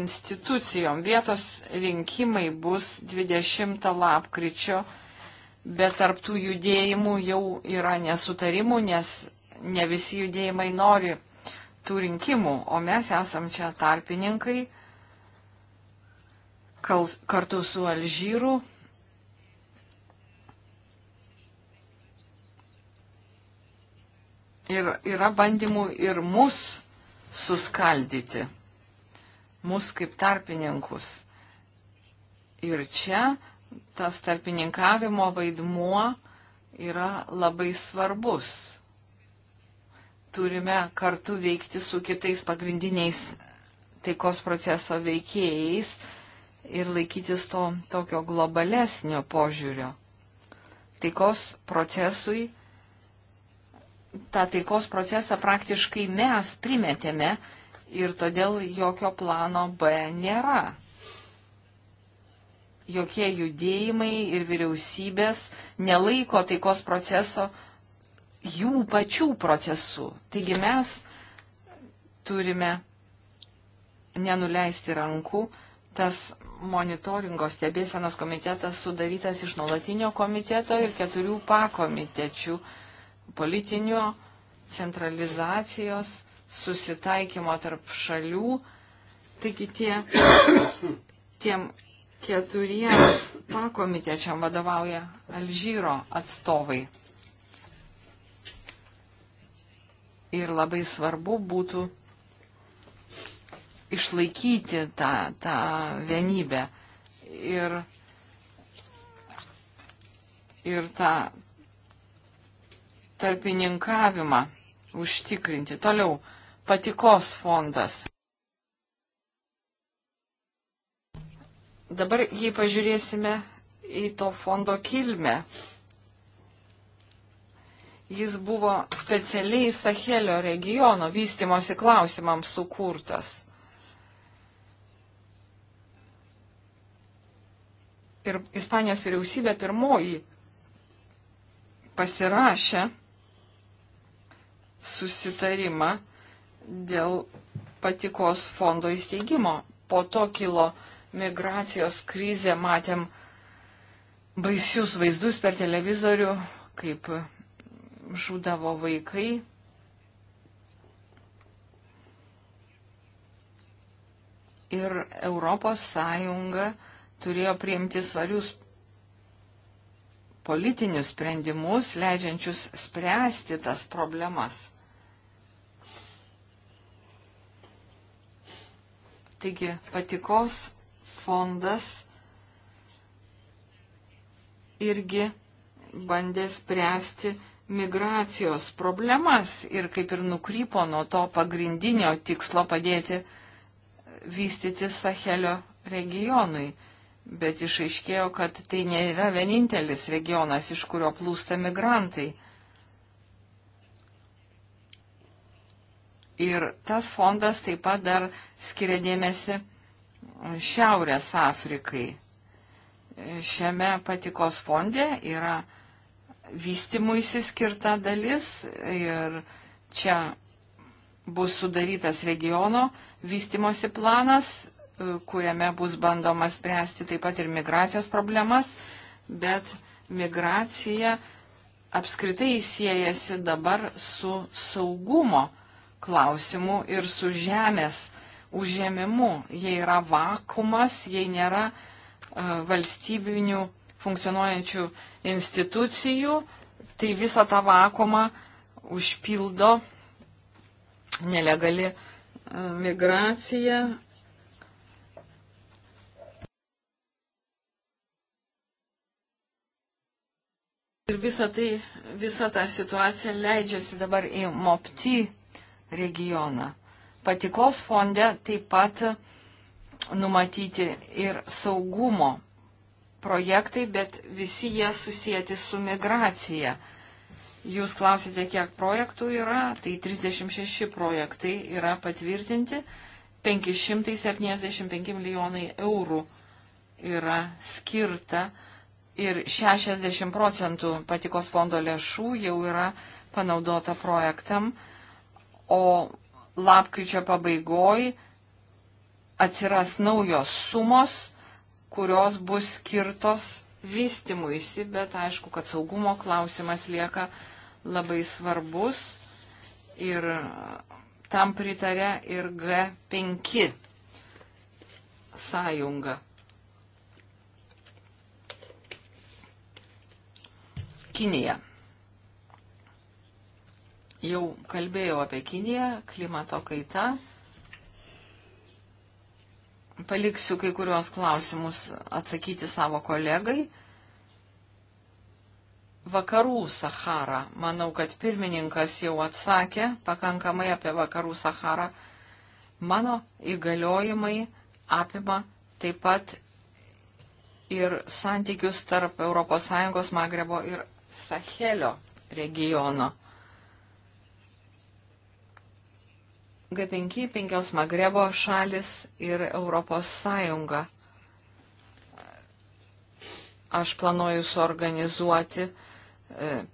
institucijom. Vietos rinkimai bus 20 lapkričio, bet tarptų judėjimų jau yra nesutarimų, nes ne visi judėjimai nori tų rinkimų, o mes esam čia tarpininkai kal, kartu su Alžyru. Ir yra bandymų ir mus suskaldyti, mus kaip tarpininkus. Ir čia tas tarpininkavimo vaidmuo yra labai svarbus turime kartu veikti su kitais pagrindiniais taikos proceso veikėjais ir laikytis to tokio globalesnio požiūrio. Taikos procesui, tą taikos procesą praktiškai mes primetėme ir todėl jokio plano B nėra. Jokie judėjimai ir vyriausybės nelaiko taikos proceso jų pačių procesu. Taigi mes turime nenuleisti rankų. Tas monitoringo stebėsenos komitetas sudarytas iš nuolatinio komiteto ir keturių pakomitečių politinio centralizacijos susitaikymo tarp šalių. Taigi tie, tiem keturiem pakomitečiam vadovauja Alžyro atstovai. ir labai svarbu būtų išlaikyti tą, tą vienybę ir, ir tą tarpininkavimą užtikrinti. Toliau patikos fondas. Dabar, jei pažiūrėsime į to fondo kilmę, Jis buvo specialiai Sahelio regiono vystimosi klausimams sukurtas. Ir Ispanijos vyriausybė pirmoji pasirašė susitarimą dėl patikos fondo įsteigimo. Po to kilo migracijos krizė, matėm baisius vaizdus per televizorių, kaip žudavo vaikai. Ir Europos Sąjunga turėjo priimti svarius politinius sprendimus, leidžiančius spręsti tas problemas. Taigi patikos fondas irgi bandė spręsti migracijos problemas ir kaip ir nukrypo nuo to pagrindinio tikslo padėti vystyti Sahelio regionui. Bet išaiškėjo, kad tai nėra vienintelis regionas, iš kurio plūsta migrantai. Ir tas fondas taip pat dar skiria dėmesį Šiaurės Afrikai. Šiame patikos fonde yra vystimui įsiskirta dalis ir čia bus sudarytas regiono vystimosi planas, e, kuriame bus bandoma spręsti taip pat ir migracijos problemas, bet migracija apskritai siejasi dabar su saugumo klausimu ir su žemės užėmimu. Jei yra vakumas, jei nėra e, valstybinių funkcionuojančių institucijų, tai visą tą vakumą užpildo nelegali e, migracija. Ir visa, tai, visa ta situacija leidžiasi dabar į Mopti regioną. Patikos fonde taip pat numatyti ir saugumo projektai, bet visi jie susijęti su migracija. Jūs klausėte, kiek projektų yra, tai 36 projektai yra patvirtinti, 575 milijonai eurų yra skirta ir 60 procentų patikos fondo lėšų jau yra panaudota projektam, o lapkričio pabaigoj atsiras naujos sumos kurios bus skirtos vystimuisi, bet aišku, kad saugumo klausimas lieka labai svarbus ir tam pritarė ir G5 sąjunga. Kinija. Jau kalbėjau apie Kiniją, klimato kaitą paliksiu kai kurios klausimus atsakyti savo kolegai. Vakarų Sahara. Manau, kad pirmininkas jau atsakė pakankamai apie Vakarų Saharą. Mano įgaliojimai apima taip pat ir santykius tarp ES, Magrebo ir Sahelio regiono. G5, penkios Magrebo šalis ir Europos Sąjunga. Aš planuoju suorganizuoti e,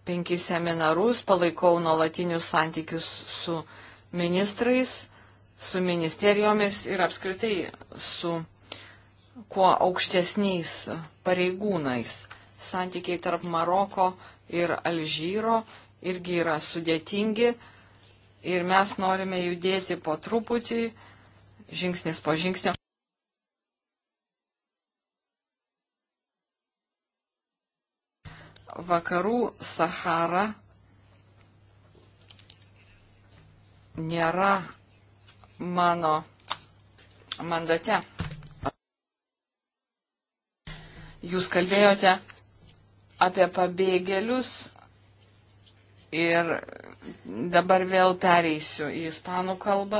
penkis seminarus, palaikau nuolatinius santykius su ministrais, su ministerijomis ir apskritai su kuo aukštesniais pareigūnais. Santykiai tarp Maroko ir Alžyro irgi yra sudėtingi ir mes norime judėti po truputį, žingsnis po žingsnio. Vakarų Sahara nėra mano mandate. Jūs kalbėjote apie pabėgėlius ir Dabar vėl pereisiu į ispanų kalbą.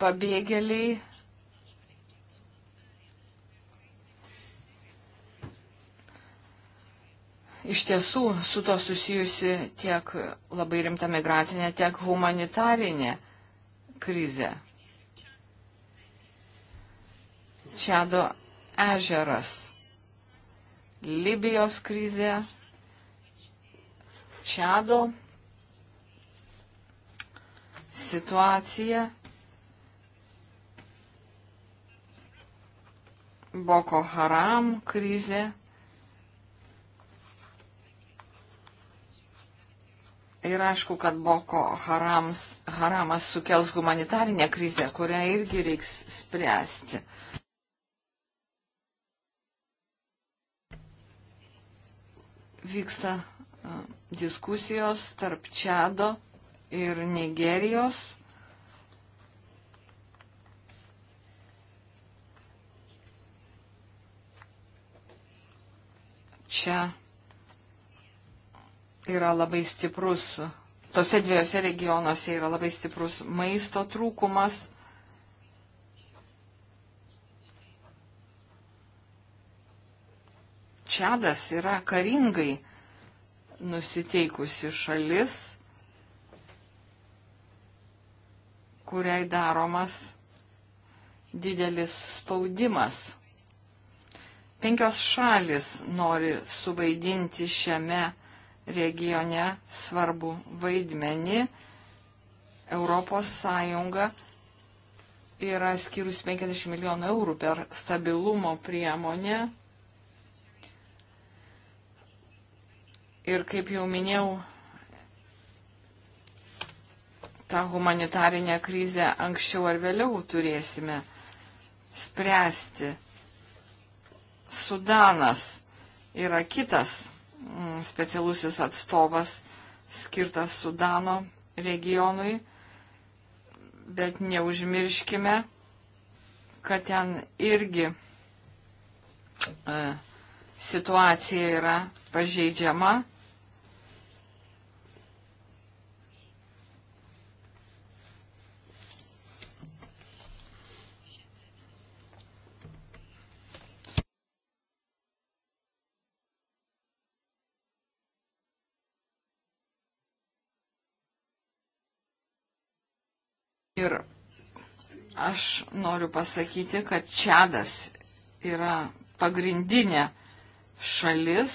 Pabėgėliai iš tiesų su to susijusi tiek labai rimta migracinė, tiek humanitarinė krizė. Čiado ežeras Libijos krizė, Čado situacija, Boko Haram krizė. Ir aišku, kad Boko Harams, Haramas sukels humanitarinę krizę, kurią irgi reiks spręsti. Uh, vyksta diskusijos tarp Čado ir Nigerijos. Čia yra labai stiprus, tose dviejose regionuose yra labai stiprus maisto trūkumas. Čadas yra karingai nusiteikusi šalis, kuriai daromas didelis spaudimas. Penkios šalis nori suvaidinti šiame regione svarbu vaidmenį. Europos Sąjunga yra skirus 50 milijonų eurų per stabilumo priemonę Ir kaip jau minėjau, tą humanitarinę krizę anksčiau ar vėliau turėsime spręsti. Sudanas yra kitas mm, specialusis atstovas skirtas Sudano regionui, bet neužmirškime, kad ten irgi e, situacija yra pažeidžiama Aš noriu pasakyti, kad Čadas yra pagrindinė šalis.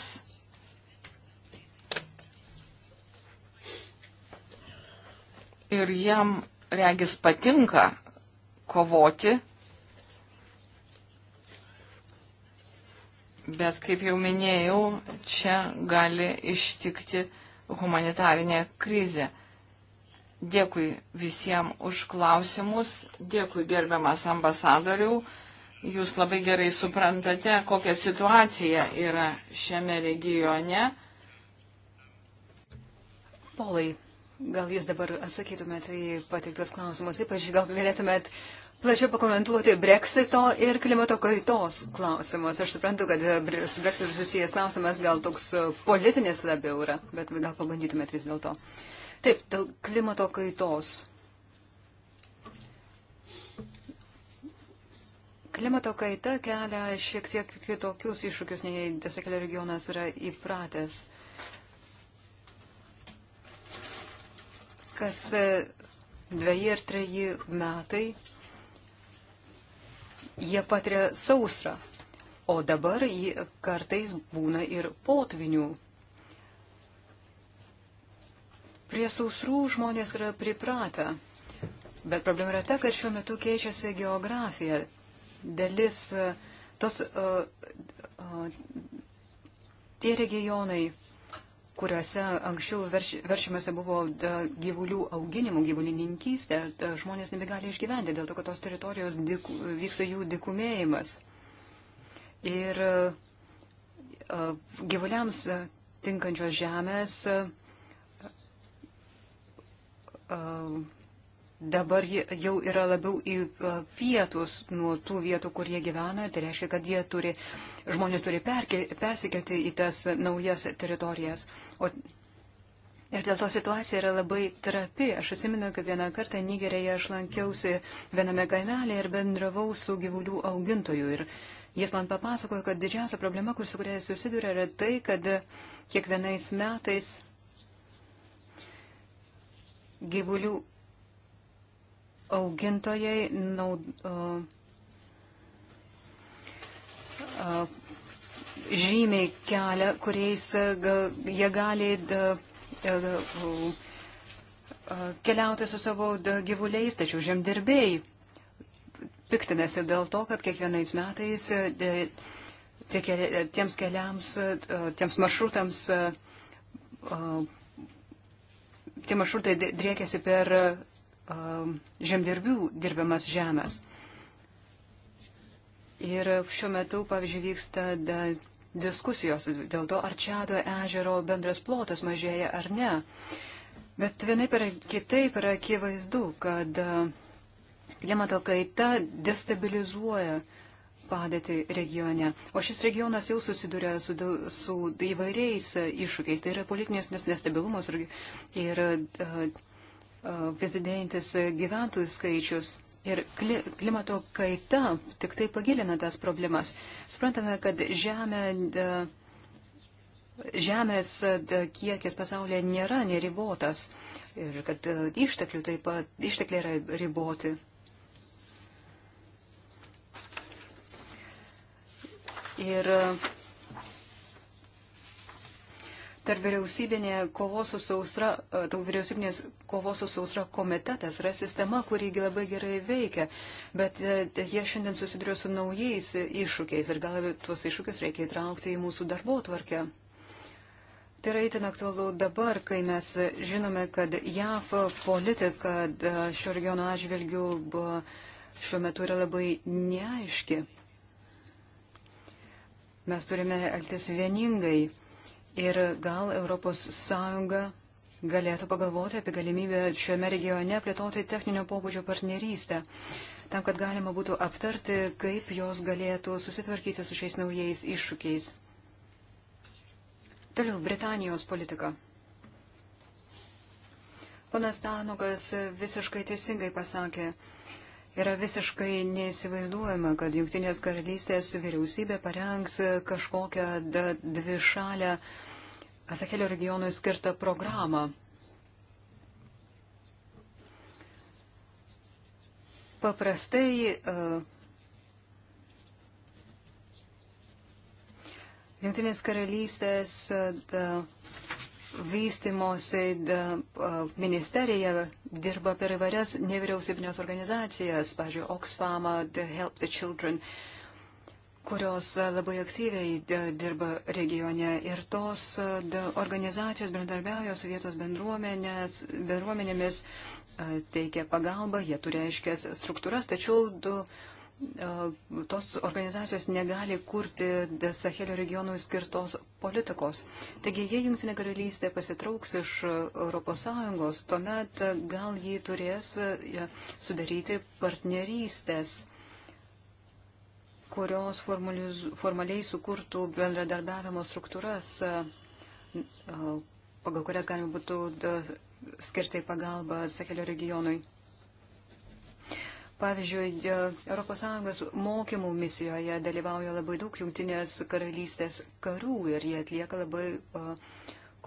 Ir jam regis patinka kovoti. Bet, kaip jau minėjau, čia gali ištikti humanitarinė krizė. Dėkui visiems už klausimus, dėkui gerbiamas ambasadoriau. Jūs labai gerai suprantate, kokia situacija yra šiame regione. Polai, gal jūs dabar atsakytumėte į pateiktus klausimus, ypač gal galėtumėt plačiau pakomentuoti breksito ir klimato kaitos klausimus. Aš suprantu, kad su breksitu susijęs klausimas gal toks politinis labiau yra, bet gal pabandytumėt vis dėlto. Uh, Taip, dėl klimato kaitos. Klimato kaita kelia šiek tiek kitokius iššūkius, nei Desekelio regionas yra įpratęs. Kas e, dveji ar treji metai jie patiria sausrą, o dabar jį kartais būna ir potvinių. Prie sausrų žmonės yra pripratę, bet problema yra ta, kad šiuo metu keičiasi geografija. Dalis e, tos, uh, uh, tie regionai, kuriuose anksčiau verš, veršimėse buvo da, gyvulių auginimų, gyvulininkystė, da, žmonės nebegali išgyventi dėl to, kad tos teritorijos diku, vyksta jų dikumėjimas. Ir uh, gyvuliams tinkančios žemės. Uh, Ehm, dabar jau yra labiau į e, pietus nuo tų vietų, kur jie gyvena. Tai reiškia, kad jie turi, žmonės turi perke, persikelti į tas naujas teritorijas. O Ir dėl to situacija yra labai trapi. Aš atsimenu, kad vieną kartą Nigerėje aš lankiausi viename kaimelėje ir bendravau su gyvulių augintoju. Ir jis man papasakojo, kad didžiausia problema, kur su kuria susiduria, yra tai, kad kiekvienais metais gyvulių augintojai naud, uh, uh, žymiai kelią, kuriais uh, jie gali keliauti su savo gyvuliais, tačiau žemdirbėjai piktinasi dėl to, kad kiekvienais metais tiems keliams, tiems maršrutams tie maršrutai driekiasi per žemdirbių dirbiamas žemės. Ir šiuo metu, pavyzdžiui, vyksta da, diskusijos dėl to, ar Čado ežero bendras plotas mažėja ar ne. Bet vienai per kitaip yra akivaizdu, kad klimato kaita destabilizuoja uh, padėtį regione. O šis regionas jau susiduria su, su įvairiais e, iššūkiais. Tai yra politinės nestabilumas ir, ir uh, vis didėjantis gyventojų skaičius. Ir kli, klimato kaita tik tai pagilina tas problemas. Sprantame, kad žemė. Uh, Žemės kiekis pasaulyje nėra neribotas ir kad išteklių taip pat, ištekliai yra riboti. Ir e, tarp vyriausybinė kovos su sausra, e, tarp vyriausybinės kovos su sausra komitetas yra sistema, kuri labai gerai veikia, bet e, jie šiandien susiduria su naujais iššūkiais ir gal tuos iššūkius reikia įtraukti į mūsų darbo tvarkę. Tai yra itin aktualu dabar, kai mes žinome, kad JAF politika šio regiono atžvilgių šiuo metu yra labai neaiški. Mes turime elgtis vieningai ir gal ES galėtų pagalvoti apie galimybę šiame regione plėtoti techninio pobūdžio partnerystę, tam, kad galima būtų aptarti, kaip jos galėtų susitvarkyti su šiais naujais iššūkiais. Toliau, Britanijos politika. Ponas Tanukas visiškai teisingai pasakė, Yra visiškai neįsivaizduojama, kad Junktinės karalystės vyriausybė parengs kažkokią dvišalę Asahelio regionui skirtą programą. Paprastai uh, Junktinės karalystės e, da, vystimosi ministerija dirba per įvairias nevyriausybinės organizacijas, pavyzdžiui, Oxfam, The Help the Children kurios labai aktyviai dirba regione ir tos organizacijos bendarbiauja su vietos bendruomenėmis, teikia pagalbą, jie turi aiškės struktūras, tačiau du, uh, E, tos organizacijos negali kurti Sahelio regionui skirtos politikos. Taigi, jei Junktinė karalystė pasitrauks iš ES, tuomet gal jį turės e, sudaryti partnerystės kurios formaliai sukurtų bendradarbiavimo struktūras, e, pagal kurias galima būtų skirti pagalbą Sahelio regionui. Pavyzdžiui, ES mokymų misijoje dalyvauja labai daug jungtinės karalystės karių ir jie atlieka labai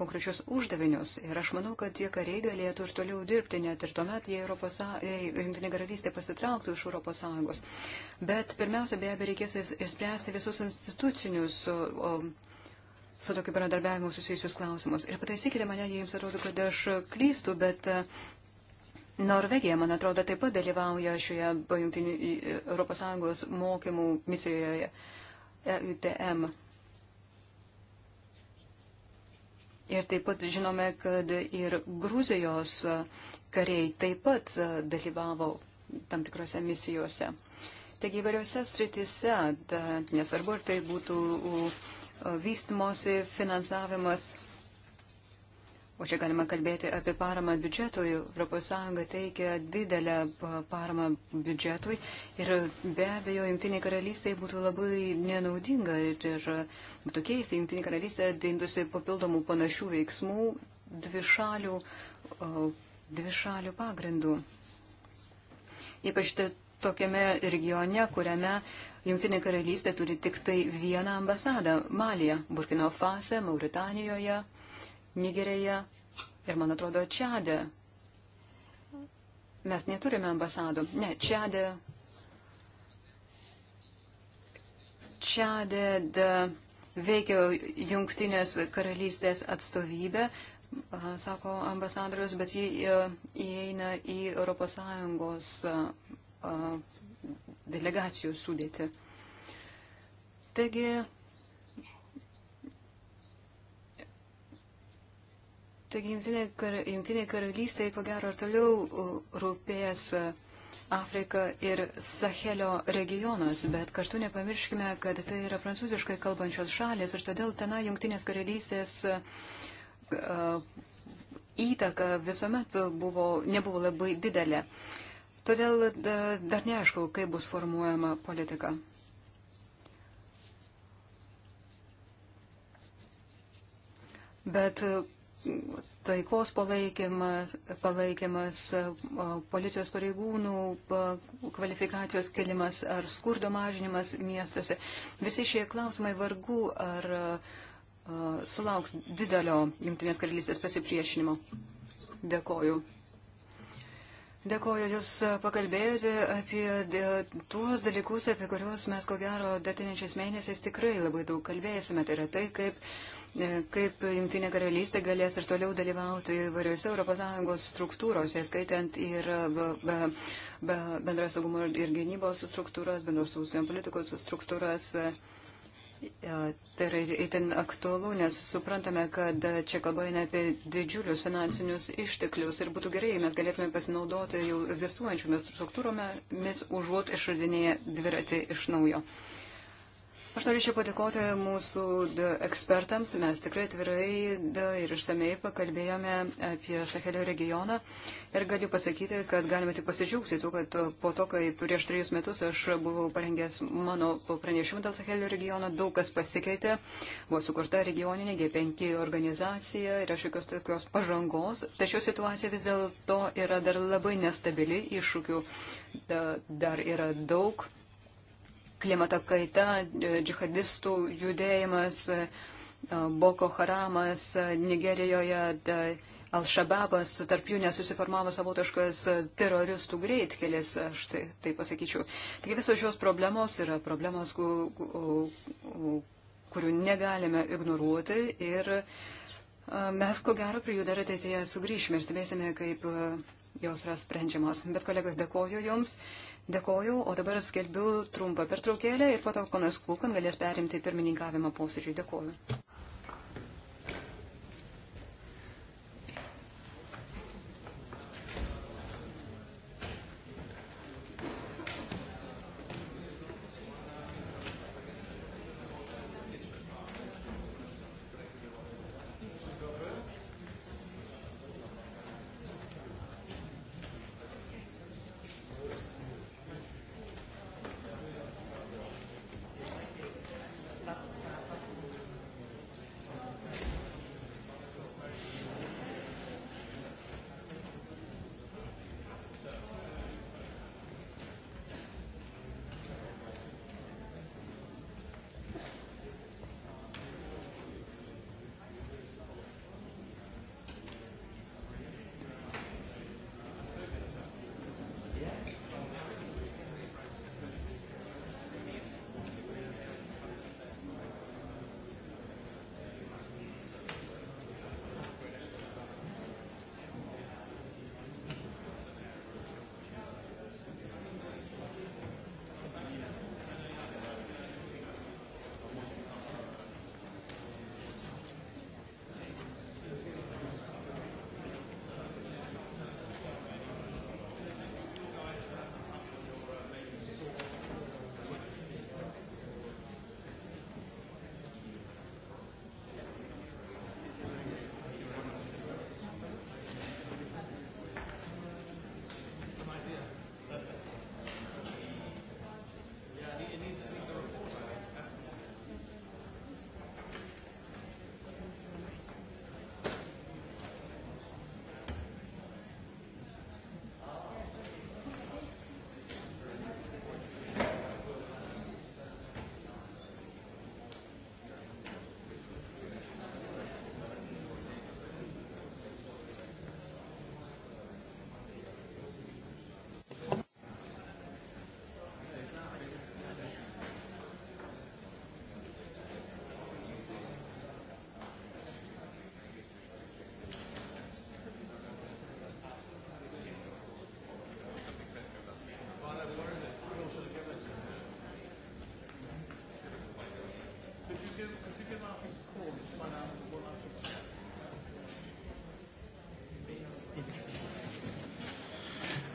konkrečius uždavinius. Ir aš manau, kad tie kariai galėtų ir toliau dirbti, net ir tuomet, jei jungtinė karalystė pasitrauktų iš ES. Bet pirmiausia, be abejo, reikės išspręsti visus institucinius o, su tokiu bendradarbiavimu susijusius klausimus. Ir pataisykite mane, jei jums atrodo, kad aš klystu, bet Norvegija, man atrodo, taip pat dalyvauja šioje jungtinių ES mokymų misijoje EUTM. Ir taip pat žinome, kad ir Gruzijos kariai taip pat dalyvavo tam tikrose misijose. Taigi įvairiose sritise, nesvarbu, ar tai būtų vystimosi, finansavimas O čia galima kalbėti apie paramą biudžetui. ES teikia didelę paramą biudžetui ir be abejo, Junktinė karalystė būtų labai nenaudinga ir būtų keista, Junktinė karalystė dėmdusi papildomų panašių veiksmų dvišalių, dvišalių pagrindų. Ypač tokiame regione, kuriame Junktinė karalystė turi tik tai vieną ambasadą - Malija, Burkino Fase, Mauritanijoje. Nigerėje ir, man atrodo, Čiadė. Mes neturime ambasadų. Ne, Čiadė. Čiadė veikia jungtinės karalystės atstovybė, sako ambasadorius, bet jie įeina į ES delegacijų sudėti. Taigi Taigi jungtinė, kar, jungtinė karalystė, ko gero, ir toliau rūpės e, Afrika ir Sahelio regionas, bet kartu nepamirškime, kad tai yra prancūziškai kalbančios šalis ir todėl tena jungtinės karalystės e, e, įtaka visuomet buvo, nebuvo labai didelė. Todėl dar neaišku, kaip bus formuojama politika. Bet taikos palaikymas, palaikymas, policijos pareigūnų kvalifikacijos kelimas ar skurdo mažinimas miestuose. Visi šie klausimai vargu ar sulauks didelio Junktinės karalystės pasipriešinimo. Dėkoju. Dėkoju, jūs pakalbėjote apie e, tuos dalykus, apie kuriuos mes ko gero datinėčiais mėnesiais tikrai labai daug kalbėsime. Tai yra tai, kaip E, kaip Junktinė karalystė galės ir toliau dalyvauti įvairiose ES struktūrose, skaitant ir bendras saugumo ir gynybos struktūras, bendros užsienio politikos struktūras. E, tai yra itin aktualu, nes suprantame, kad čia kalba eina apie didžiulius finansinius išteklius ir būtų gerai, mes galėtume pasinaudoti jau egzistuojančiomis struktūromis, užuot išradinėję dviratį iš naujo. Uh, Aš norėčiau padėkoti mūsų ekspertams. Mes tikrai atvirai ir išsamei pakalbėjome apie Sahelio regioną. Ir galiu pasakyti, kad galime tik pasidžiaugti tuo, kad po to, kai prieš trejus metus aš buvau parengęs mano pranešimą dėl Sahelio regiono, daug kas pasikeitė. Buvo sukurta regioninė G5 organizacija ir aš jokios tokios pažangos. Tačiau situacija vis dėlto yra dar labai nestabili, iššūkių da, dar yra daug klimato kaita, e, džihadistų judėjimas, e, Boko Haramas, e, Nigerijoje, Al-Shababas, tarp jų nesusiformavo savotiškas teroristų greitkelis, aš tai, tai pasakyčiau. Taigi visos šios problemos yra problemos, kurių negalime ignoruoti ir mes ko gero prie jų dar ateityje sugrįšime ir stebėsime, kaip jos yra sprendžiamos. Bet kolegos, dėkoju Jums. Dėkoju, o dabar skelbiu trumpą pertraukėlę ir po to ponas Klukan galės perimti pirmininkavimą posėdžiui. Dėkoju.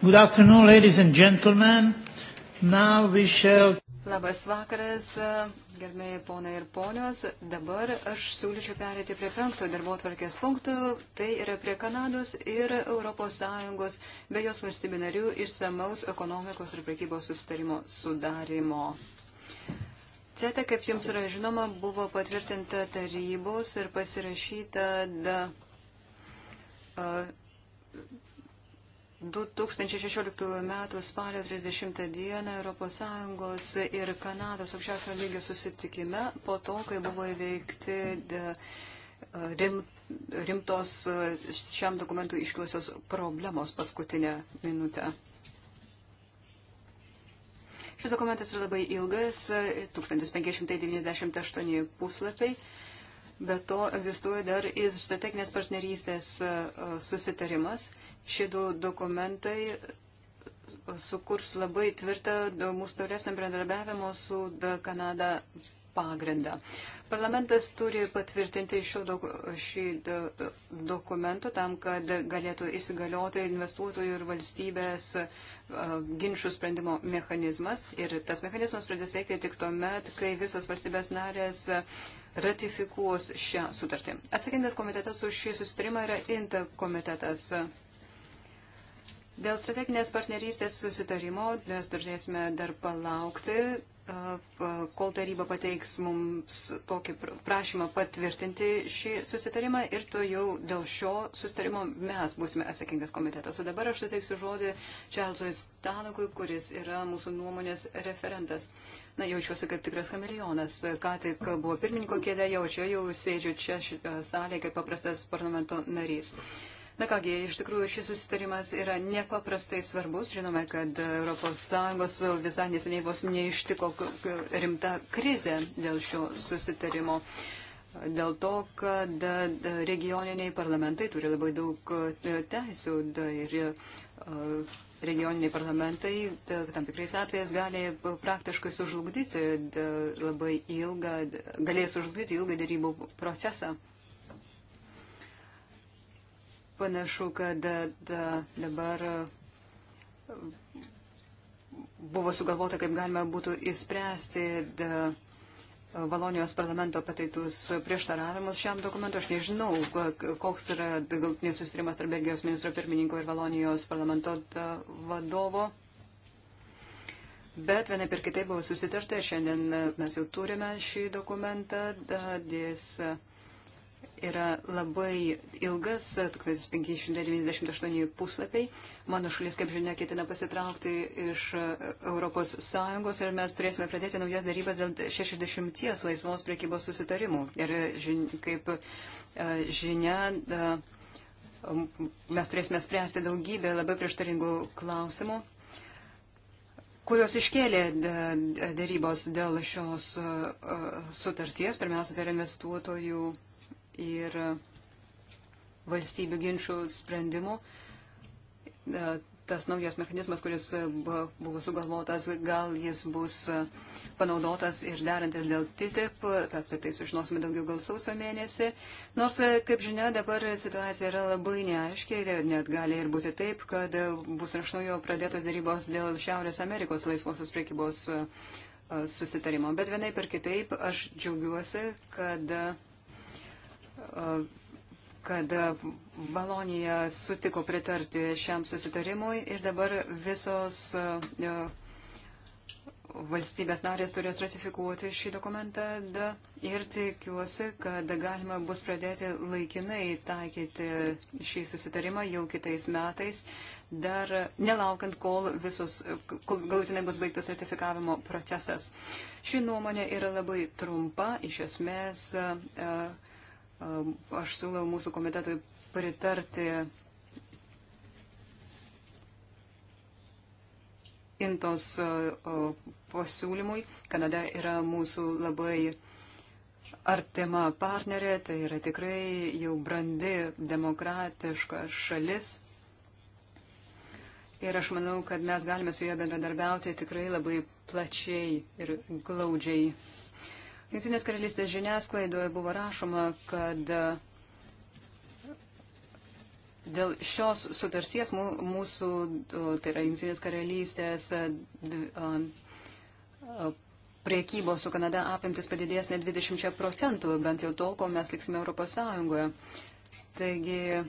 Good afternoon, ladies and gentlemen. Now we shall. Labas vakaras, gerbėjai ponai ir ponios. Dabar aš siūlyčiau perėti prie penkto darbo tvarkės punktų. Tai yra prie Kanados ir ES bei jos valstybių narių išsamaus ekonomikos ir prekybos sustarimo sudarimo. CETA, kaip jums yra žinoma, buvo patvirtinta tarybos ir pasirašyta da, uh, 2016 m. spalio 30 d. ES ir Kanados aukščiausio lygio susitikime po to, kai buvo įveikti e, rim, rimtos e, šiam dokumentui iškilusios problemos paskutinę minutę. Šis dokumentas yra labai ilgas, 1598 e, puslapiai, bet to egzistuoja dar ir strateginės partnerystės susitarimas. Šie du dokumentai sukurs labai tvirtą mūsų tolesnio bendradarbiavimo su Kanada pagrindą. Parlamentas turi patvirtinti doku, šį do, dokumentą tam, kad galėtų įsigalioti investuotojų ir valstybės uh, ginčių sprendimo mechanizmas. Ir tas mechanizmas pradės veikti tik tuo met, kai visos valstybės narės ratifikuos šią sutartį. Atsakingas komitetas už šį susitarimą yra INTA komitetas. Uh, Dėl strateginės partnerystės susitarimo mes turėsime dar palaukti, kol taryba pateiks mums tokį prašymą patvirtinti šį susitarimą ir to jau dėl šio susitarimo mes būsime atsakingas komitetas. O dabar aš suteiksiu žodį Čarlzui Stanukui, kuris yra mūsų nuomonės referentas. Na, jaučiuosi kaip tikras kamerionas. Ką tik buvo pirmininko kėdė, jaučiu, jau sėdžiu čia salėje kaip paprastas parlamento narys. Uh, Na kągi, iš tikrųjų šis susitarimas yra nepaprastai svarbus. Žinome, kad ES visai neseniai vos neištiko rimta krizė dėl šio susitarimo. Dėl to, kad e, regioniniai parlamentai turi labai daug e, teisų ir e, regioniniai parlamentai tam tikrais atvejais gali praktiškai sužlugdyti labai ilgą, galės sužlugdyti ilgą dėrybų procesą panašu, kad da, e, da, dabar e, buvo sugalvota, kaip galima būtų įspręsti da, Valonijos parlamento pateiktus prieštaravimus šiam dokumentui. Aš nežinau, koks yra galtinis susitarimas tarp Belgijos ministro pirmininko ir Valonijos parlamento da, vadovo. Bet vienai per kitai buvo susitarta, šiandien e, mes jau turime šį dokumentą, da, jis. Dės yra labai ilgas, 1598 puslapiai. Mano šalis, kaip žinia, ketina pasitraukti iš ES ir mes turėsime pradėti naujas darybas dėl 60 laisvos priekybos susitarimų. Ir e, žin, kaip e, žinia, e, mes turėsime spręsti daugybę labai prieštaringų klausimų kurios iškėlė darybos dėl šios sutarties, pirmiausia, tai yra investuotojų ir e, valstybių ginčių sprendimų. E, tas naujas mechanizmas, kuris e, buvo sugalvotas, gal jis bus panaudotas ir derantis dėl TTIP, apie tai sužinosime daugiau gal sausio mėnesį. Nors, kaip žinia, dabar situacija yra labai neaiški, net gali ir būti taip, kad bus iš naujo pradėtos darybos dėl Šiaurės Amerikos laisvosios priekybos susitarimo. Bet vienaip ir kitaip aš džiaugiuosi, kad kad Valonija sutiko pritarti šiam susitarimui ir dabar visos e, valstybės narės turės ratifikuoti šį dokumentą ir tikiuosi, kad galima bus pradėti laikinai taikyti šį susitarimą jau kitais metais, dar nelaukiant, kol, visus, kol galutinai bus baigtas ratifikavimo procesas. Ši nuomonė yra labai trumpa, iš esmės. Uh, Aš siūlau mūsų komitetui pritarti Intos pasiūlymui. Kanada yra mūsų labai artima partnerė, tai yra tikrai jau brandi demokratiška šalis. Ir aš manau, kad mes galime su juo bendradarbiauti tikrai labai plačiai ir glaudžiai. Jungtinės karalystės žiniasklaidoje buvo rašoma, kad e, dėl šios sutarties mūsų, tai yra Jungtinės karalystės e, priekybos su Kanada apimtis padidės net 20 procentų, bent jau tol, kol mes liksime Europos Sąjungoje. Taigi,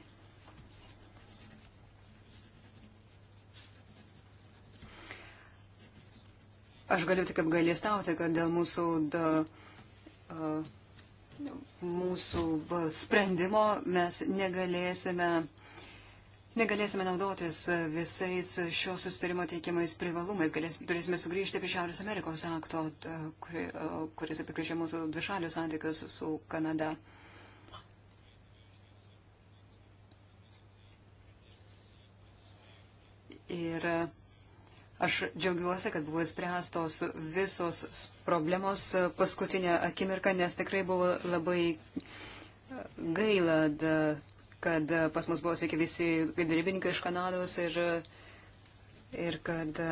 aš galiu tik apgailėstauti, kad dėl mūsų da, do mūsų sprendimo mes negalėsime, negalėsime naudotis visais šio sustarimo teikiamais privalumais. Galės, turėsime sugrįžti prie Šiaurės Amerikos akto, kuris apikrėžė mūsų dvišalius santykius su Kanada. Ir Aš džiaugiuosi, kad buvo spręstos visos problemos paskutinę akimirką, nes tikrai buvo labai gaila, kad pas mus buvo sveikia visi darybininkai iš Kanados ir, ir kad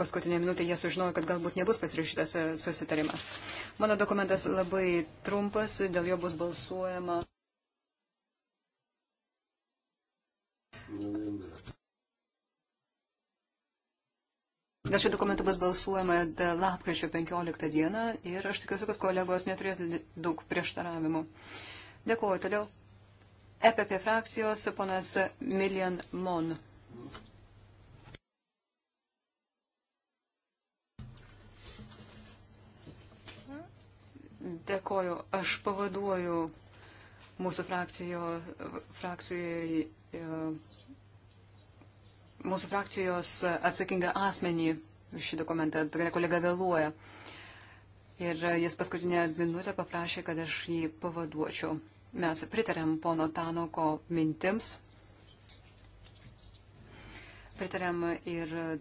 paskutinė minutė jie sužinojo, kad galbūt nebus pasirašytas susitarimas. Mano dokumentas labai trumpas, dėl jo bus balsuojama. Novembrė. Dėl šio dokumento bus balsuojama lapkričio 15 dieną ir aš tikiuosi, kad kolegos neturės daug prieštaravimų. Dėkuoju toliau. EPP frakcijos ponas Milian Mon. Dėkoju, aš pavaduoju mūsų frakcijo, frakcijoje mūsų frakcijos atsakingą asmenį šį dokumentą, tai kolega vėluoja. Ir jis paskutinę minutę paprašė, kad aš jį pavaduočiau. Mes pritarėm pono Tanoko mintims, pritarėm ir e,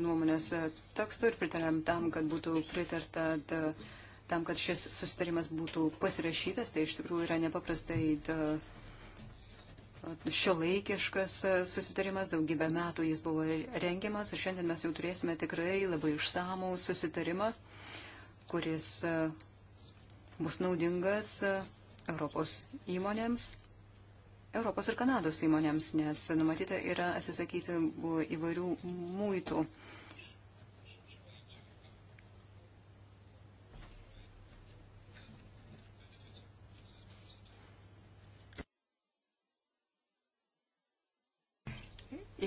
nuomonės tekstui ir pritarėm tam, kad būtų pritarta. Da, e, tam, kad šis susitarimas būtų pasirašytas, tai iš tikrųjų yra nepaprastai da, e, šiolaikiškas e, susitarimas, daugybę metų jis buvo rengiamas ir šiandien mes jau turėsime tikrai labai išsamų susitarimą, kuris e, bus naudingas e, Europos įmonėms, Europos ir Kanados įmonėms, nes numatyta yra atsisakyti įvairių mūtų.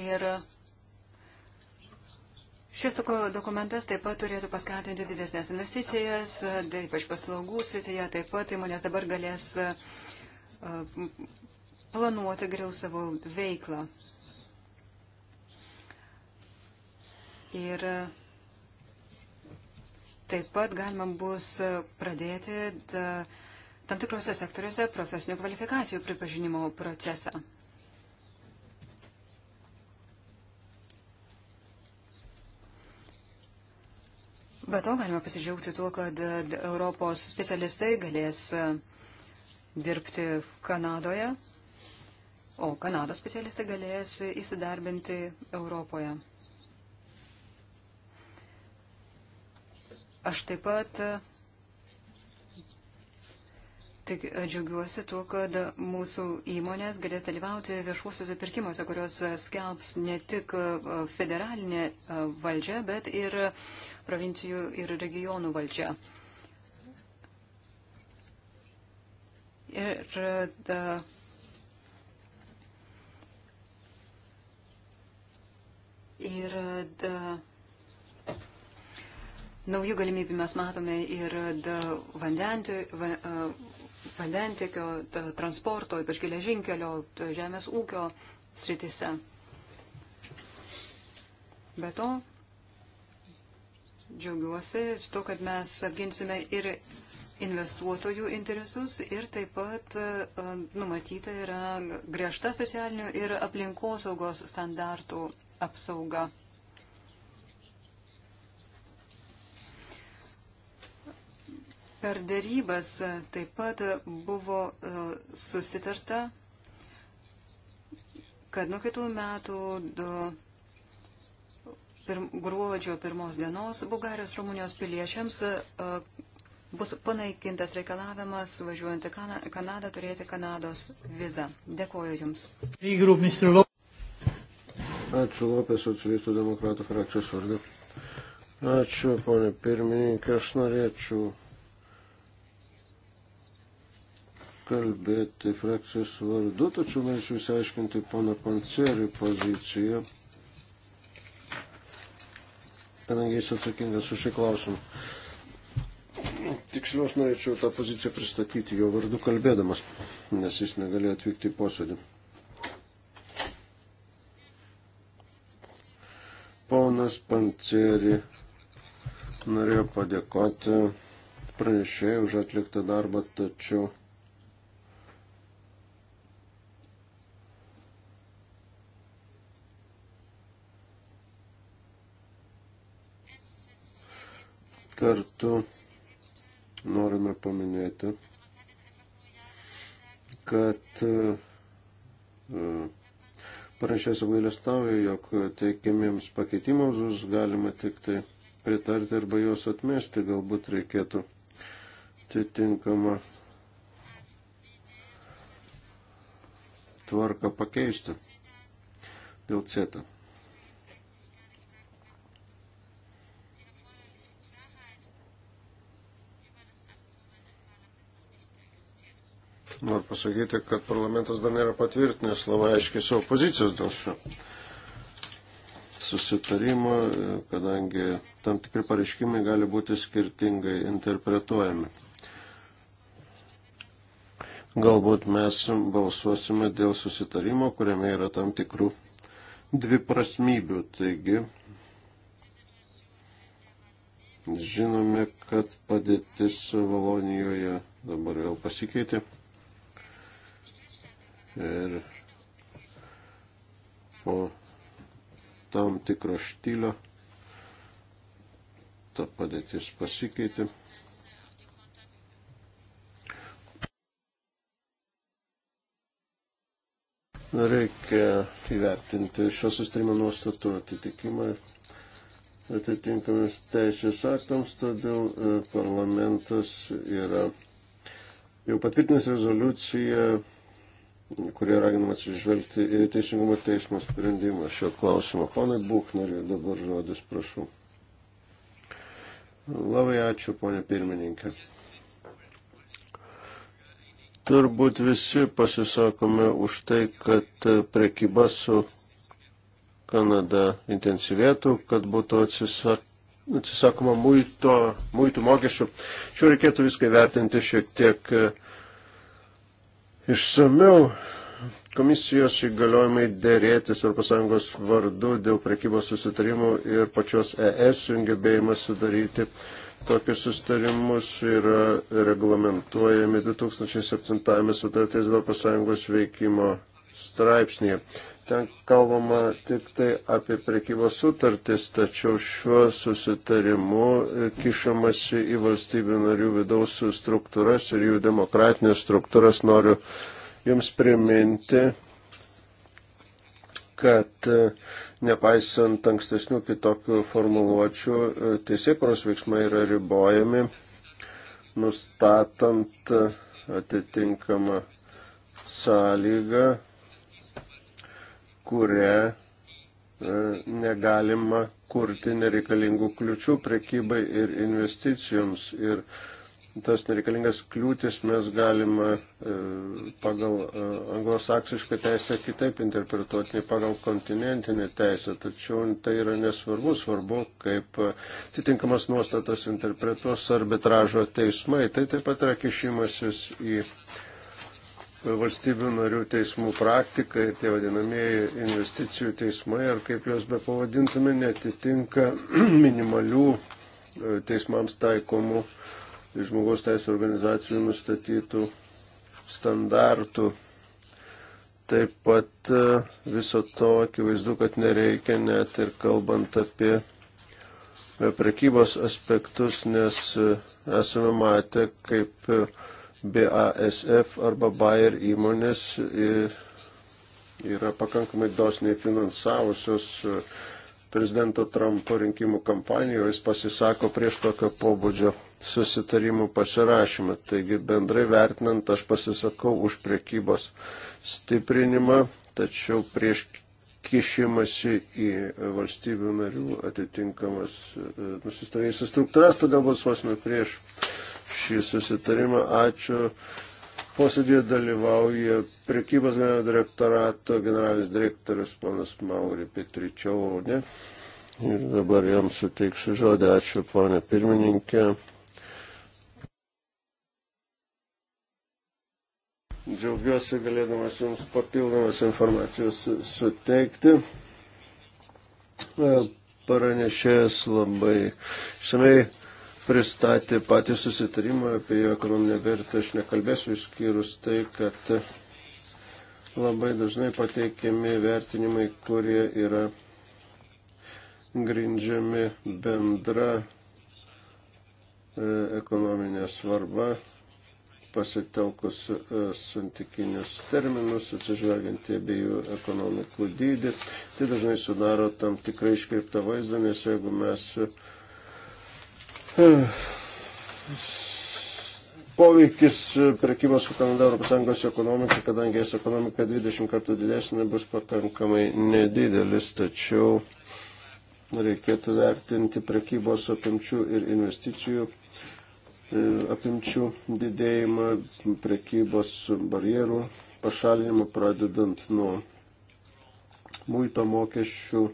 ir Šis dokumentas taip pat turėtų paskatinti didesnės investicijas, tai ypač paslaugų srityje, taip pat įmonės dabar galės e, planuoti geriau savo veiklą. Ir e, taip pat galima bus pradėti tam tikrose sektoriuose profesinių kvalifikacijų pripažinimo procesą. Be to galime pasidžiaugti tuo, kad Europos specialistai galės e, dirbti Kanadoje, o Kanados specialistai galės įsidarbinti Europoje. Aš taip pat e, tik e, džiaugiuosi tuo, kad mūsų įmonės galės dalyvauti viešuosiuose pirkimuose, kurios skelbs ne tik federalinė valdžia, bet ir uh, provincijų ir regionų valdžia. Ir da, ir da, naujų galimybių mes matome ir da, vandenti, va, vandentiekio, da, transporto, ypač geležinkelio, da, žemės ūkio sritise. Be to, džiaugiuosi to, kad mes apginsime ir investuotojų interesus ir taip pat e, numatyta yra griežta socialinių ir aplinkosaugos standartų apsauga. Per darybas taip pat buvo e, susitarta, kad nuo kitų metų pirm, gruodžio pirmos dienos Bulgarijos Rumunijos piliečiams e, bus panaikintas reikalavimas važiuojant į Kana, Kanadą turėti Kanados vizą. Dėkuoju Jums. Ačiū Lopės socialistų demokratų frakcijos vardu. Ačiū, ponė pirmininkė, aš norėčiau kalbėti frakcijos vardu, tačiau norėčiau įsiaiškinti pono Pancerį poziciją kadangi jis atsakingas už šį klausimą. Tiksliau, aš norėčiau tą poziciją pristatyti jo vardu kalbėdamas, nes jis negalėjo atvykti į posėdį. Ponas Panceri norėjo padėkoti pranešėjai už atliktą darbą, tačiau kartu norime paminėti, kad e, parašęs apgailestauju, jog teikiamiems pakeitimams bus galima tik tai pritarti arba juos atmesti, galbūt reikėtų atitinkamą tvarką pakeisti dėl cėto. Noriu pasakyti, kad parlamentas dar nėra patvirtinęs labai aiškiai savo pozicijos dėl šio susitarimo, kadangi tam tikri pareiškimai gali būti skirtingai interpretuojami. Galbūt mes balsuosime dėl susitarimo, kuriame yra tam tikrų dviprasmybių. Taigi, žinome, kad padėtis Valonijoje dabar vėl pasikeitė ir po tam tikro štylio ta padėtis pasikeitė. Reikia įvertinti šio sustarimo nuostatų atitikimą atitinkamus teisės aktams, todėl e, parlamentas yra jau patvirtinęs rezoliuciją kurie raginama atsižvelgti į Teisingumo teismo sprendimą šio klausimo. Ponai Būkneriui dabar žodis, prašau. Labai ačiū, ponė pirmininkė. Turbūt visi pasisakome už tai, kad prekyba su Kanada intensyvėtų, kad būtų atsisak, atsisakoma muito, muitų mokesčių. Čia reikėtų viską vertinti šiek tiek uh, išsamiau komisijos įgaliojimai dėrėtis ES vardu dėl prekybos susitarimų ir pačios ES gebėjimas sudaryti tokius sustarimus yra reglamentuojami 2007 sutarties dėl ES veikimo straipsnėje ten kalbama tik tai apie prekybos sutartis, tačiau šiuo susitarimu kišamasi į valstybių narių vidaus struktūras ir jų demokratinės struktūras noriu Jums priminti, kad e, nepaisant ankstesnių kitokių formuluočių, e, teisėkuros veiksmai yra ribojami, nustatant e, atitinkamą sąlygą kuria e, negalima kurti nereikalingų kliučių prekybai ir investicijoms. Ir tas nereikalingas kliūtis mes galima e, pagal e, anglosaksišką teisę kitaip interpretuoti, nei pagal kontinentinę teisę. Tačiau tai yra nesvarbu, svarbu, kaip atitinkamas nuostatas interpretuos arbitražo teismai. Tai taip pat yra kišimasis į valstybių narių teismų praktika ir tie vadinamieji investicijų teismai, ar kaip juos be pavadintume, netitinka minimalių e, teismams taikomų žmogaus teisų organizacijų nustatytų standartų. Taip pat e, viso to akivaizdu, kad nereikia net ir kalbant apie e, prekybos aspektus, nes esame matę, kaip BASF arba Bayer įmonės e, yra pakankamai dosniai finansavusios e, prezidento Trumpo rinkimų kampaniją, jis pasisako prieš tokio pobūdžio susitarimų pasirašymą. Taigi bendrai vertinant, aš pasisakau už priekybos stiprinimą, tačiau prieš kišimasi į valstybių narių atitinkamas e, nusistovėjusias struktūras, todėl balsuosime prieš šį susitarimą. Ačiū. Posėdėje dalyvauja priekybos generalinio direktorato generalinis direktorius ponas Mauri Petričiaunė. Ir dabar jam suteiksiu žodį. Ačiū, ponė pirmininkė. Džiaugiuosi galėdamas Jums papildomas informacijos suteikti e, pranešėjas labai išsamei pristatė patį susitarimą, apie jo ekonominę vertę aš nekalbėsiu, išskyrus tai, kad labai dažnai pateikiami vertinimai, kurie yra grindžiami bendra e, ekonominė svarba, pasitelkus e, santykinius terminus, atsižvelgiant į abiejų ekonomikų dydį. Tai dažnai sudaro tam tikrai iškreiptą vaizdą, nes jeigu mes poveikis prekybos su Kanada ES ekonomika, kadangi es ekonomika 20 kartų didesnė, bus pakankamai nedidelis, tačiau reikėtų vertinti prekybos apimčių ir investicijų e, apimčių didėjimą, prekybos barjerų pašalinimą, pradedant nuo muito mokesčių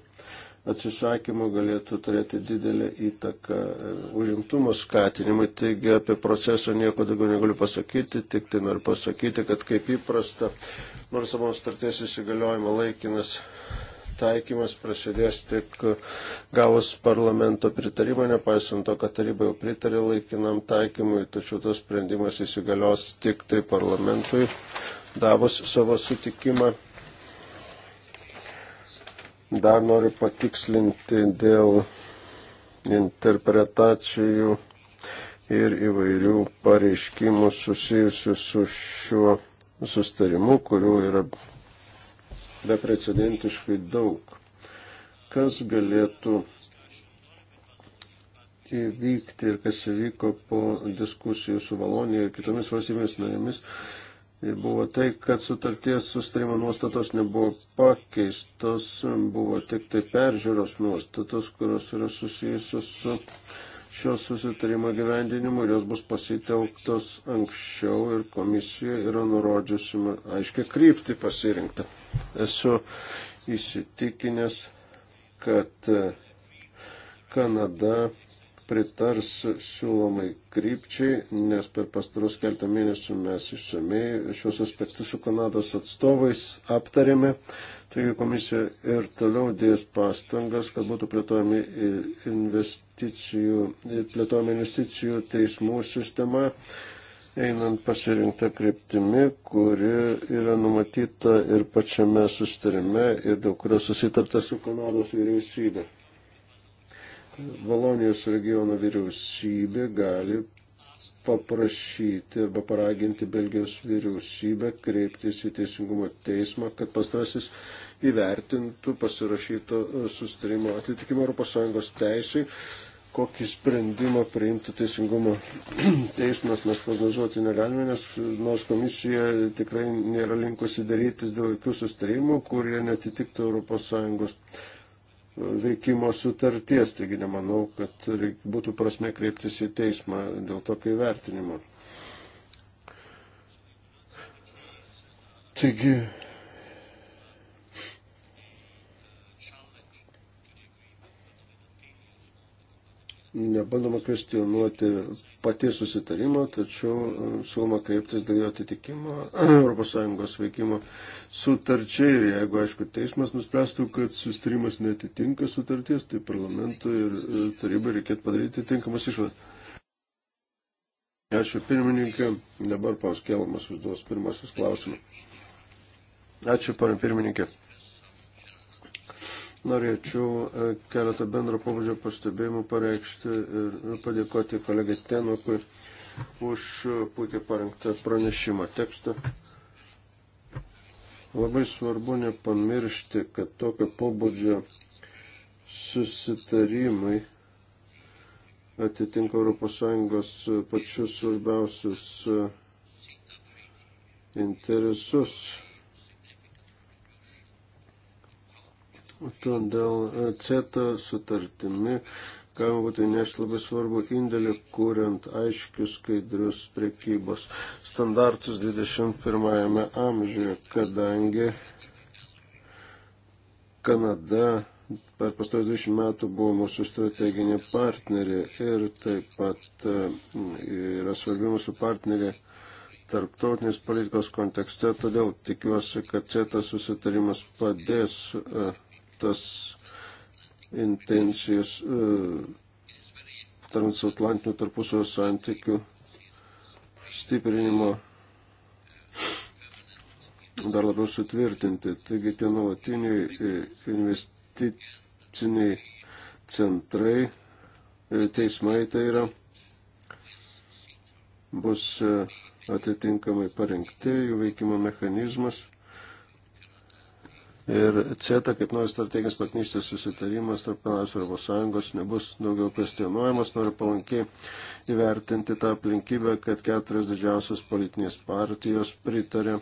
atsisakymo galėtų turėti didelę įtaką e, užimtumo skatinimui. Taigi apie procesą nieko daugiau negaliu pasakyti, tik tai noriu pasakyti, kad kaip įprasta, nors savo starties įsigaliojimo laikinas taikymas prasidės tik gavus parlamento pritarimą, nepaisant to, kad taryba jau pritarė laikinam taikymui, tačiau tas sprendimas įsigalios tik tai parlamentui davus savo sutikimą. Dar noriu patikslinti dėl interpretacijų ir įvairių pareiškimų susijusių su šiuo sustarimu, kurių yra beprecedentiškai daug. Kas galėtų įvykti ir kas įvyko po diskusijų su Valonija ir kitomis valstybės narėmis, buvo tai, kad sutarties sustarimo nuostatos nebuvo pakeistos, buvo tik tai peržiūros nuostatos, kurios yra susijusios su šio susitarimo gyvendinimu ir jos bus pasitelktos anksčiau ir komisija yra nurodžiusi aiškiai krypti pasirinktą. Esu įsitikinęs, kad e, Kanada pritars siūlomai krypčiai, nes per pastarus keltą mėnesių mes išsamei šios aspektus su Kanados atstovais aptarėme. Taigi komisija ir toliau dės pastangas, kad būtų plėtojami investicijų, plėtojami investicijų teismų sistema, einant pasirinktą kryptimi, kuri yra numatyta ir pačiame sustarime ir dėl kurio susitarta su Kanados vyriausybė. Valonijos regiono vyriausybė gali paprašyti arba paraginti Belgijos vyriausybę kreiptis į Teisingumo teismą, kad pastrasis įvertintų pasirašyto e, sustarimo atitikimą ES teisai, kokį sprendimą priimtų Teisingumo teismas mes prognozuoti negalime, nes nors komisija tikrai nėra linkusi darytis dėl jokių sustarimų, kurie netitiktų ES veikimo sutarties, taigi nemanau, kad būtų prasme kreiptis į teismą dėl tokio įvertinimo. Taigi, nebandoma kvestionuoti pati susitarimo, tačiau e, siūloma kreiptis dėl jo atitikimo ES veikimo sutarčiai ir jeigu, aišku, teismas nuspręstų, kad susitarimas netitinka sutarties, tai parlamentui ir e, tarybai reikėtų padaryti tinkamas išvadas. Ačiū pirmininkė, dabar pauskėlamas užduos pirmasis klausimas. Ačiū, pana pirmininkė norėčiau e, keletą bendro pabudžio pastebėjimų pareikšti ir padėkoti kolegai Tenokui už puikiai parengtą pranešimą tekstą. Labai svarbu nepamiršti, kad tokio pobūdžio susitarimai atitinka ES pačius svarbiausius e, interesus Todėl e, CETA sutartimi galima būtų nešti labai svarbu indėlį, kuriant aiškius, skaidrius prekybos standartus 21 amžiuje, kadangi Kanada per pastarus 20 metų buvo mūsų strateginė partnerė ir taip pat e, yra svarbi mūsų partnerė tarptautinės politikos kontekste, todėl tikiuosi, kad CETA susitarimas padės uh, tas intencijas e, transatlantinių tarpusavio santykių stiprinimo dar labiau sutvirtinti. Taigi tie nuolatiniai e, investiciniai centrai, e, teismai tai yra, bus atitinkamai parengti jų veikimo mechanizmas. Ir CETA, kaip nors strateginis partnerystės susitarimas tarp Kanados ir Europos Sąjungos, nebus daugiau kvestionuojamas. Noriu palankiai įvertinti tą aplinkybę, kad keturios didžiausios politinės partijos pritarė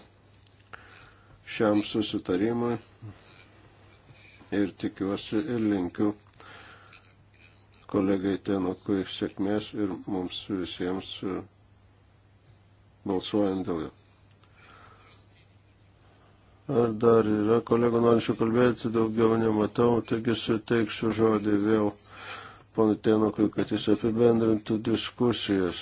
šiam susitarimui. Ir tikiuosi ir linkiu kolegai Tenokui sėkmės ir mums visiems e, balsuojant dėl jo. Ar dar yra kolegų norinčių kalbėti, daugiau nematau, taigi suteiksiu žodį vėl ponui Tenokui, kad jis apibendrintų diskusijas.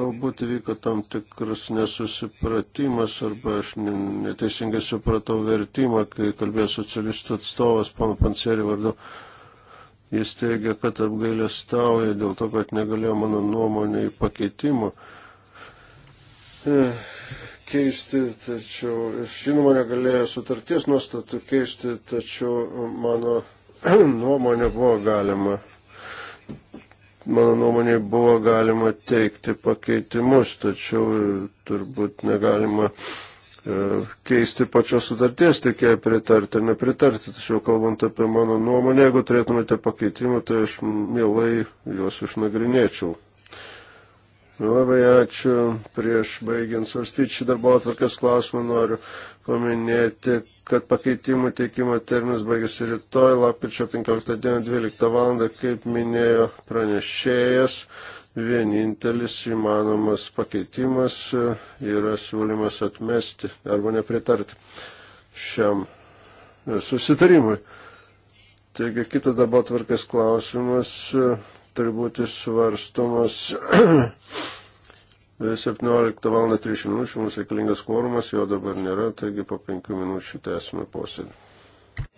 Galbūt įvyko tam tikras nesusipratimas arba aš neteisingai supratau vertimą, kai kalbėjo socialistų atstovas pono Pancerį vardu. Jis teigia, kad apgailę stauja dėl to, kad negalėjo mano nuomonė į pakeitimą. E keisti, tačiau žinoma negalėjo sutarties nuostatų keisti, tačiau mano nuomonė buvo galima. Mano nuomonė buvo galima teikti pakeitimus, tačiau turbūt negalima e, keisti pačios sutarties, tik jai pritarti ar nepritarti. Tačiau kalbant apie mano nuomonę, jeigu turėtumėte pakeitimą, tai aš mielai juos išnagrinėčiau. Labai ačiū. Prieš baigiant svarstyti šį darbo atvarkės klausimą noriu paminėti, kad pakeitimų teikimo terminas baigėsi rytoj, lapkričio 15 dieną 12 val. kaip minėjo pranešėjas. Vienintelis įmanomas pakeitimas e, yra siūlymas atmesti arba nepritarti šiam e, susitarimui. Taigi kitas darbo atvarkės klausimas e, turi būti svarstomas 17 val. 3 minučių, mums reikalingas kvorumas, jo dabar nėra, taigi po 5 minučių tęsime posėdį.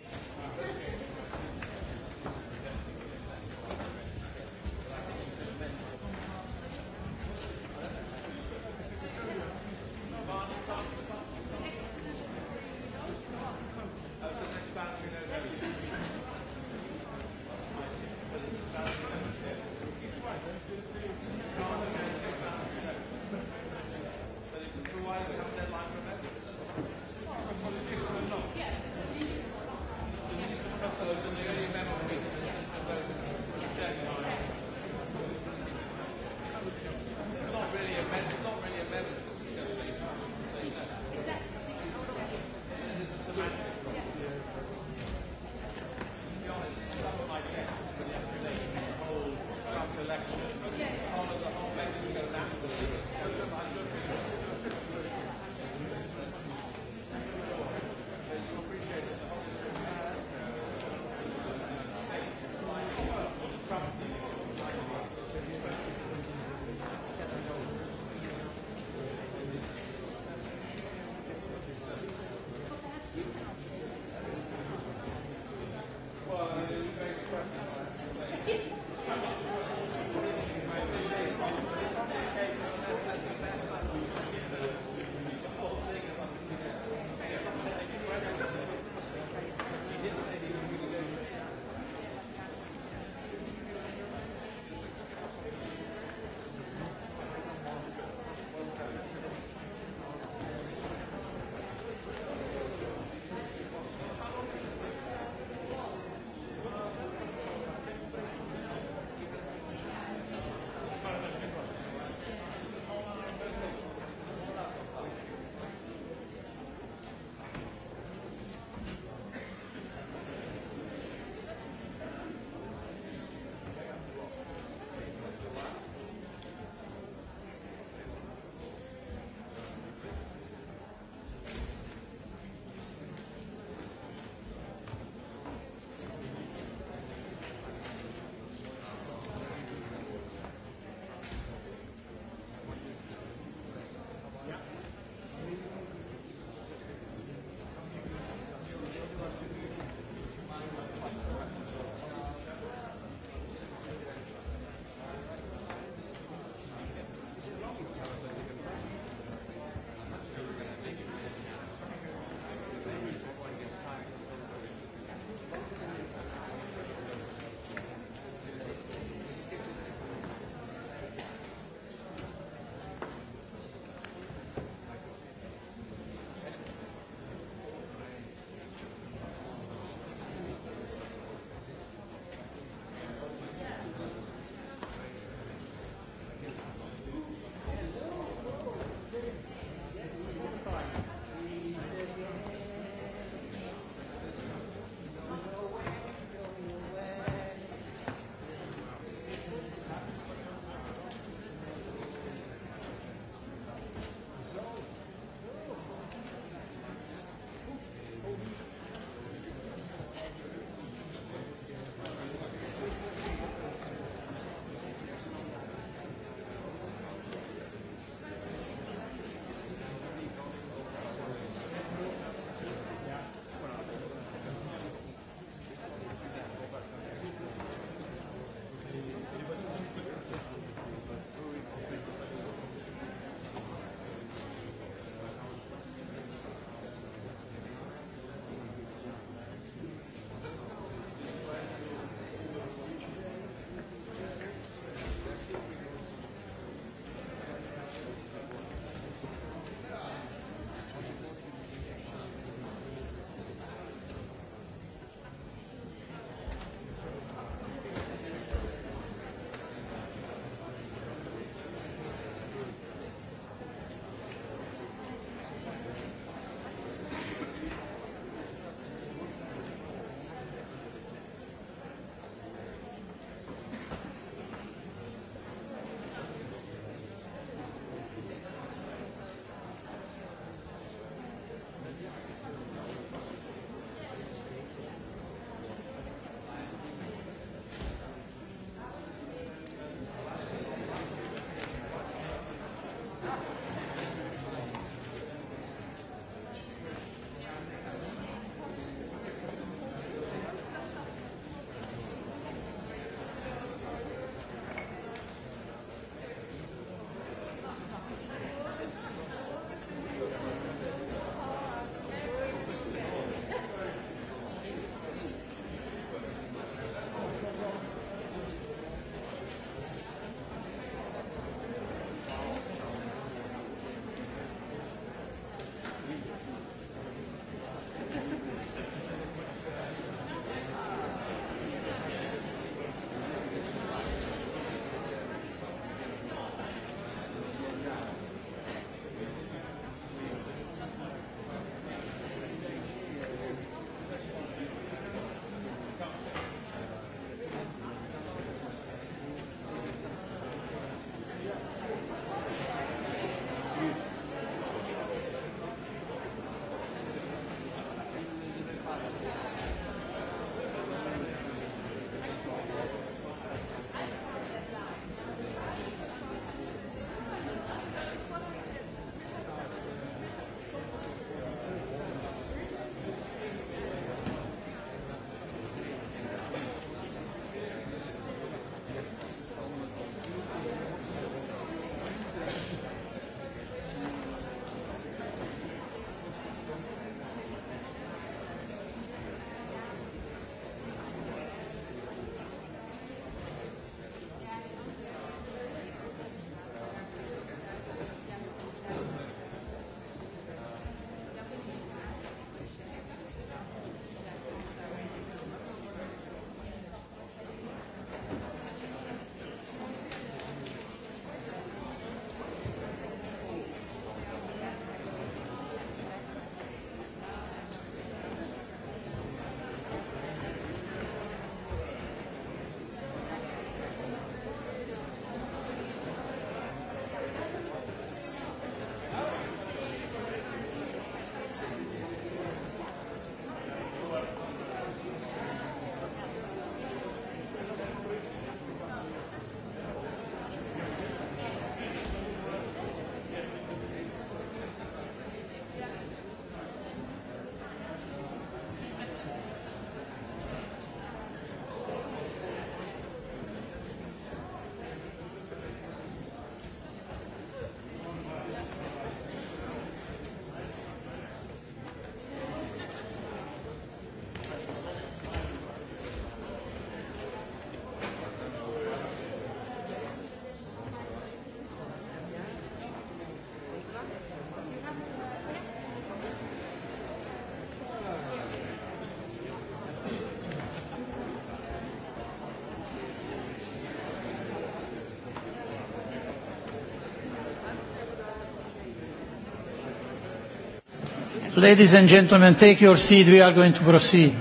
Ladies and gentlemen, take your seat. We are going to proceed.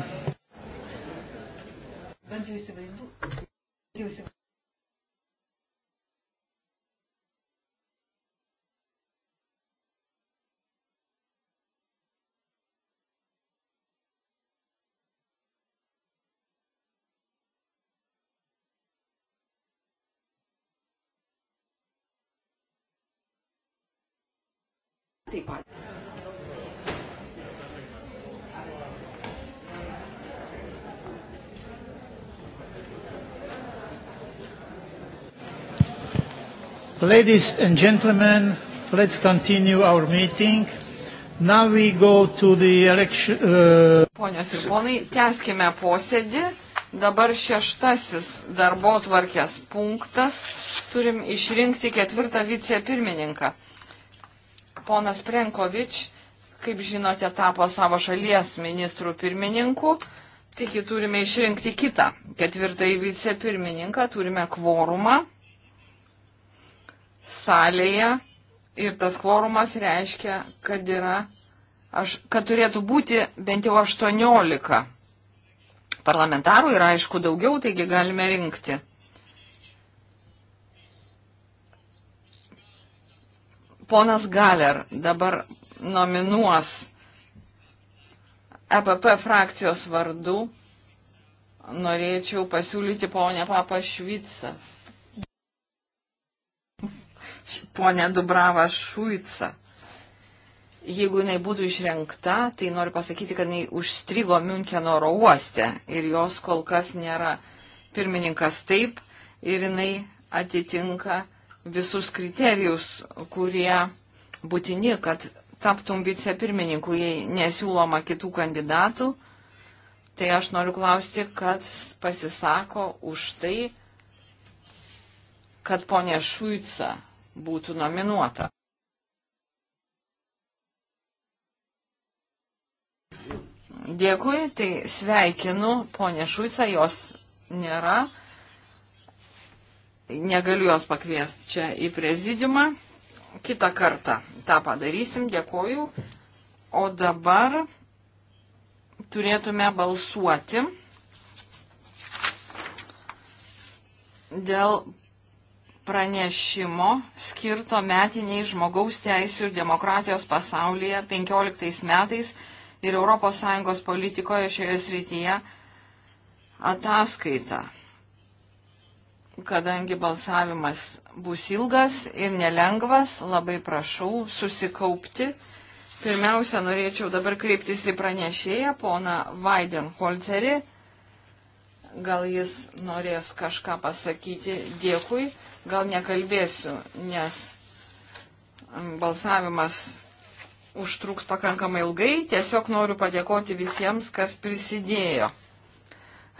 Ladies and gentlemen, let's continue our meeting. Now we go to the election. Uh... Ponios ir ponai, tęskime posėdį. Dabar šeštasis darbo tvarkės punktas. Turim išrinkti ketvirtą vicepirmininką. Ponas Prenkovič, kaip žinote, tapo savo šalies ministrų pirmininku. Tik turime išrinkti kitą ketvirtąjį vicepirmininką, turime kvorumą salėje ir tas kvorumas reiškia, kad, yra, aš, kad turėtų būti bent jau 18 parlamentarų ir aišku daugiau, taigi galime rinkti. Ponas Galer dabar nominuos EPP frakcijos vardu. Norėčiau pasiūlyti ponę Papą Švitsą ponė Dubrava Šuica. Jeigu jinai būtų išrenkta, tai noriu pasakyti, kad jinai užstrigo Müncheno oro uoste ir jos kol kas nėra pirmininkas taip ir jinai atitinka visus kriterijus, kurie būtini, kad taptum vicepirmininku, jei nesiūloma kitų kandidatų. Tai aš noriu klausti, kad pasisako už tai, kad ponė Šuica būtų nominuota. Dėkui, tai sveikinu ponę Šuicą, jos nėra. Negaliu jos pakviesti čia į prezidiumą. Kita kartą tą padarysim, dėkoju. O dabar turėtume balsuoti dėl pranešimo skirto metiniai žmogaus teisų ir demokratijos pasaulyje 15 metais ir ES politikoje šioje srityje ataskaita. Kadangi balsavimas bus ilgas ir nelengvas, labai prašau susikaupti. Pirmiausia, norėčiau dabar kreiptis į pranešėją, poną Vaidenholzerį. Gal jis norės kažką pasakyti. Dėkui. Gal nekalbėsiu, nes mm, balsavimas užtruks pakankamai ilgai. Tiesiog noriu padėkoti visiems, kas prisidėjo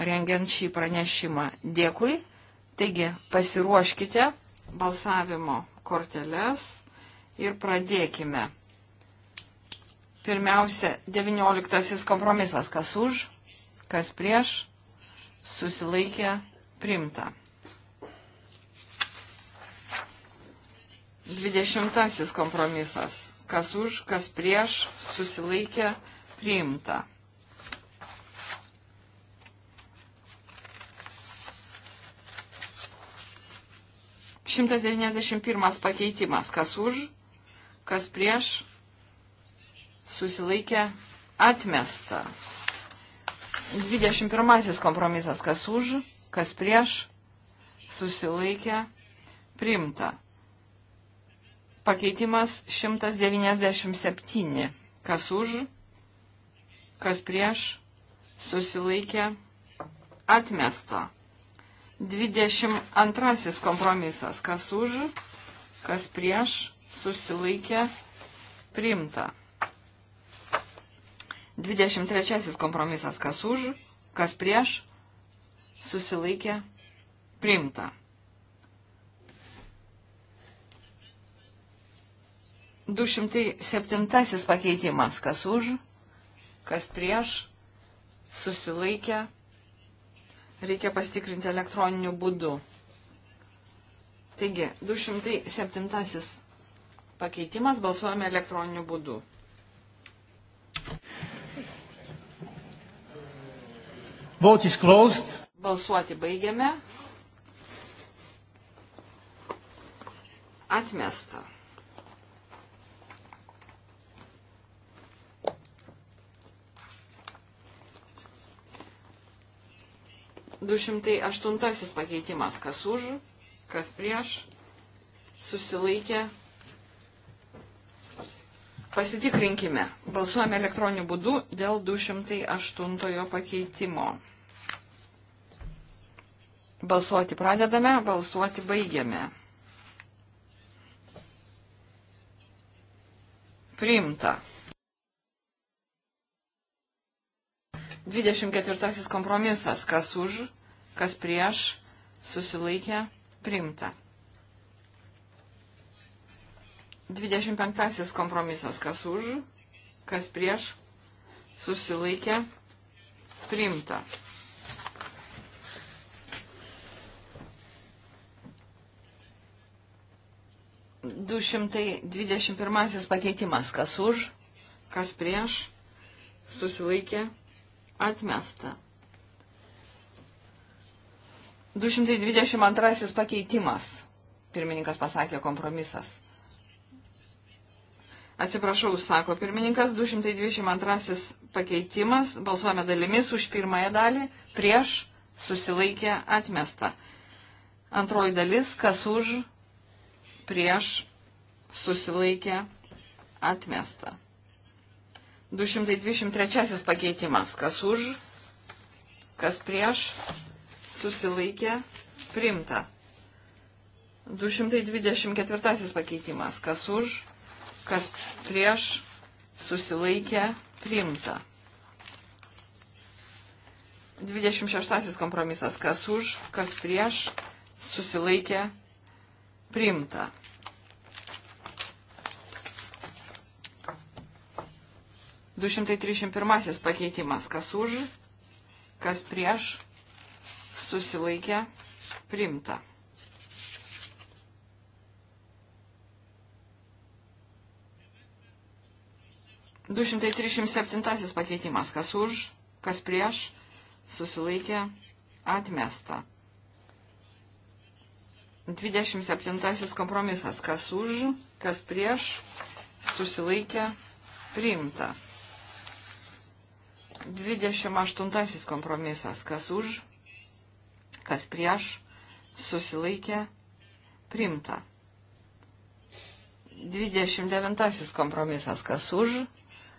rengiant šį pranešimą. Dėkui. Taigi, pasiruoškite balsavimo korteles ir pradėkime. Pirmiausia, 19 kompromisas, kas už, kas prieš, susilaikė primta. 20 kompromisas. Kas už, kas prieš, susilaikė priimta. Šimtas devyniasdešimt pirmas pakeitimas. Kas už, kas prieš, susilaikė atmesta. 21 kompromisas, kas už, kas prieš, susilaikė, priimta. Pakeitimas 197, kas už, kas prieš, susilaikė, atmesta. 22 kompromisas, kas už, kas prieš, susilaikė, priimta. 23 kompromisas kas už, kas prieš, susilaikė, priimta. 207 pakeitimas kas už, kas prieš, susilaikė, reikia pastikrinti elektroniniu būdu. Taigi, 207 pakeitimas balsuojame elektroniniu būdu. Vote is closed. Balsuoti baigiame. Atmesta. Du šimtai aštuntasis pakeitimas. Kas už, kas prieš, susilaikė. Pasitikrinkime. Balsuojame elektroniniu būdu dėl 208 pakeitimo. Balsuoti pradedame, balsuoti baigiame. Priimta. 24 kompromisas. Kas už, kas prieš, susilaikė, priimta. 25 kompromisas. Kas už, kas prieš, susilaikė, priimta. 221 pakeitimas. Kas už, kas prieš, susilaikė, atmesta. 222 pakeitimas. Pirmininkas pasakė kompromisas. Atsiprašau, sako pirmininkas, 222 pakeitimas, balsuojame dalimis už pirmąją dalį, prieš susilaikė atmesta. Antroji dalis, kas už, prieš susilaikė atmesta. 223 pakeitimas. Kas už, kas prieš susilaikė primta. 224 pakeitimas. Kas už, kas prieš susilaikė primta. 26 kompromisas. Kas už, kas prieš susilaikė primta priimta. Du šimtai trišim pirmasis pakeitimas, kas už, kas prieš, susilaikė, priimta. Du šimtai trišim septintasis pakeitimas, kas už, kas prieš, susilaikė, atmesta. 27 kompromisas. Kas už, kas prieš, susilaikė, priimta. 28 kompromisas. Kas už, kas prieš, susilaikė, priimta. 29 kompromisas. Kas už,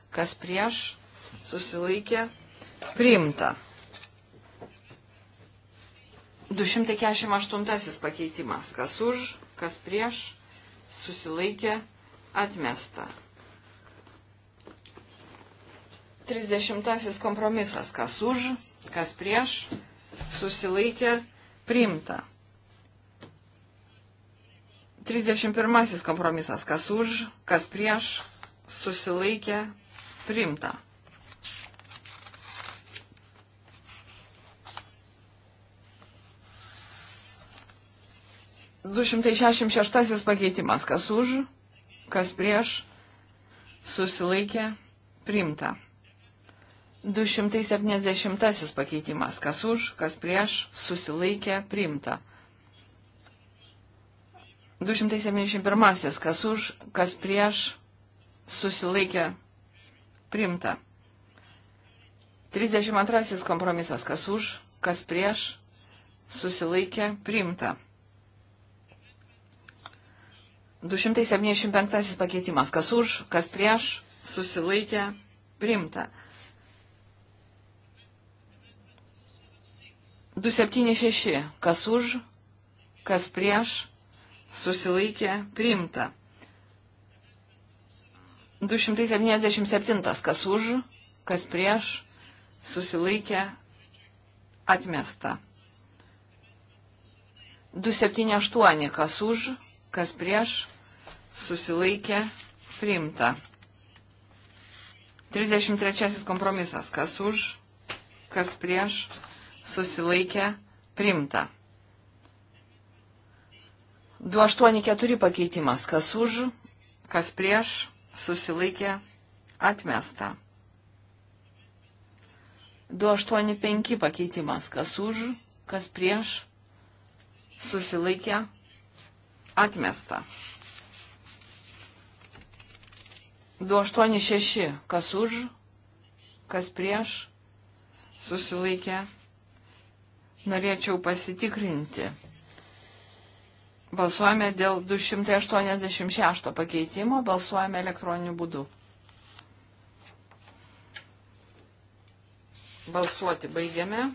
kas prieš, susilaikė, priimta. 248 pakeitimas. Kas už, kas prieš, susilaikė, atmesta. 30 kompromisas. Kas už, kas prieš, susilaikė, priimta. 31 kompromisas. Kas už, kas prieš, susilaikė, priimta. 266 pakeitimas. Kas už, kas prieš, susilaikė, priimta. 270 pakeitimas. Kas už, kas prieš, susilaikė, priimta. 271. Kas už, kas prieš, susilaikė, priimta. 32. Kompromisas. Kas už, kas prieš, susilaikė, priimta. 275 pakeitimas. Kas už, kas prieš, susilaikė, primta. 276. Kas už, kas prieš, susilaikė, primta. 277. Kas už, kas prieš, susilaikė, atmesta. 278. Kas už, kas prieš, susilaikė, priimta. 33 kompromisas, kas už, kas prieš, susilaikė, priimta. 284 pakeitimas, kas už, kas prieš, susilaikė, atmesta. 285 pakeitimas, kas už, kas prieš, susilaikė, atmesta. 286. Kas už, kas prieš, susilaikė. Norėčiau pasitikrinti. Balsuojame dėl 286 pakeitimo, balsuojame elektroniniu būdu. Balsuoti baigiame.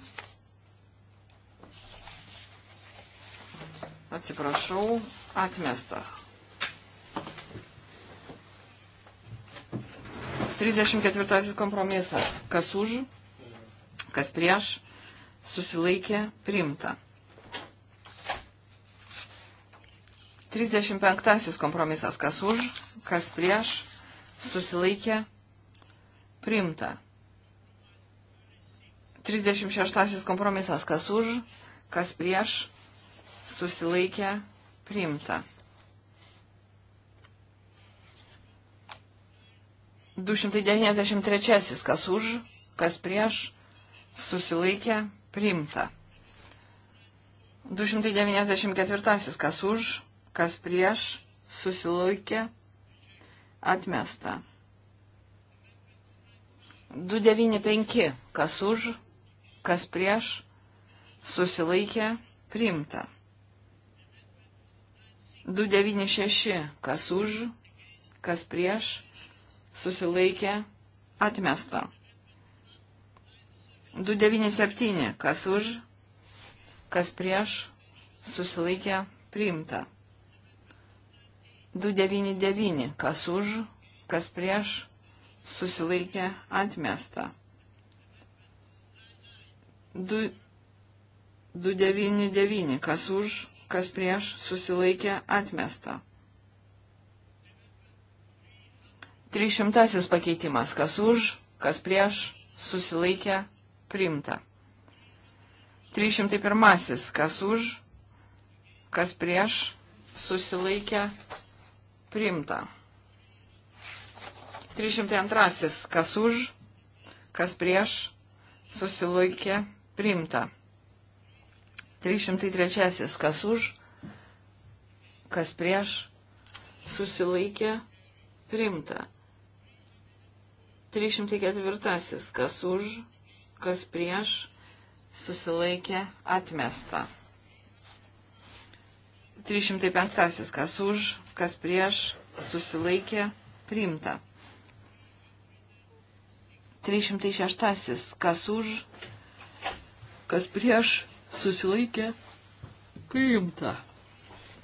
Atsiprašau, atmesta. 34 kompromisas. Kas už, kas prieš, susilaikė, priimta. 35 kompromisas. Kas už, kas prieš, susilaikė, priimta. 36 kompromisas. Kas už, kas prieš, susilaikė, priimta. 293. Kas už, kas prieš, susilaikė, priimta. 294. Kas už, kas prieš, susilaikė, atmesta. 295. Kas už, kas prieš, susilaikė, priimta. 296. Kas už, kas prieš, susilaikė, atmesta. 297, kas už, kas prieš, susilaikė, priimta. 299, kas už, kas prieš, susilaikė, atmesta. 299, kas už, kas prieš, susilaikė, atmesta. 300 pakeitimas. Kas už, kas prieš, susilaikė, priimta. 301. Kas už, kas prieš, susilaikė, priimta. 302. Kas už, kas prieš, susilaikė, priimta. 303. Kas už, kas prieš, susilaikė, priimta. 304. Kas už, kas prieš, susilaikė, atmesta. 305. Kas už, kas prieš, susilaikė, priimta. 306. Kas už, kas prieš, susilaikė, priimta.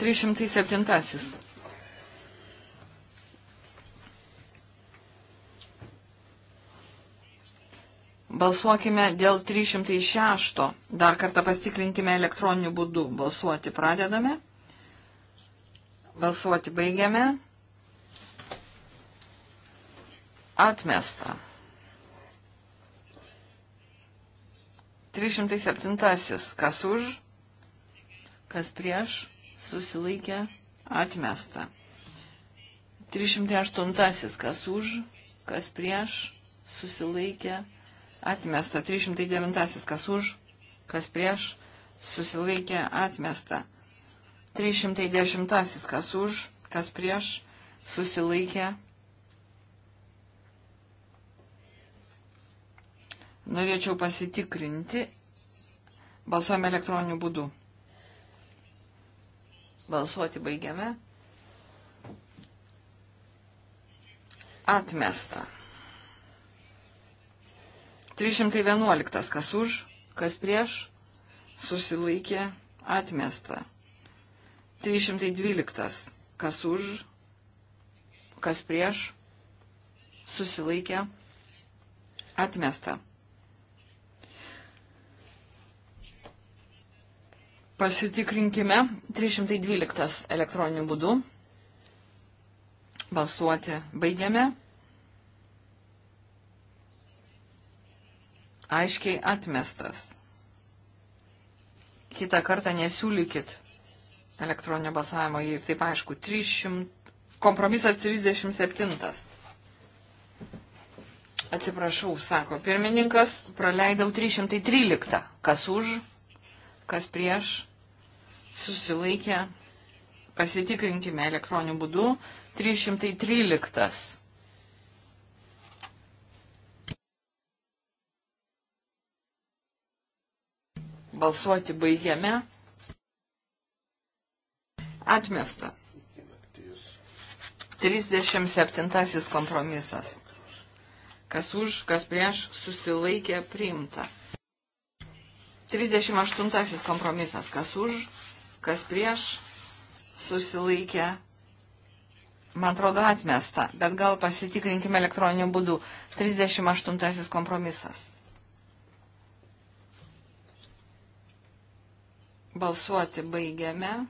307. Balsuokime dėl 306. Dar kartą pastikrinkime elektroniniu būdu. Balsuoti pradedame. Balsuoti baigiame. Atmesta. 307. Kas už, kas prieš, susilaikė, atmesta. 308. Kas už, kas prieš, susilaikė, atmesta atmesta. 309 kas už, kas prieš, susilaikė atmesta. 310 kas už, kas prieš, susilaikė. Norėčiau pasitikrinti. Balsuojame elektroniniu būdu. Balsuoti baigiame. Atmesta. 311. Kas už, kas prieš, susilaikė, atmesta. 312. Kas už, kas prieš, susilaikė, atmesta. Pasitikrinkime 312 elektroniniu būdu. Balsuoti baigiame. aiškiai atmestas. Kitą kartą nesiūlykit elektroninio balsavimo, jei taip aišku, 300, kompromisas 37. Atsiprašau, sako pirmininkas, praleidau 313. Kas už, kas prieš, susilaikė, pasitikrinkime elektroniniu būdu. 313. Balsuoti baigiame. Atmesta. 37 kompromisas. Kas už, kas prieš susilaikė priimta. 38 kompromisas. Kas už, kas prieš susilaikė. Man atrodo atmesta, bet gal pasitikrinkime elektroniniu būdu. 38 kompromisas. Balsuoti baigiame.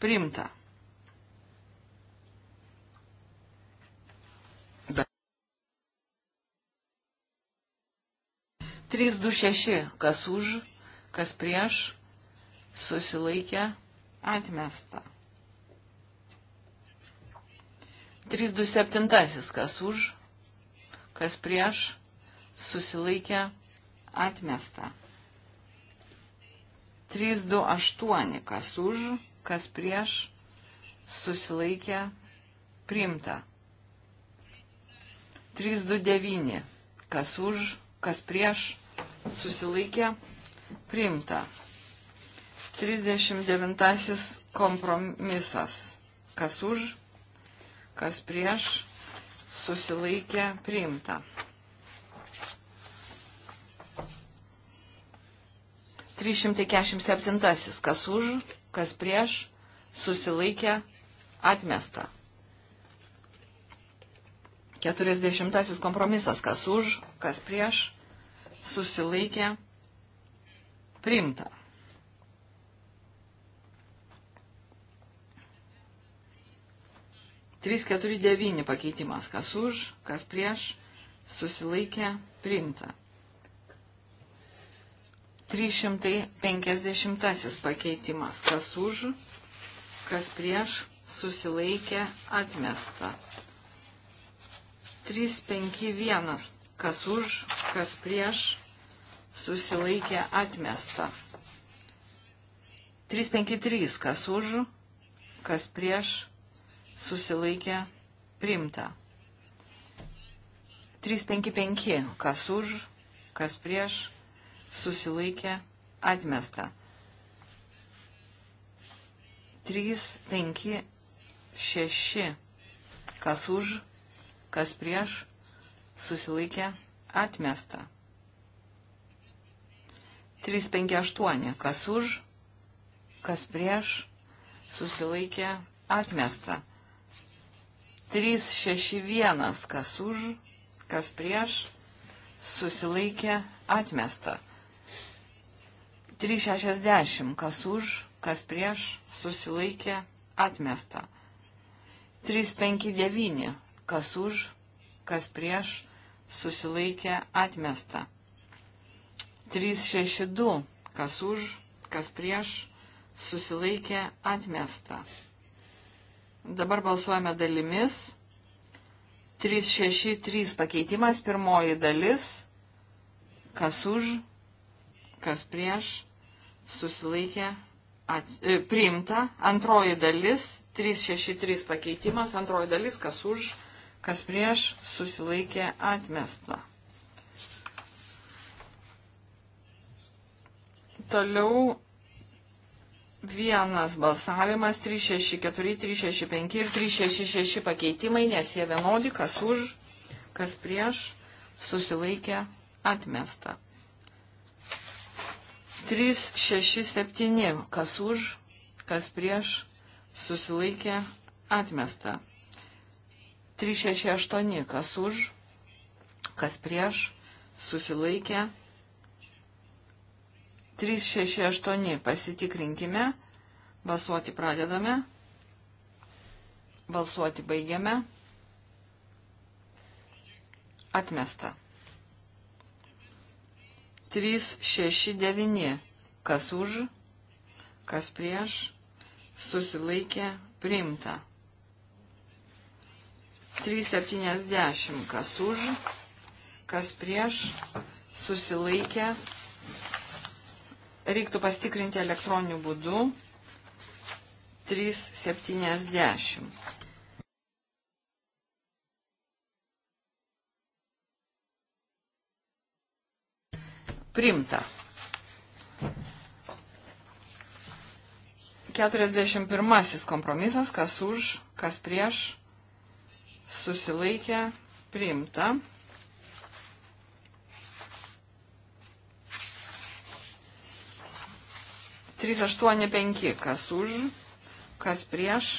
Primta. Bet. 326. Kas už, kas prieš, susilaikė, atmesta. 327. Kas už, kas prieš, susilaikė, atmesta Atmesta. 328, kas už, kas prieš, susilaikė, priimta. 329, kas už, kas prieš, susilaikė, priimta. 39 kompromisas, kas už, kas prieš, susilaikė, priimta. 347. Kas už, kas prieš, susilaikė, atmesta. 40. Kompromisas. Kas už, kas prieš, susilaikė, priimta. Trys keturi devyni pakeitimas. Kas už, kas prieš, susilaikė, priimta. 350 pakeitimas. Kas už, kas prieš, susilaikė, atmesta. 351. Kas už, kas prieš, susilaikė, atmesta. 353. Kas už, kas prieš, susilaikė, primta. 355. Kas už, kas prieš, susilaikė, atmesta. 3, 5, 6, kas už, kas prieš, susilaikė, atmesta. 3, 5, 8, kas už, kas prieš, susilaikė, atmesta. 3, 6, 1, kas už, kas prieš, susilaikė, atmesta. 3, 6, 1, kas už, kas prieš, susilaikė, atmesta 360, kas už, kas prieš, susilaikė, atmesta. 359, kas už, kas prieš, susilaikė, atmesta. 362, kas už, kas prieš, susilaikė, atmesta. Dabar balsuojame dalimis. 363 pakeitimas, pirmoji dalis, kas už, kas prieš, susilaikė, ats, e, priimta. Antroji dalis, 363 pakeitimas, antroji dalis, kas už, kas prieš, susilaikė, atmesta. Toliau vienas balsavimas, 364, 365 ir 366 pakeitimai, nes jie vienodi, kas už, kas prieš, susilaikė, atmesta. 3, 6, 7. Kas už, kas prieš, susilaikė, atmesta. 3, 6, 8. Kas už, kas prieš, susilaikė. 3, 6, 8. Pasitikrinkime. Balsuoti pradedame. Balsuoti baigiame. Atmesta. 369. Kas už, kas prieš, susilaikė priimta. 370. Kas už, kas prieš, susilaikė. Reiktų pastikrinti elektroniniu būdu. 370. Primta. 41 kompromisas, kas už, kas prieš, susilaikė, priimta. Trys aštuoni penki, kas už, kas prieš,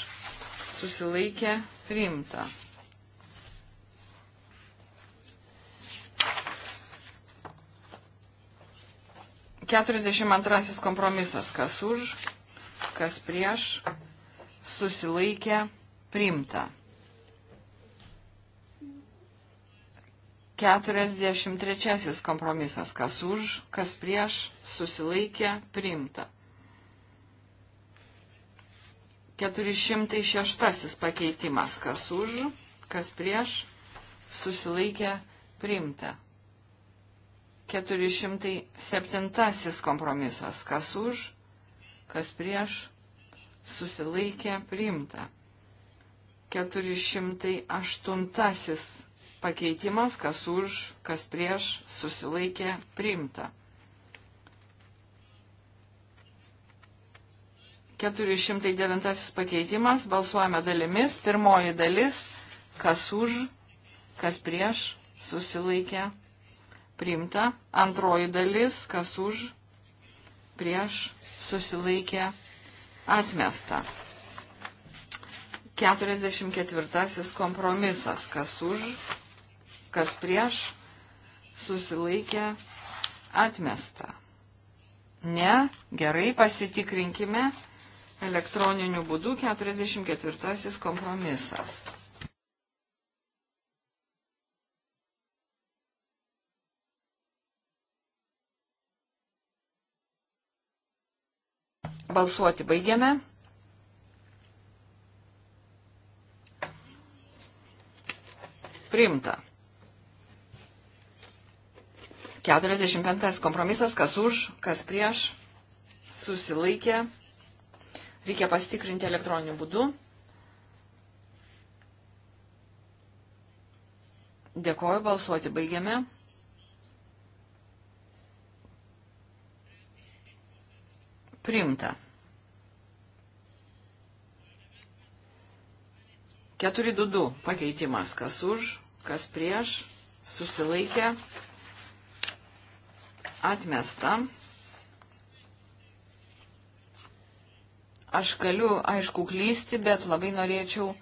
susilaikė, priimta. 42 kompromisas. Kas už, kas prieš, susilaikė, priimta. 43 kompromisas. Kas už, kas prieš, susilaikė, priimta. 406 pakeitimas. Kas už, kas prieš, susilaikė, priimta. 407 kompromisas. Kas už, kas prieš, susilaikė priimta. 408 pakeitimas, kas už, kas prieš, susilaikė priimta. 409 pakeitimas, balsuojame dalimis. Pirmoji dalis, kas už, kas prieš, susilaikė priimta priimta. Antroji dalis, kas už, prieš, susilaikė, atmesta. 44 kompromisas, kas už, kas prieš, susilaikė, atmesta. Ne, gerai, pasitikrinkime elektroniniu būdu 44 kompromisas. Balsuoti baigiame. Primta. 45 kompromisas, kas už, kas prieš, susilaikė. Reikia pasitikrinti elektroniniu būdu. Dėkoju, balsuoti baigiame. Primta. 422 pakeitimas. Kas už, kas prieš, susilaikė, atmesta. Aš galiu, aišku, klysti, bet labai norėčiau,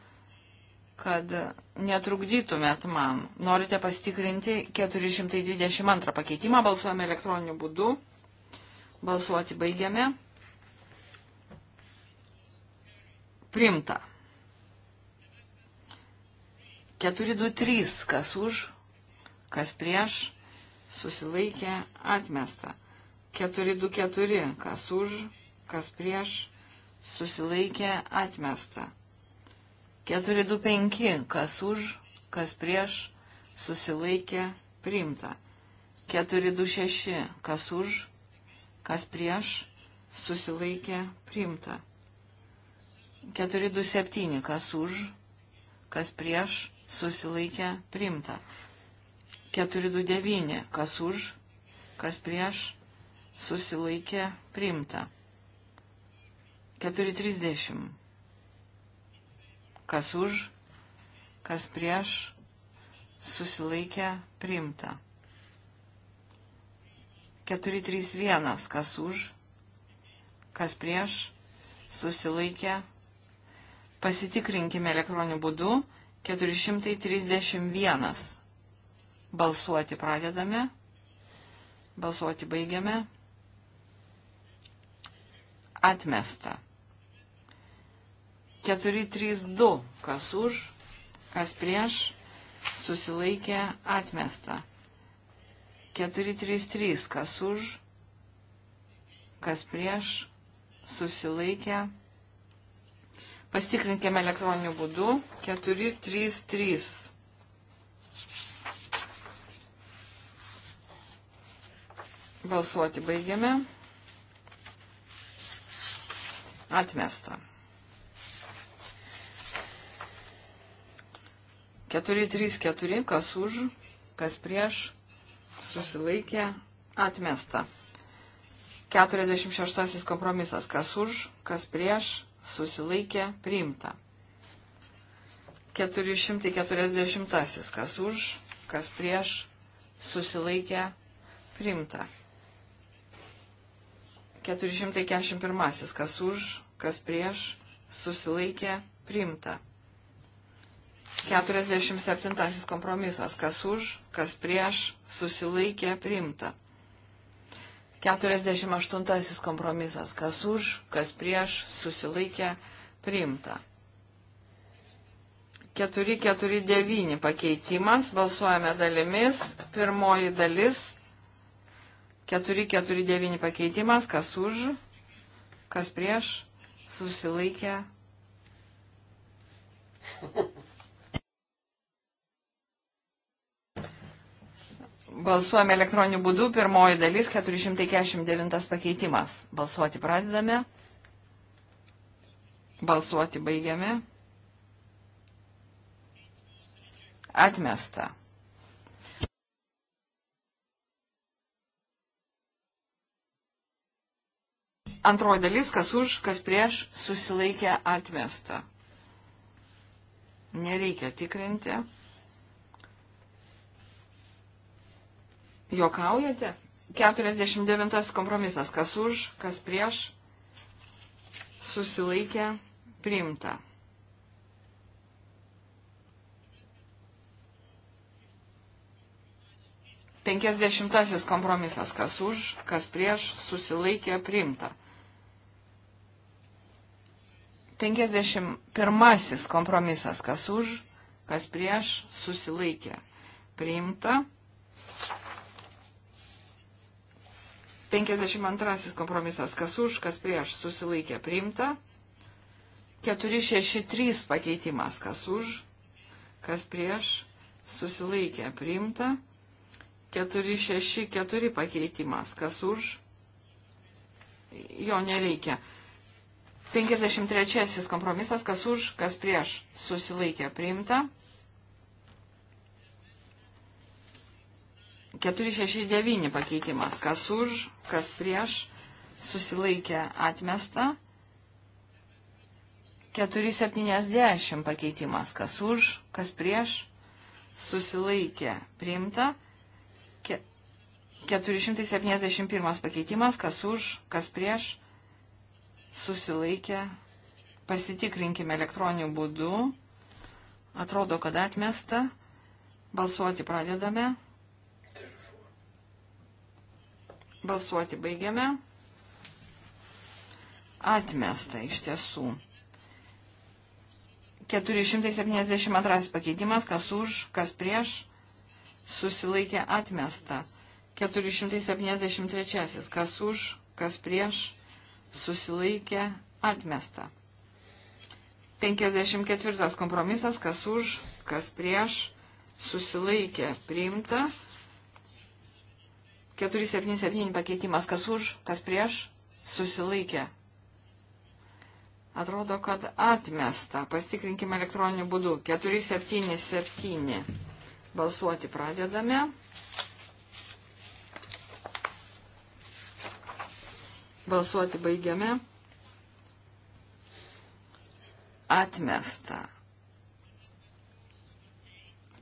kad netrukdytumėt man. Norite pasitikrinti 422 pakeitimą, balsuojame elektroniniu būdu. Balsuoti baigiame. Primta. 423, kas už, kas prieš, susilaikė, atmesta. 424, kas už, kas prieš, susilaikė, atmesta. 425, kas už, kas prieš, susilaikė, priimta. 426, kas už, kas prieš, susilaikė, priimta. 427, kas už, kas prieš, susilaikė priimta. 429, kas už, kas prieš, susilaikė priimta. 430, kas už, kas prieš, susilaikė priimta. 431, kas už, kas prieš, susilaikė. Pasitikrinkime elektroniniu būdu. 431. Balsuoti pradedame. Balsuoti baigiame. Atmesta. 432. Kas už, kas prieš, susilaikė atmesta. 433. Kas už, kas prieš, susilaikė atmesta Pastikrinkime elektroniniu būdu. 433. Balsuoti baigiame. Atmesta. 434, kas už, kas prieš, susilaikė, atmesta. 46 kompromisas, kas už, kas prieš, susilaikė, priimta. 440. Kas už, kas prieš, susilaikė, priimta. 441. Kas už, kas prieš, susilaikė, priimta. 47. Kompromisas. Kas už, kas prieš, susilaikė, priimta. 48 kompromisas. Kas už, kas prieš, susilaikė, priimta. 449 pakeitimas, balsuojame dalimis. Pirmoji dalis, 449 pakeitimas, kas už, kas prieš, susilaikė. Balsuojame elektroniniu būdu. Pirmoji dalis 449 pakeitimas. Balsuoti pradedame. Balsuoti baigiame. Atmesta. Antroji dalis, kas už, kas prieš, susilaikė atmestą. Nereikia tikrinti. Jokaujate? 49 kompromisas. Kas už, kas prieš, susilaikė, priimta. Penkiasdešimtasis kompromisas. Kas už, kas prieš, susilaikė, priimta. Penkiasdešimt pirmasis kompromisas. Kas už, kas prieš, susilaikė, priimta. 52 kompromisas, kas už, kas prieš, susilaikė priimta. 463 pakeitimas, kas už, kas prieš, susilaikė priimta. 464 pakeitimas, kas už, jo nereikia. 53 kompromisas, kas už, kas prieš, susilaikė priimta. 469 pakeitimas. Kas už, kas prieš, susilaikė atmesta. 470 pakeitimas. Kas už, kas prieš, susilaikė priimta. 471 pakeitimas. Kas už, kas prieš, susilaikė. Pasitikrinkime elektroniniu būdu. Atrodo, kad atmesta. Balsuoti pradedame. Balsuoti baigiame. Atmesta iš tiesų. 472 pakeitimas, kas už, kas prieš, susilaikė atmesta. 473, kas už, kas prieš, susilaikė atmesta. 54 kompromisas, kas už, kas prieš, susilaikė priimta. 477 pakeitimas, kas už, kas prieš, susilaikė. Atrodo, kad atmesta. Pastikrinkime elektroniniu būdu. 477. Balsuoti pradedame. Balsuoti baigiame. Atmesta.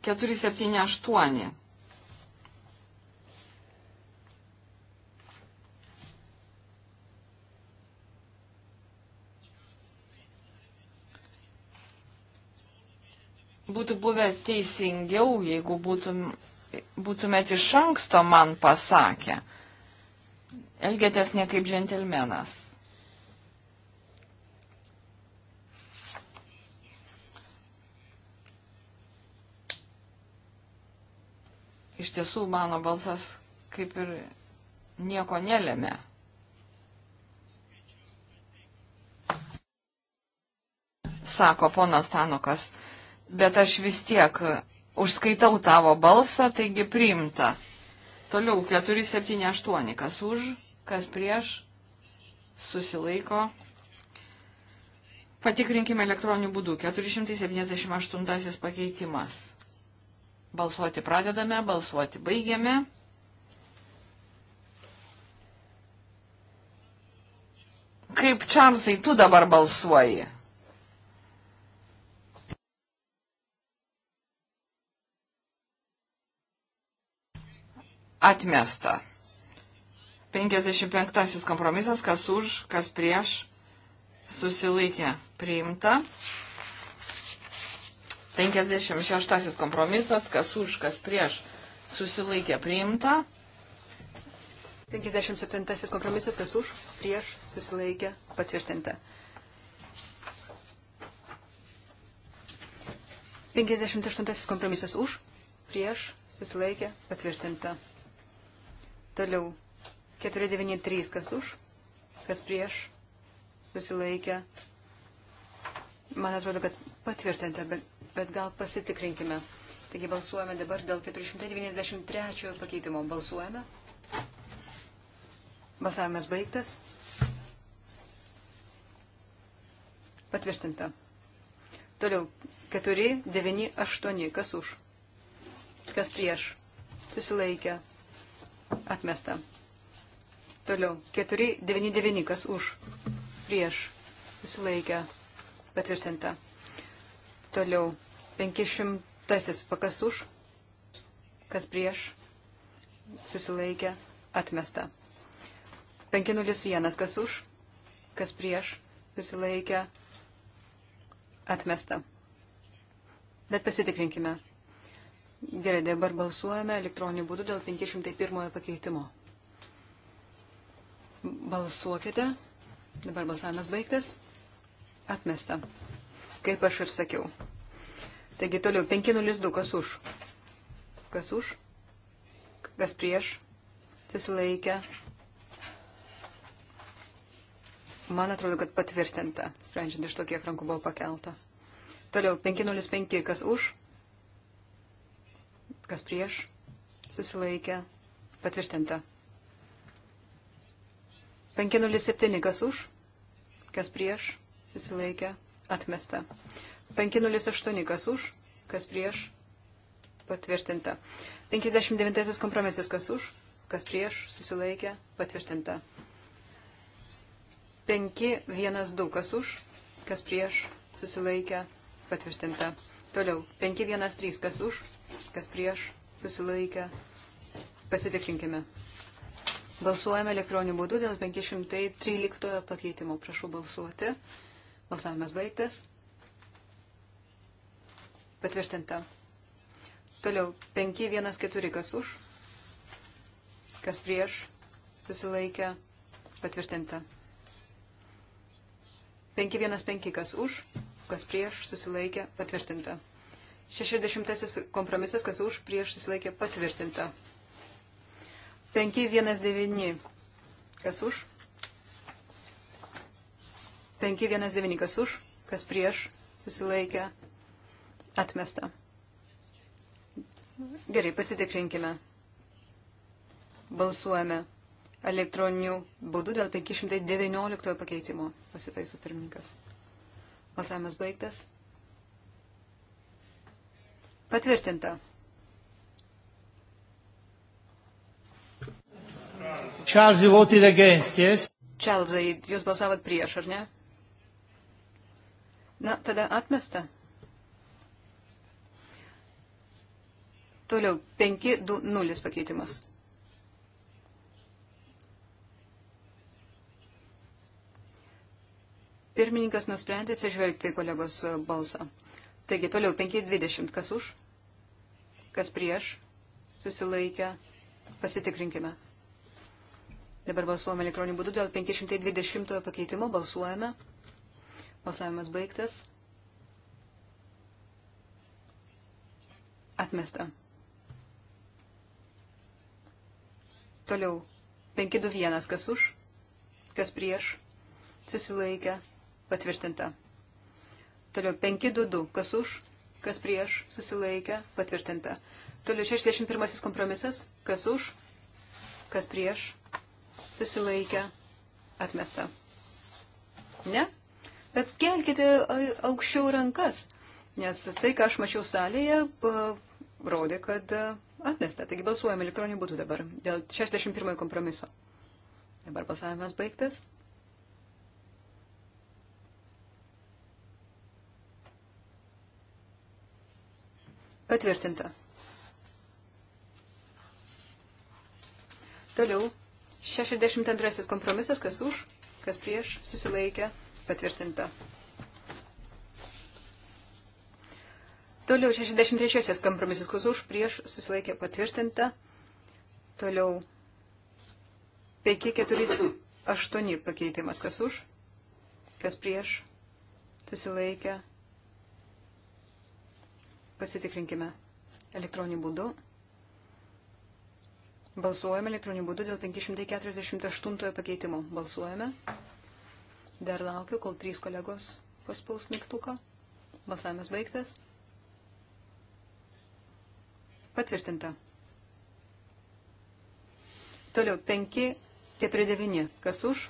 478. būtų buvę teisingiau, jeigu būtum, būtumėt iš anksto man pasakę. Elgėtės ne kaip džentelmenas. Iš tiesų mano balsas kaip ir nieko nelėmė. Sako ponas Tanukas bet aš vis tiek užskaitau tavo balsą, taigi priimta. Toliau 478, kas už, kas prieš, susilaiko. Patikrinkime elektroniniu būdu. 478 pakeitimas. Balsuoti pradedame, balsuoti baigiame. Kaip Čarlzai, tu dabar balsuoji? atmesta. 55 kompromisas, kas už, kas prieš, susilaikė priimta. 56 kompromisas, kas už, kas prieš, susilaikė priimta. 57 kompromisas, kas už, prieš, susilaikė patvirtinta. 58 kompromisas už, prieš, susilaikė patvirtinta. Toliau. 493. Kas už? Kas prieš? Susilaikė. Man atrodo, kad patvirtinta, bet, bet gal pasitikrinkime. Taigi balsuojame dabar dėl 493 pakeitimo. Balsuojame. Balsavimas baigtas. Patvirtinta. Toliau. 4, 9, 8. Kas už? Kas prieš? Susilaikė. Atmesta. Toliau. 499, kas už. Prieš. Susilaikė. Patvirtinta. Toliau. 500, pakas už. Kas prieš. Susilaikė. Atmesta. 501, kas už. Kas prieš. Susilaikė. Atmesta. Bet pasitikrinkime. Gerai, dabar balsuojame elektroniniu būdu dėl 501 pakeitimo. Balsuokite. Dabar balsavimas baigtas. Atmesta. Kaip aš ir sakiau. Taigi toliau 502, kas už? Kas už? Kas prieš? Susilaikę. Man atrodo, kad patvirtinta, sprendžiant iš to, kiek rankų buvo pakelta. Toliau 505, kas už? Kas prieš? Susilaikė. Patvirtinta. 507. Kas už? Kas prieš? Susilaikė. Atmesta. 508. Kas už? Kas prieš? Patvirtinta. 59. Kompromisas. Kas už? Kas prieš? Susilaikė. Patvirtinta. 512. Kas už? Kas prieš? Susilaikė. Patvirtinta. Toliau, 513, kas už, kas prieš, susilaikę. Pasitikrinkime. Balsuojame elektroniniu būdu dėl 513 pakeitimo. Prašau balsuoti. Balsavimas baigtas. Patvirtinta. Toliau, 514, kas už, kas prieš, susilaikę. Patvirtinta. 515, kas už, kas prieš susilaikė patvirtinta. 60 kompromisas, kas už prieš susilaikė patvirtinta. 519, kas už? 519, kas už, kas prieš susilaikė atmesta. Gerai, pasitikrinkime. Balsuojame elektroniniu būdu dėl 519 pakeitimo, pasitaiso pirmininkas. Balsavimas baigtas. Patvirtinta. Čarlzai voted against, yes? Čarlzai, jūs balsavot prieš, ar ne? Na, tada atmesta. Toliau 5-2-0 pakeitimas. Pirmininkas nusprendė atsižvelgti kolegos balsą. Taigi toliau 5.20. Kas už? Kas prieš? Susilaikę. Pasitikrinkime. Dabar balsuojame elektroniniu būdu dėl 520 pakeitimo. Balsuojame. Balsavimas baigtas. Atmesta. Toliau. 521. Kas už? Kas prieš? Susilaikę patvirtinta. Toliau 522, kas už, kas prieš, susilaikė, patvirtinta. Toliau 61 kompromisas, kas už, kas prieš, susilaikė, atmesta. Ne? Bet kelkite aukščiau rankas, nes tai, ką aš mačiau salėje, rodė, kad atmesta. Taigi balsuojame elektroniniu būdu dabar dėl 61 kompromiso. Dabar balsavimas baigtas. Patvirtinta. Toliau. 62 kompromisas, kas už, kas prieš, susilaikė, patvirtinta. Toliau 63 kompromisas, kas už, prieš, susilaikė, patvirtinta. Toliau 5, 4, 8 pakeitimas, kas už, kas prieš, susilaikė, Pasitikrinkime elektroniniu būdu. Balsuojame elektroniniu būdu dėl 548 pakeitimo. Balsuojame. Dar laukiu, kol trys kolegos paspaus mygtuką. Balsavimas baigtas. Patvirtinta. Toliau 5, 4, 9. Kas už,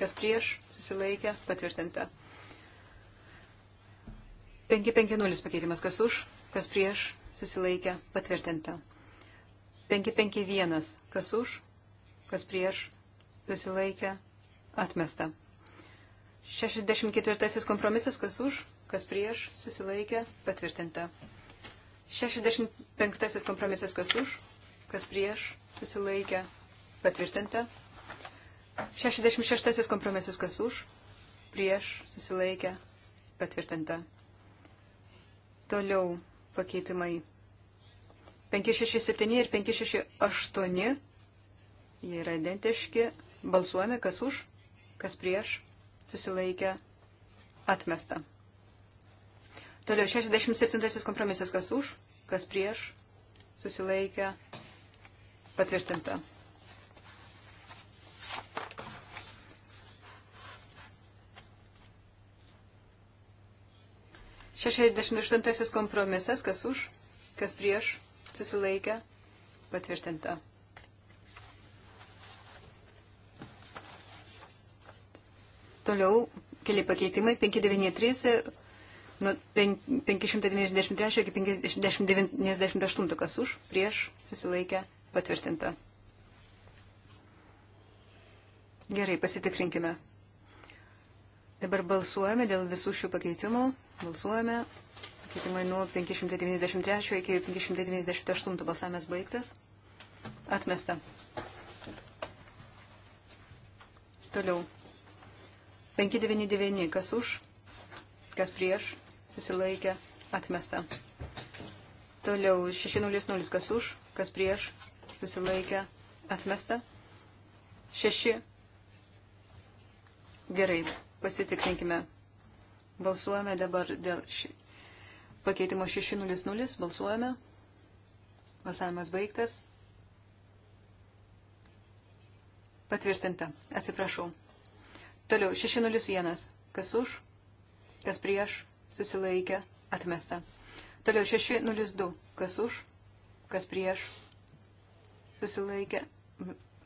kas prieš, susilaikė, patvirtinta. 5, 5, 0 pakeitimas. Kas už, kas prieš, susilaikė, patvirtinta. 551, kas už, kas prieš, susilaikė, atmesta. 64 kompromisas, kas už, kas prieš, susilaikė, patvirtinta. 65 kompromisas, kas už, kas prieš, susilaikė, patvirtinta. 66 kompromisas, kas už, prieš, susilaikė, patvirtinta. Toliau pakeitimai 567 ir 568. Jie yra identiški. Balsuojame, kas už, kas prieš, susilaikę, atmesta. Toliau 67 kompromisas, kas už, kas prieš, susilaikę, patvirtinta. 68 kompromisas, kas už, kas prieš, susilaikė, patvirtinta. Toliau keli pakeitimai 593, nuo 593 iki 598, kas už, prieš, susilaikė, patvirtinta. Gerai, pasitikrinkime. Dabar balsuojame dėl visų šių pakeitimų. Balsuojame. Pakeitimai nuo 593 iki 598 balsavimas baigtas. Atmesta. Toliau. 599. Kas už? Kas prieš? Susilaikė. Atmesta. Toliau. 600. Kas už? Kas prieš? Susilaikė. Atmesta. 6. Gerai. Pasitikrinkime. Balsuojame dabar dėl ši... pakeitimo 600. Balsuojame. Balsavimas baigtas. Patvirtinta. Atsiprašau. Toliau 601. Kas už, kas prieš, susilaikė, atmesta. Toliau 602. Kas už, kas prieš, susilaikė,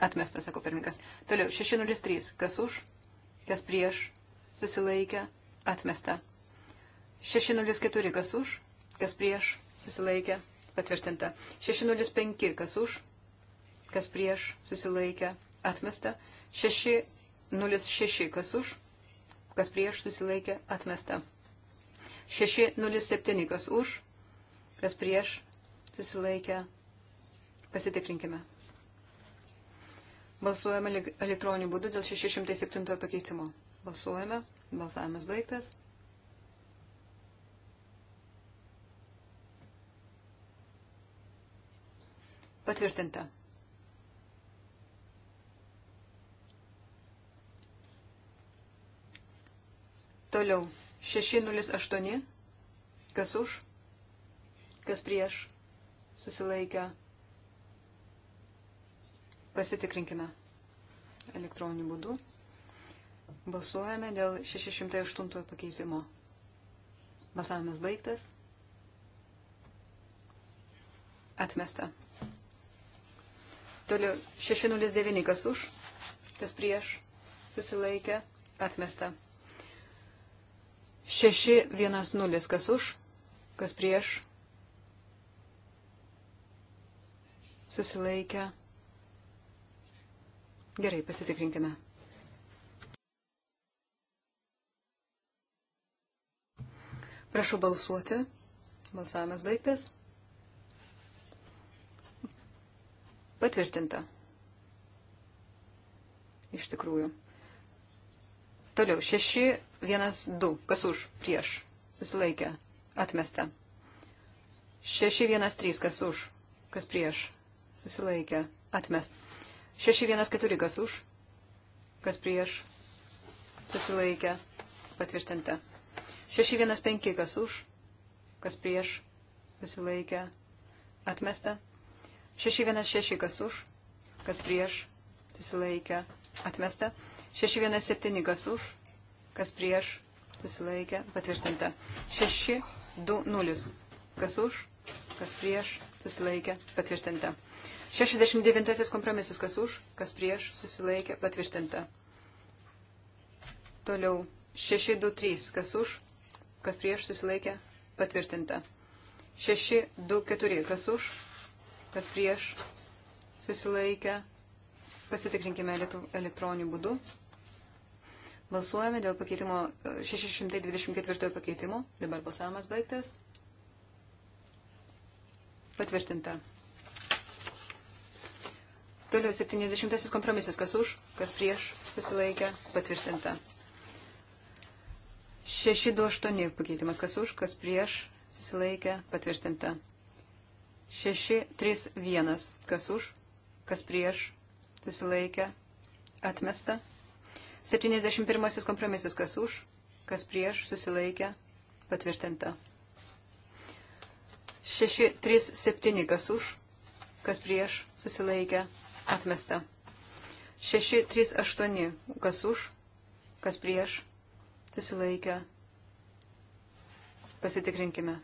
atmesta, sako pirmininkas. Toliau 603. Kas už, kas prieš, susilaikė, atmesta atmesta. 604 kas už, kas prieš, susilaikė, patvirtinta. 605 kas už, kas prieš, susilaikė, atmesta. 606 kas už, kas prieš, susilaikė, atmesta. 607 kas už, kas prieš, susilaikė, pasitikrinkime. Balsuojame elektroniniu būdu dėl 607 pakeitimo. Balsuojame. Balsavimas baigtas. Patvirtinta. Toliau. 608. Kas už? Kas prieš? Susilaikę. Pasitikrinkime elektroniniu būdu. Balsuojame dėl 608 pakeitimo. Balsavimas baigtas. Atmesta. Toliau 609 kas už, kas prieš, susilaikė, atmesta. 610 kas už, kas prieš, susilaikė. Gerai, pasitikrinkime. Prašau balsuoti. Balsavimas baigtas. Patvirtinta. Iš tikrųjų. Toliau. 6, 1, 2. Kas už? Prieš. Susilaikė. Atmesta. 6, 1, 3. Kas už? Kas prieš? Susilaikė. Atmesta. 6, 1, 4. Kas už? Kas prieš? Susilaikė. Patvirtinta. 615, kas už, kas prieš, susilaikė, atmesta. 616, kas už, kas prieš, susilaikė, atmesta. 617, kas už, kas prieš, susilaikė, patvirtinta. 620, kas už, kas prieš, susilaikė, patvirtinta. 69 kompromisas, kas už, kas prieš, susilaikė, patvirtinta. Toliau 623, kas už, kas prieš susilaikė patvirtinta. 6, 2, 4, kas už, kas prieš susilaikė. Pasitikrinkime elektroniniu būdu. Balsuojame dėl pakeitimo 624 e, pakeitimo. Dabar balsavimas baigtas. Patvirtinta. Toliau 70 kompromisas. Kas už, kas prieš, susilaikė, patvirtinta. 628 pakeitimas, kas už, kas prieš, susilaikė, patvirtinta. 631, kas už, kas prieš, susilaikė, atmesta. 71 kompromisas, kas už, kas prieš, susilaikė, patvirtinta. 637, kas už, kas prieš, susilaikė, atmesta. 638, kas už, kas prieš, susilaikę. Pasitikrinkime.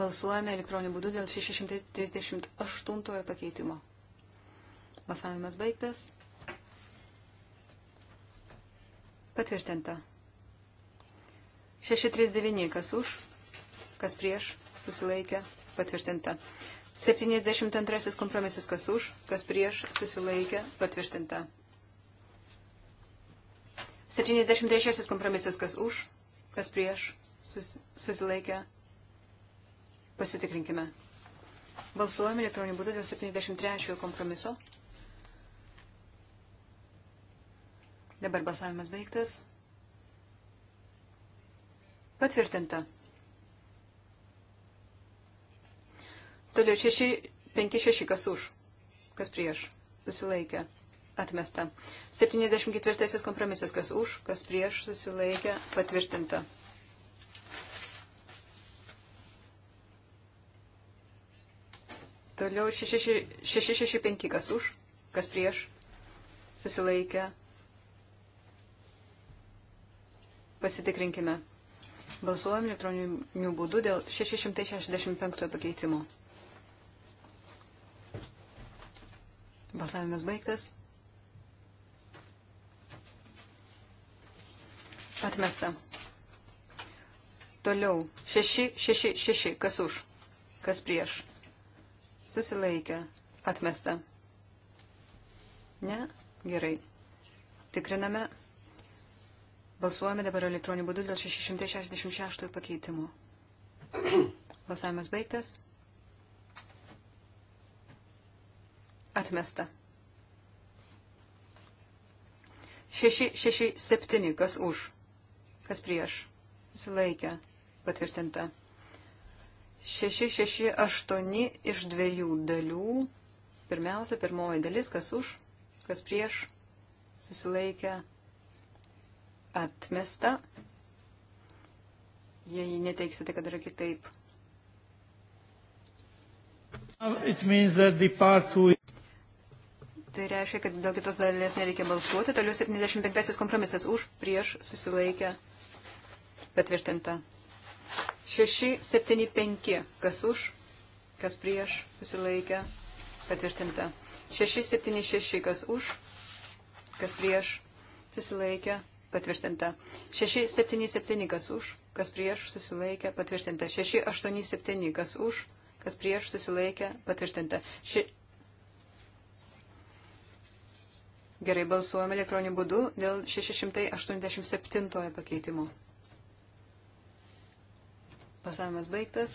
Balsuojame elektroniniu būdu dėl 638 pakeitimo. Balsavimas baigtas. Patvirtinta. 639 kas už, kas prieš, susilaikė, patvirtinta. 72 kompromisas kas už, kas prieš, susilaikė, patvirtinta. 73 kompromisas, kas už, kas prieš, sus, susilaikė. Pasitikrinkime. Balsuojame elektroniniu būdu dėl 73 kompromiso. Dabar balsavimas baigtas. Patvirtinta. Toliau 6, 5, 6, kas už, kas prieš, susilaikė atmesta. 74 kompromisas, kas už, kas prieš, susilaikė, patvirtinta. Toliau 665, kas už, kas prieš, susilaikė. Pasitikrinkime. Balsuojam elektroniniu būdu dėl 665 pakeitimo. Balsavimas baigtas. Atmesta. Toliau. 6, 6, 6. Kas už? Kas prieš? Susilaikė. Atmesta. Ne? Gerai. Tikriname. Balsuojame dabar elektroniniu būdu dėl 666 pakeitimo. Balsavimas baigtas. Atmesta. 667. Kas už? Kas prieš? Susilaikė. Patvirtinta. 668 iš dviejų dalių. Pirmiausia, pirmoji dalis, kas už, kas prieš, susilaikė, atmesta. Jei neteiksite, kad yra kitaip. Two... Tai reiškia, kad dėl kitos dalies nereikia balsuoti. Toliau 75 kompromisas už, prieš, susilaikė, Patvirtinta. 675. Kas už, kas prieš, susilaikė. Patvirtinta. 676. Kas už, kas prieš, susilaikė. Patvirtinta. 677. Kas už, kas prieš, susilaikė. Patvirtinta. 687. Kas už, kas prieš, susilaikė. Patvirtinta. Še... Gerai balsuojame elektroniniu būdu dėl 687 pakeitimo. Pasavimas baigtas.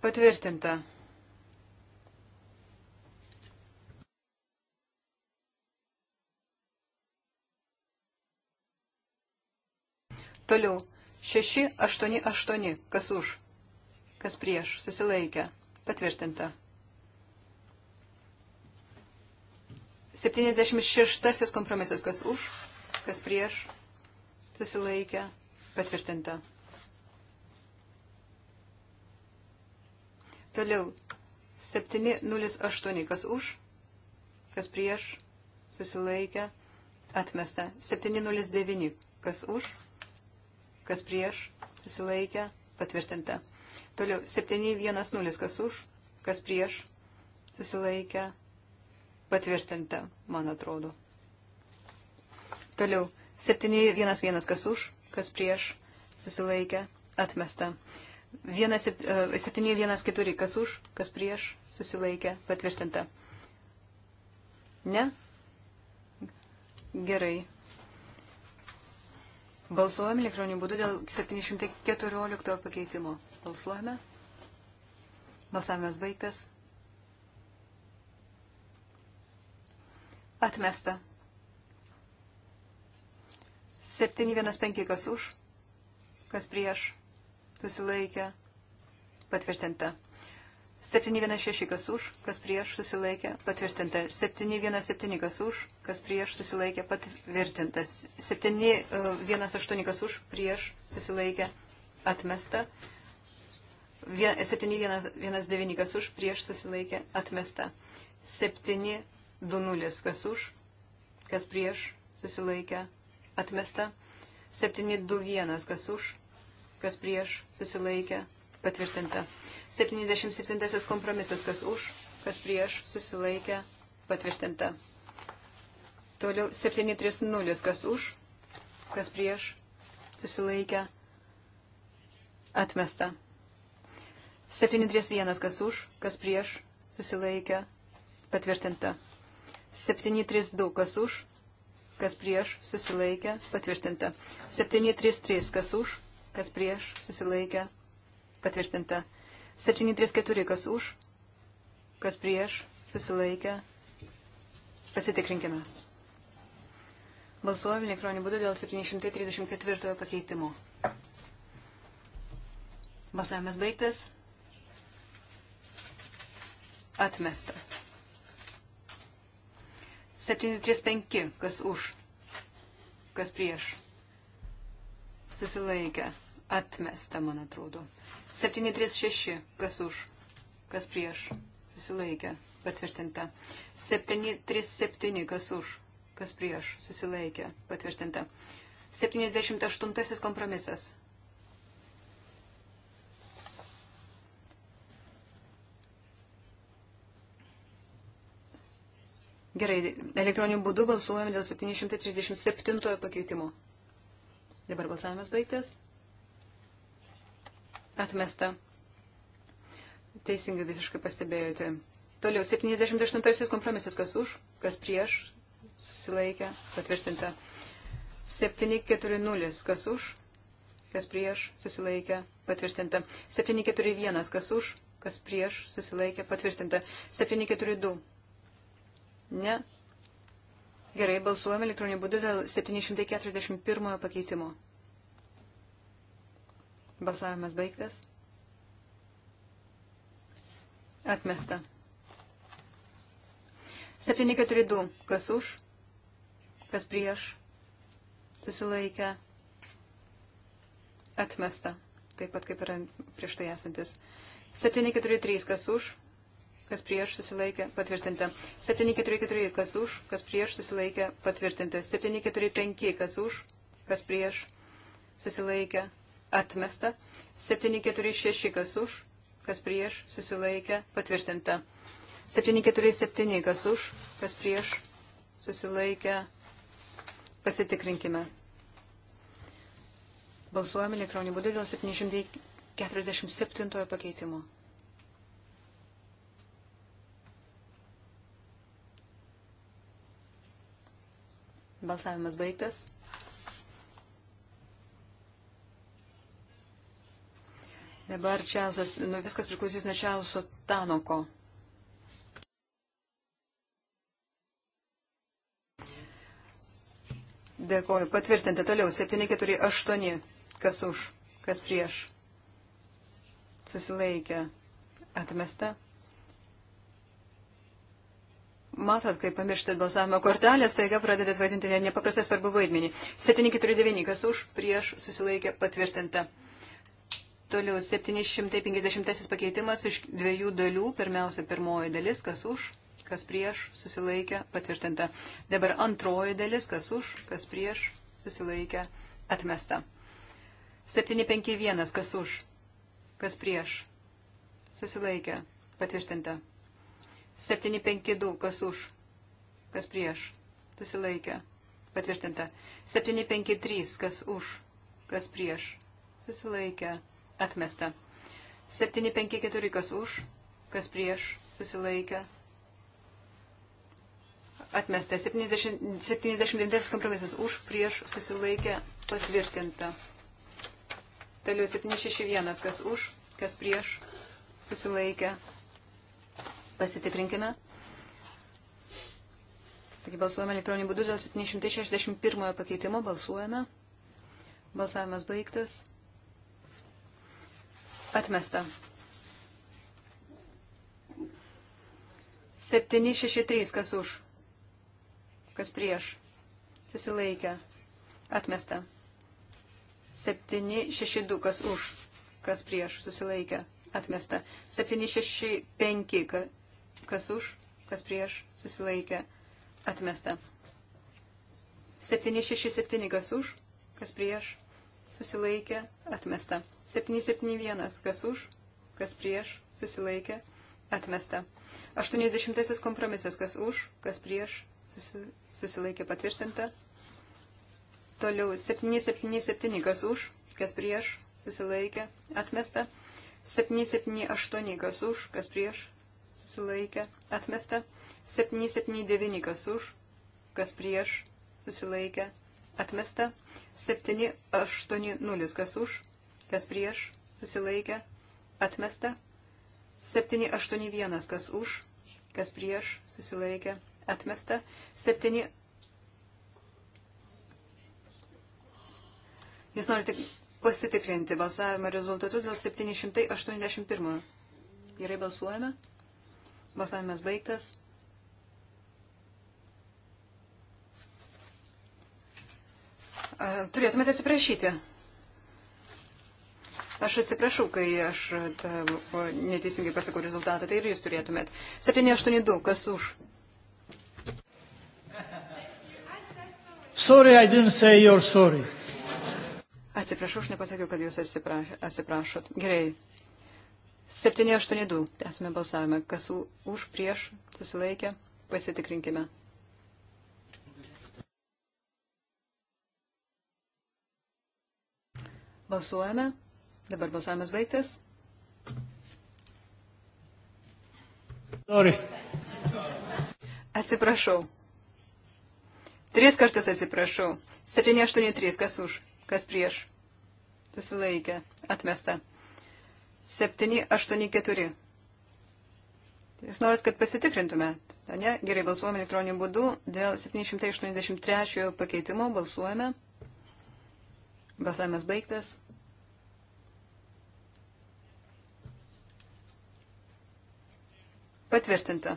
Patvirtinta. Toliau. 6, 8, 8. Kas už? Kas prieš? Susilaikę. Patvirtinta. 76 kompromisas, kas už, kas prieš, susilaikė, patvirtinta. Toliau, 708, kas už, kas prieš, susilaikė, atmesta. 709, kas už, kas prieš, susilaikė, patvirtinta. Toliau, 710, kas už, kas prieš, susilaikė, atmesta Patvirtinta, man atrodo. Toliau. 711 kas už, kas prieš, susilaikė, atmesta. 714 e, kas už, kas prieš, susilaikė, patvirtinta. Ne? Gerai. Balsuojame elektroniniu būdu dėl 714 pakeitimo. Balsuojame. Balsavimas baigtas. Atmesta. 715 kas už, kas prieš, susilaikė, patvirtinta. 716 kas už, kas prieš, susilaikė, patvirtinta. 717 kas už, kas prieš, susilaikė, patvirtintas. E, 718 kas už, prieš, susilaikė, atmesta. 719 kas už, prieš, susilaikė, atmesta. 7 2.0, kas už, kas prieš, susilaikę, atmesta. 7.2.1, kas už, kas prieš, susilaikę, patvirtinta. 77 kompromisas, kas už, kas prieš, susilaikę, patvirtinta. Toliau 7.3.0, kas už, kas prieš, susilaikę, atmesta. 7.3.1, kas už, kas prieš, susilaikę, patvirtinta. 732 kas už, kas prieš, susilaikė, patvirtinta. 733 kas už, kas prieš, susilaikė, patvirtinta. 734 kas už, kas prieš, susilaikė, pasitikrinkime. Balsuojame elektroniniu būdu dėl 734 pakeitimo. Balsavimas baigtas. Atmesta. 735, kas už, kas prieš. Susilaikę, atmesta, man atrodo. 736, kas už, kas prieš. Susilaikę, patvirtinta. 737, kas už, kas prieš. Susilaikę, patvirtinta. 78 kompromisas, Gerai, elektroniniu būdu balsuojame dėl 737 pakeitimo. Dabar balsavimas baigtas. Atmesta. Teisingai visiškai pastebėjote. Toliau, 78 kompromisas, kas už, kas prieš, susilaikė, patvirtinta. 740, kas už, kas prieš, susilaikė, patvirtinta. 741, kas už, kas prieš, susilaikė, patvirtinta. 742 Ne. Gerai, balsuojame elektroniniu būdu dėl 741 pakeitimo. Balsavimas baigtas. Atmesta. 742. Kas už? Kas prieš? Susilaikę. Atmesta. Taip pat kaip ir prieš tai esantis. 743. Kas už? kas prieš susilaikė patvirtinta. 744, kas už, kas prieš susilaikė patvirtinta. 745, kas už, kas prieš susilaikė atmesta. 746, kas už, kas prieš susilaikė patvirtinta. 747, kas už, kas prieš susilaikė pasitikrinkime. Balsuojame elektroniniu būdu dėl 747 pakeitimo. Balsavimas baigtas. Dabar Čelsas, nu, viskas priklausys nuo Čelso Tanoko. Dėkoju. Patvirtinti toliau. 748. Kas už, kas prieš. Susilaikė. Atmesta matot, kai pamirštat balsavimo kortelės, taiga pradedat vaidinti nepaprastai svarbu vaidmenį. 749, kas už, prieš, susilaikė, patvirtinta. Toliau 750 pakeitimas iš dviejų dalių. Pirmiausia, pirmoji dalis, kas už, kas prieš, susilaikė, patvirtinta. Dabar antroji dalis, kas už, kas prieš, susilaikė, atmesta. 751, kas už, kas prieš, susilaikė, patvirtinta. 752, kas už, kas prieš, susilaikė, patvirtinta. 753, kas už, kas prieš, susilaikė, atmesta. 754, kas už, kas prieš, susilaikė, atmesta. 70, 79 kompromisas už, prieš, susilaikė, patvirtinta. Toliau 761, kas už, kas prieš, susilaikė, Pasitikrinkime. Taigi balsuojame elektroniniu būdu dėl 761 pakeitimo. Balsuojame. Balsavimas baigtas. Atmesta. 763, kas už, kas prieš, susilaikę, atmesta. 762, kas už, kas prieš, susilaikę, atmesta. 765, kas už, kas prieš, susilaikė, atmesta. 767 kas už, kas prieš, susilaikė, atmesta. 771 kas už, kas prieš, susilaikė, atmesta. 80 kompromisas kas už, kas prieš, susi, susilaikė, patvirtinta. Toliau 777 kas už, kas prieš, susilaikė, atmesta. 778 kas už, kas prieš, susilaikė, atmesta. 779 kas už, kas prieš, susilaikė, atmesta. 780 kas už, kas prieš, susilaikė, atmesta. 781 kas už, kas prieš, susilaikė, atmesta. 7. Jūs norite pasitikrinti balsavimo rezultatus dėl 781. Gerai balsuojame? Balsavimas baigtas. Turėtumėte atsiprašyti. Aš atsiprašau, kai aš ta, neteisingai pasakau rezultatą, tai ir jūs turėtumėt. 782, kas už? Sorry, I didn't say you're sorry. Atsiprašau, aš nepasakiau, kad jūs atsiprašot. Gerai, 782. Esame balsavime. Kas už, prieš, susilaikė. Pasitikrinkime. Balsuojame. Dabar balsavimas baigtas. Sorry. Atsiprašau. Tris kartus atsiprašau. 783. Kas už? Kas prieš? Susilaikė. Atmesta. 784. Jūs norit, kad pasitikrintume, ne? Gerai, balsuojame elektroniniu būdu. Dėl 783 pakeitimo balsuojame. Balsavimas baigtas. Patvirtinta.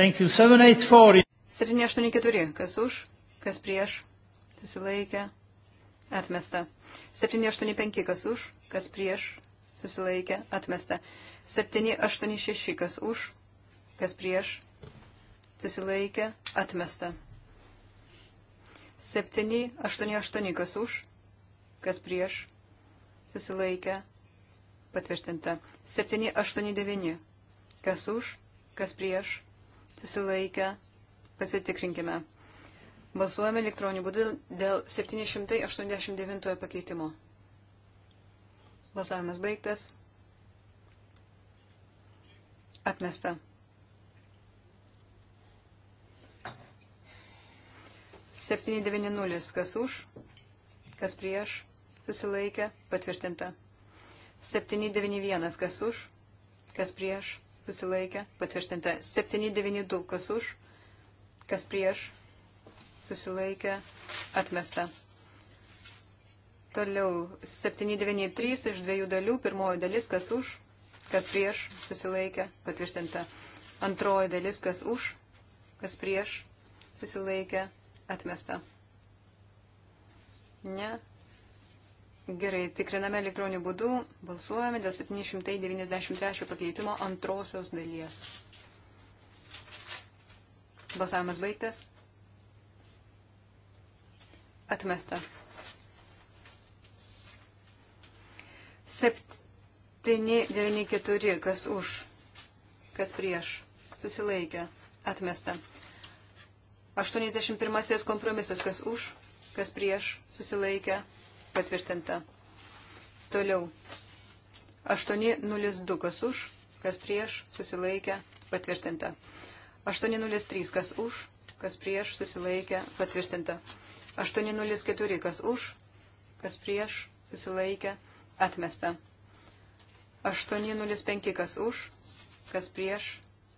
Thank you. 784. 784. Kas už, kas prieš, susilaikė, atmesta. 785 kas už, kas prieš, susilaikė, atmesta. 786 kas už, kas prieš, susilaikė, atmesta. 788 kas už, kas prieš, susilaikė, patvirtinta. 789 kas už, kas prieš, susilaikė, pasitikrinkime. Balsuojame elektroniniu būdu dėl 789 pakeitimo. Balsavimas baigtas. Atmesta. 790. Kas už, kas prieš, susilaikė, patvirtinta. 791. Kas už, kas prieš, susilaikė, patvirtinta. 792. Kas už, kas prieš, susilaikė, atmesta. Toliau 793 iš dviejų dalių. Pirmoji dalis, kas už, kas prieš, susilaikė, patvirtinta. Antroji dalis, kas už, kas prieš, susilaikė, atmesta. Ne. Gerai, tikriname elektroniniu būdu, balsuojame dėl 793 pakeitimo antrosios dalies. Balsavimas baigtas. Atmesta. Septyni, devyni, keturi, kas už, kas prieš, susilaikė, atmesta. 81 kompromisas, kas už, kas prieš, susilaikė, patvirtinta. Toliau. 802, kas už, kas prieš, susilaikė, patvirtinta. 803, kas už, kas prieš, susilaikė, patvirtinta. 804, kas už, kas prieš, susilaikė, atmesta. 805, kas už, kas prieš,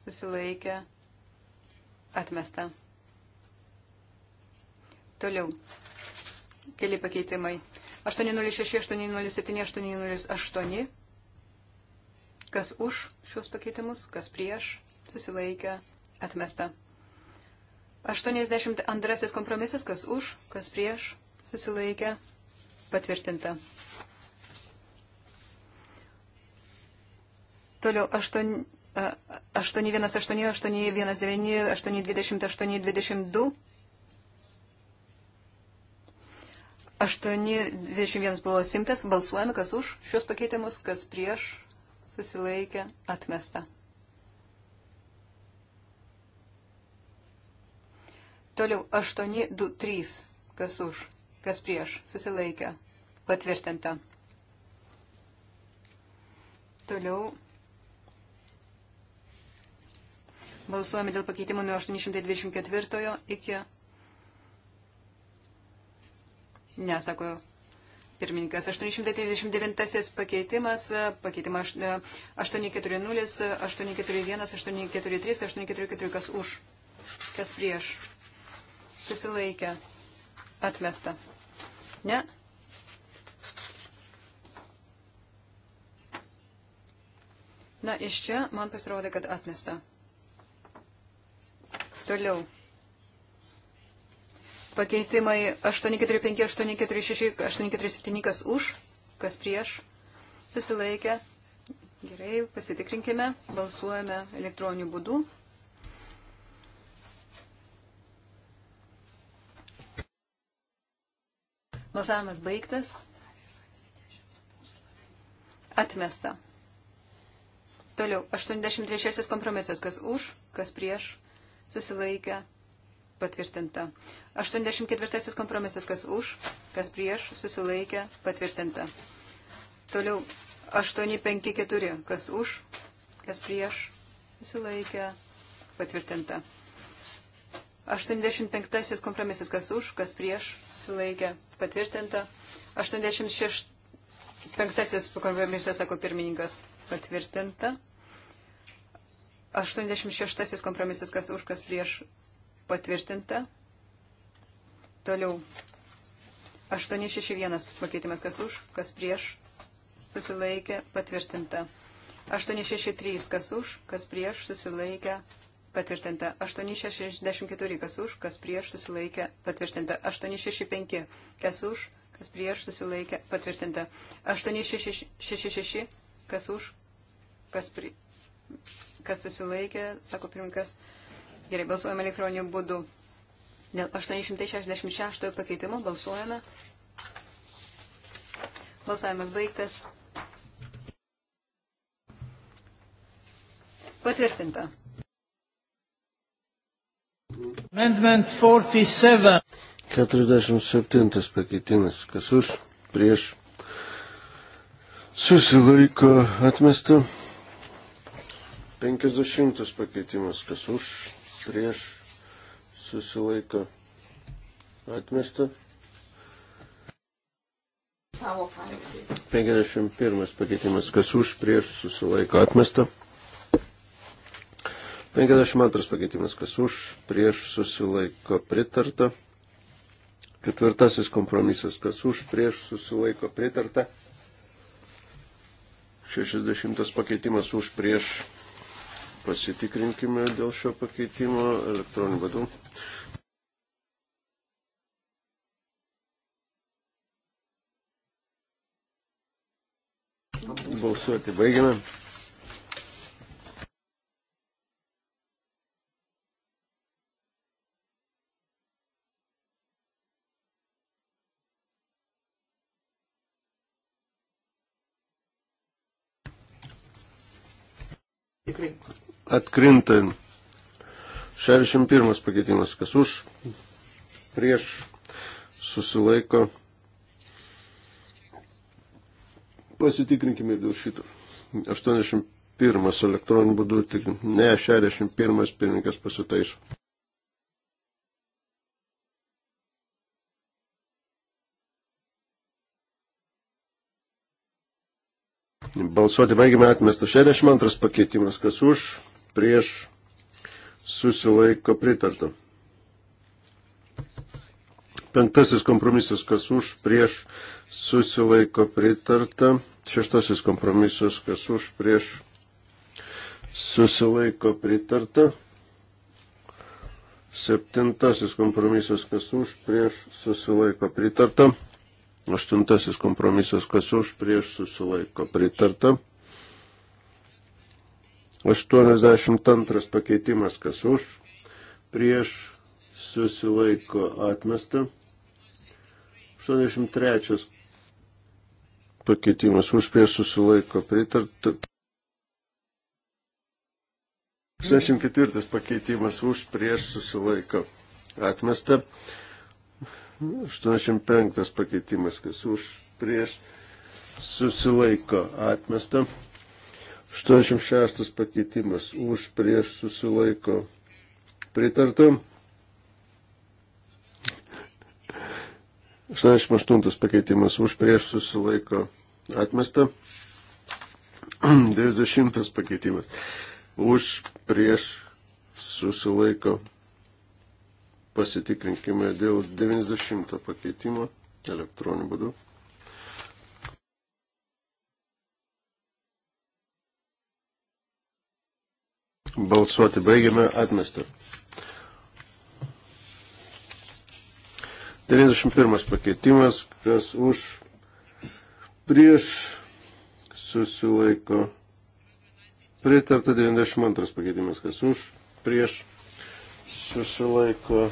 susilaikė, atmesta. Toliau. Keli pakeitimai. 806, 807, 808. Kas už šios pakeitimus, kas prieš, susilaikė, atmesta. 82 kompromisas, kas už, kas prieš, susilaikė, patvirtinta. Toliau 8, 818, 819, 820, 822. 821 buvo simtas, balsuojame, kas už šios pakeitimus, kas prieš, susilaikė, atmesta. Toliau 823. Kas už, kas prieš, susilaikė. Patvirtinta. Toliau balsuojame dėl pakeitimų nuo 824 iki. Nesako pirmininkas. 839 pakeitimas, pakeitimas 840, 841, 843, 844, kas už, kas prieš susilaikė, atmesta. Ne? Na, iš čia man pasirodė, kad atmesta. Toliau. Pakeitimai 845, 846, 847, kas už, kas prieš, susilaikė. Gerai, pasitikrinkime, balsuojame elektroniniu būdu. Balsavimas baigtas. Atmesta. Toliau, 83 kompromisas, kas už, kas prieš, susilaikė, patvirtinta. 84 kompromisas, kas už, kas prieš, susilaikė, patvirtinta. Toliau, 854, kas už, kas prieš, susilaikė, patvirtinta. 85 kompromisas, kas už, kas prieš, susilaikė, patvirtinta. 86 kompromisas, sako pirmininkas, patvirtinta. 86 kompromisas, kas už, kas prieš, patvirtinta. Toliau. 861 pakeitimas, kas už, kas prieš, susilaikė, patvirtinta. 863, kas už, kas prieš, susilaikė, patvirtinta 864, kas už, kas prieš susilaikė, patvirtinta 865, kas už, kas prieš susilaikė, patvirtinta 866, kas už, kas, pri, kas susilaikė, sako pirmininkas, gerai, balsuojame elektroniniu būdu. Dėl 866 pakeitimo balsuojame. Balsavimas baigtas. Patvirtinta. Amendment 47. 47 pakeitimas. Kas už? Prieš. Susilaiko atmesta. 50 pakeitimas. Kas už? Prieš. Susilaiko atmesta. 51 pakeitimas. Kas už? Prieš. Susilaiko atmesta. 52 pakeitimas, kas už, prieš susilaiko pritarta. Ketvirtasis kompromisas, kas už, prieš susilaiko pritarta. 60 pakeitimas už, prieš pasitikrinkime dėl šio pakeitimo elektroniniu būdu. Balsuoti baigiame. Tikrai. Atkrinta. 61 pakeitimas. Kas už? Prieš. Susilaiko. Pasitikrinkime ir dėl šito. 81 elektroniniu būdu tik. Ne, 61 pirmininkas pasitaiso. Balsuoti baigime atmestą 62 pakeitimas, kas už, prieš, susilaiko pritarta. Penktasis kompromisas, kas už, prieš, susilaiko pritarta. Šeštasis kompromisas, kas už, prieš, susilaiko pritarta. Septintasis kompromisas, kas už, prieš, susilaiko pritarta. Aštuntasis kompromisas, kas už prieš susilaiko pritarta. 82 pakeitimas, kas už prieš susilaiko atmesta. 83 pakeitimas už prieš susilaiko pritarta. 64 pakeitimas už prieš susilaiko atmesta. 85 pakeitimas, kas už prieš susilaiko atmesta. 86 pakeitimas už prieš susilaiko pritartam. 68 pakeitimas už prieš susilaiko atmesta. 90 pakeitimas už prieš susilaiko pasitikrinkime dėl 90 pakeitimo elektroniniu būdu. Balsuoti baigiame atmestą. 91 pakeitimas, kas už prieš susilaiko. Pritarta 92 pakeitimas, kas už prieš susilaiko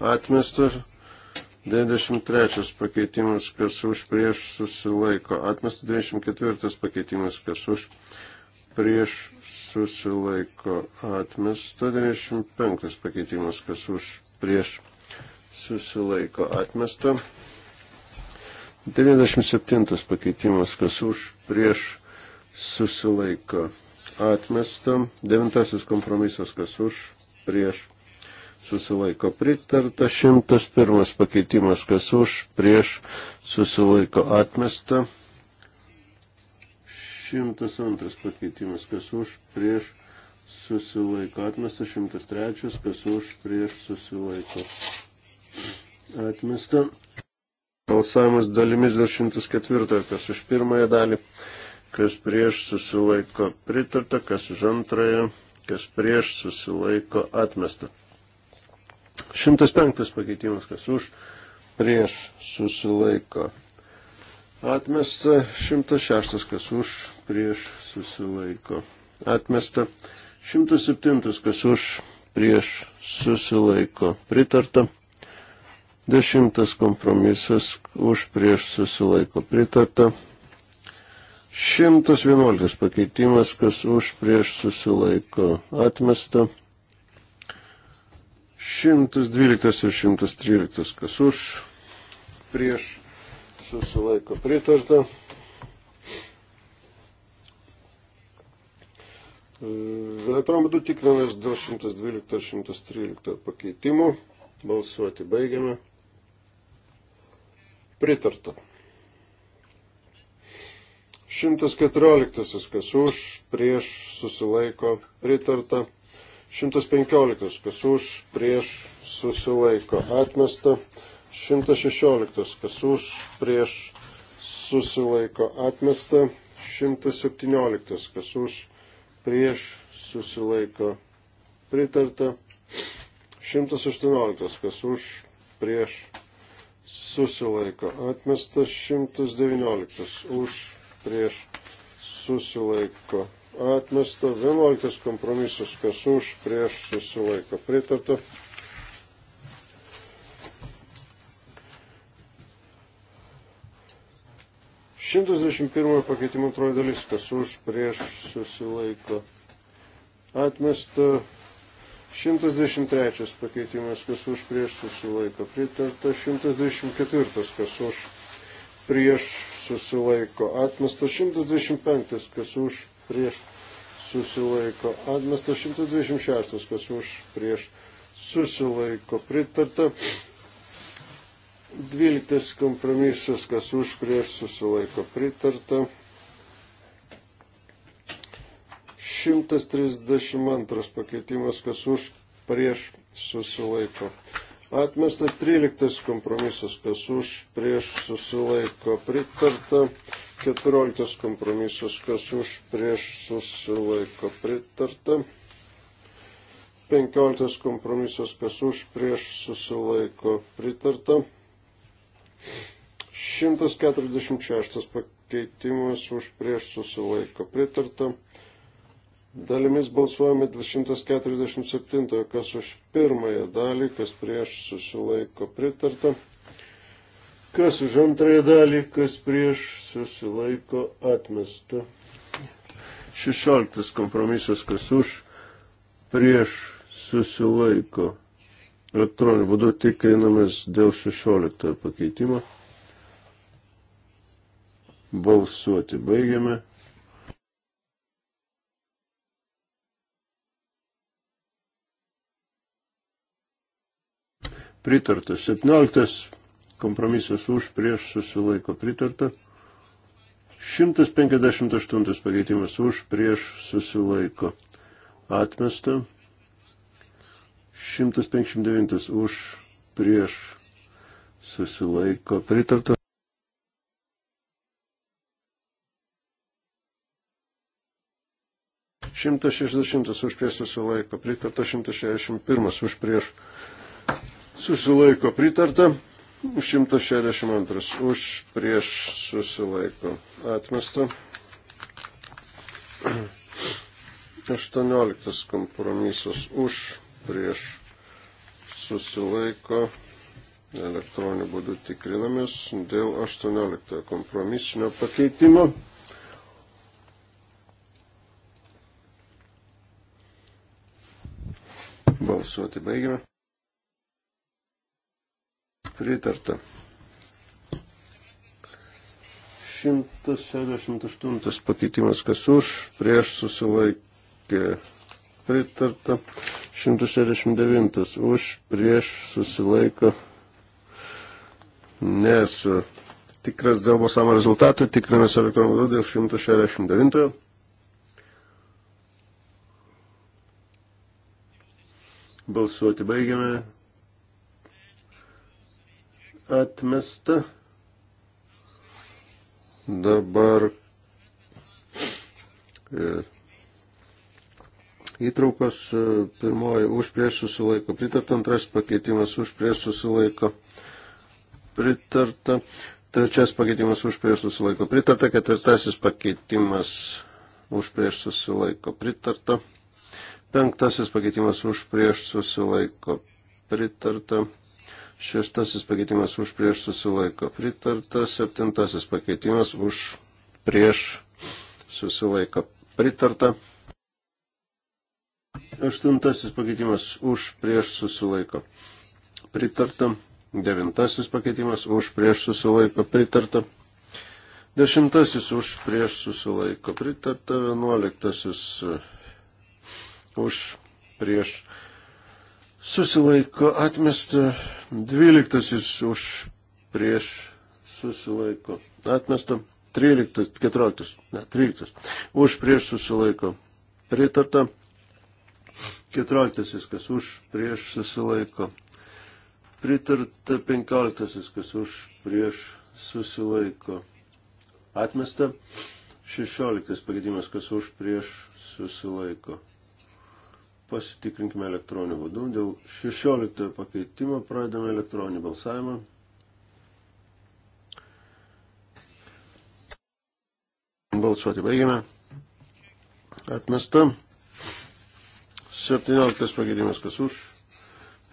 atmestas. 93 pakeitimas, kas už prieš susilaiko. Atmestas 94 pakeitimas, kas už prieš susilaiko. Atmestas 95 pakeitimas, kas už prieš susilaiko. Atmestas 97 pakeitimas, kas už prieš susilaiko. Atmestas 9 kompromisas, kas už prieš susilaiko pritarta, 101 pakeitimas, kas už, prieš susilaiko atmesta, 102 pakeitimas, kas už, prieš susilaiko atmesta, 103, kas už, prieš susilaiko atmesta. Balsavimas dalimis dėl 104, kas už pirmąją dalį, kas prieš susilaiko pritarta, kas už antrąją kas prieš susilaiko atmesta. 105 pakeitimas, kas už, prieš susilaiko atmesta. 106, kas už, prieš susilaiko atmesta. 107, kas už, prieš susilaiko pritarta. 10 kompromisas už prieš susilaiko pritarta. 111 pakeitimas, kas už prieš susilaiko atmesta. 112 ir 113, kas už prieš susilaiko pritarta. Elektroniniu būdu tikrinamės dėl 112-113 pakeitimų. Balsuoti baigiame. Pritarta. 114, kas už, prieš, susilaiko, pritarta. 115, kas už, prieš, susilaiko, atmesta. 116, kas už, prieš, susilaiko, atmesta. 117, kas už, prieš, susilaiko, pritarta. 118, kas už, prieš, susilaiko. Atmestas 119, už, prieš susilaiko atmesta, 11 kompromisas, kas už, prieš susilaiko pritarta. Šimtas dvidešimt pirmojo pakeitimo antroji dalis, kas už, prieš susilaiko atmesta. 123 pakeitimas, kas už prieš susilaiko pritarta, 124 kas už prieš susilaiko atmestas 125, kas už prieš susilaiko atmestas 126, kas už prieš susilaiko pritarta 12 kompromisas, kas už prieš susilaiko pritarta 132 pakeitimas, kas už prieš susilaiko pritarta. Atmesta 13 kompromisas, kas už, prieš susilaiko pritarta. 14 kompromisas, kas už, prieš susilaiko pritarta. 15 kompromisas, kas už, prieš susilaiko pritarta. 146 pakeitimas už prieš susilaiko pritarta. Dalimis balsuojame 147, kas už pirmąją dalį, kas prieš susilaiko pritarta, kas už antrąją dalį, kas prieš susilaiko atmesta. 16 kompromisas, kas už prieš susilaiko. Elektroniniu būdu tikrinamės dėl 16 pakeitimo. Balsuoti baigiame. pritarta. 17 kompromisas už prieš susilaiko pritarta. 158 pakeitimas už prieš susilaiko atmesta. 159 už prieš susilaiko pritarta. Šimtas šešdešimtas už prieš susilaiko, pritarta šimtas šešdešimt pirmas už prieš susilaiko pritarta, 162 už prieš susilaiko atmesta, 18 kompromisas už prieš susilaiko elektroniniu būdu tikrinamės dėl 18 kompromisinio pakeitimo. Balsuoti baigime pritarta. 168 pakeitimas, kas už, prieš susilaikė pritarta. 169 už, prieš susilaiko. Nesu tikras dėl balsavimo rezultatų, tikrinamės elektroniniu būdu dėl 169. Balsuoti baigiame atmesta. Dabar e, įtraukos e, pirmoji už prieš susilaiko pritarta, antras pakeitimas už prieš susilaiko pritarta, trečias pakeitimas už prieš susilaiko pritarta, ketvirtasis pakeitimas už prieš susilaiko pritarta, penktasis pakeitimas už prieš susilaiko pritarta. Šeštasis pakeitimas už prieš susilaiko pritarta. Septintasis pakeitimas už prieš susilaiko pritarta. Aštuntasis pakeitimas už prieš susilaiko pritarta. Devintasis pakeitimas už prieš susilaiko pritarta. Dešimtasis už prieš susilaiko pritarta. Vienuoliktasis už prieš susilaiko atmesta, dvyliktasis už prieš susilaiko atmesta, tryliktas, keturioliktas, ne, tryliktas, už prieš susilaiko pritarta, keturioliktasis, kas už prieš susilaiko pritarta, penkioliktasis, kas už prieš susilaiko atmesta, šešioliktas pagėdimas, kas už prieš susilaiko pritarta pasitikrinkime elektroniniu būdu. Dėl 16 pakeitimo pradedame elektroninį balsavimą. Balsuoti baigiame. Atmesta. 17 pakeitimas kas už.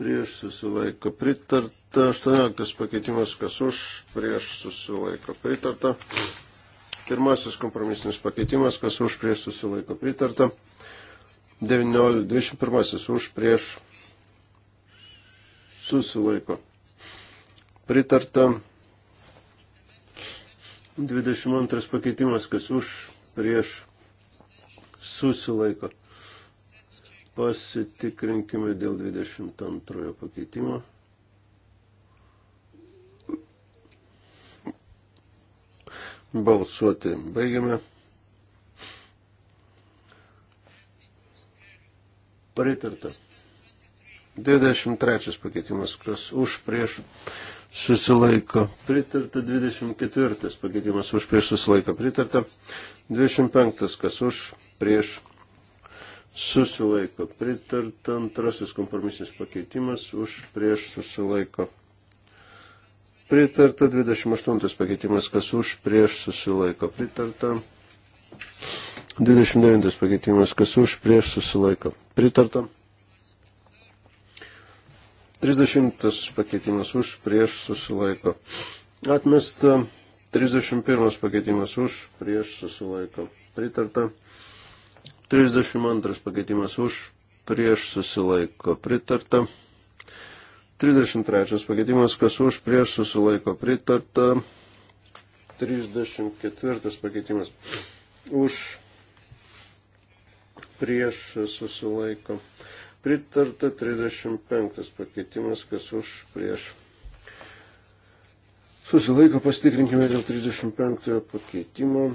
Prieš susilaiko pritarta. 18 pakeitimas kas už. Prieš susilaiko pritarta. Pirmasis kompromisinis pakeitimas kas už. Prieš susilaiko pritarta. 19, 21 už prieš susilaiko. Pritarta 22 pakeitimas, kas už prieš susilaiko. Pasitikrinkime dėl 22 pakeitimo. Balsuoti baigiame. Pritarta. 23 pakeitimas, kas už prieš susilaiko. Pritarta 24 pakeitimas, už prieš susilaiko. Pritarta 25, kas už prieš susilaiko. Pritarta antrasis kompromisinis pakeitimas, už prieš susilaiko. Pritarta 28 pakeitimas, kas už prieš susilaiko. Pritarta 29 pakeitimas, kas už prieš susilaiko. Pritarta. 30 pakeitimas už prieš susilaiko. Atmesta. 31 pakeitimas už prieš susilaiko. Pritarta. 32 pakeitimas už prieš susilaiko. Pritarta. 33 pakeitimas, kas už prieš susilaiko. Pritarta. 34 pakeitimas už prieš susilaiko. Pritarta 35 pakeitimas, kas už prieš. Susilaiko pastikrinkime dėl 35 pakeitimo.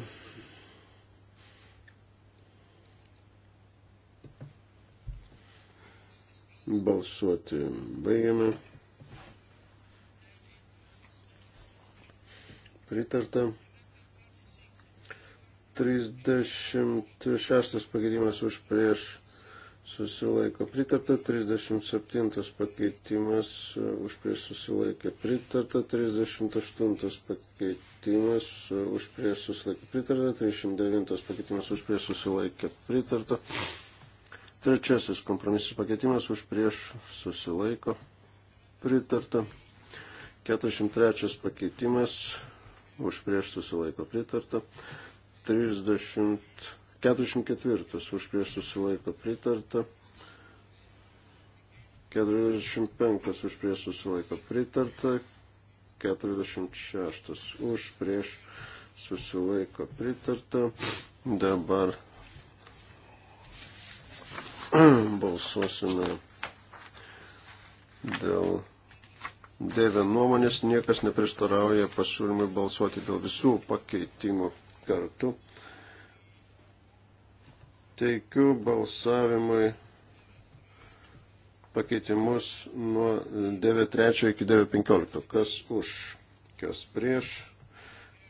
Balsuoti baigiame. Pritarta. 36 pakeitimas už prieš susilaiko pritarta, 37 pakeitimas e, už prieš susilaikė pritarta, 38 pakeitimas e, už prieš susilaikė pritarta, 39 pakeitimas už prieš susilaikė pritarta, trečiasis kompromisas pakeitimas už prieš susilaiko pritarta, 43 pakeitimas už prieš susilaiko pritarta. 30, 44 už prieš susilaiko pritarta, 45 už prieš susilaiko pritarta, 46 už prieš susilaiko pritarta. Dabar balsuosime dėl dėvė nuomonės, niekas neprieštarauja pasiūlymui balsuoti dėl visų pakeitimų kartu. Teikiu balsavimui pakeitimus nuo 9.3 iki 9.15. Kas už, kas prieš,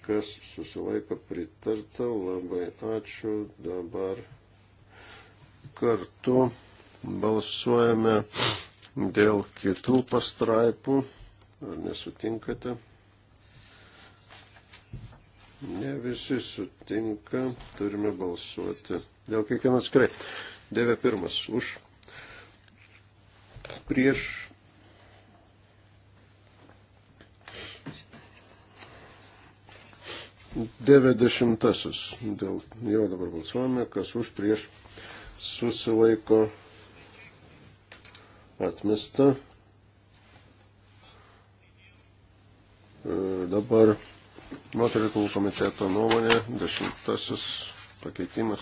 kas susilaiko pritarta. Labai ačiū. Dabar kartu balsuojame dėl kitų pastraipų. Ar nesutinkate? Ne visi sutinka, turime balsuoti. Dėl kiekvieno skrai. Dėvė pirmas. Už. Prieš. Dėvė dešimtasis. Dėl jo dabar balsuojame, kas už prieš susilaiko atmesta. E, dabar Moterų reikalų komiteto nuomonė, dešimtasis pakeitimas.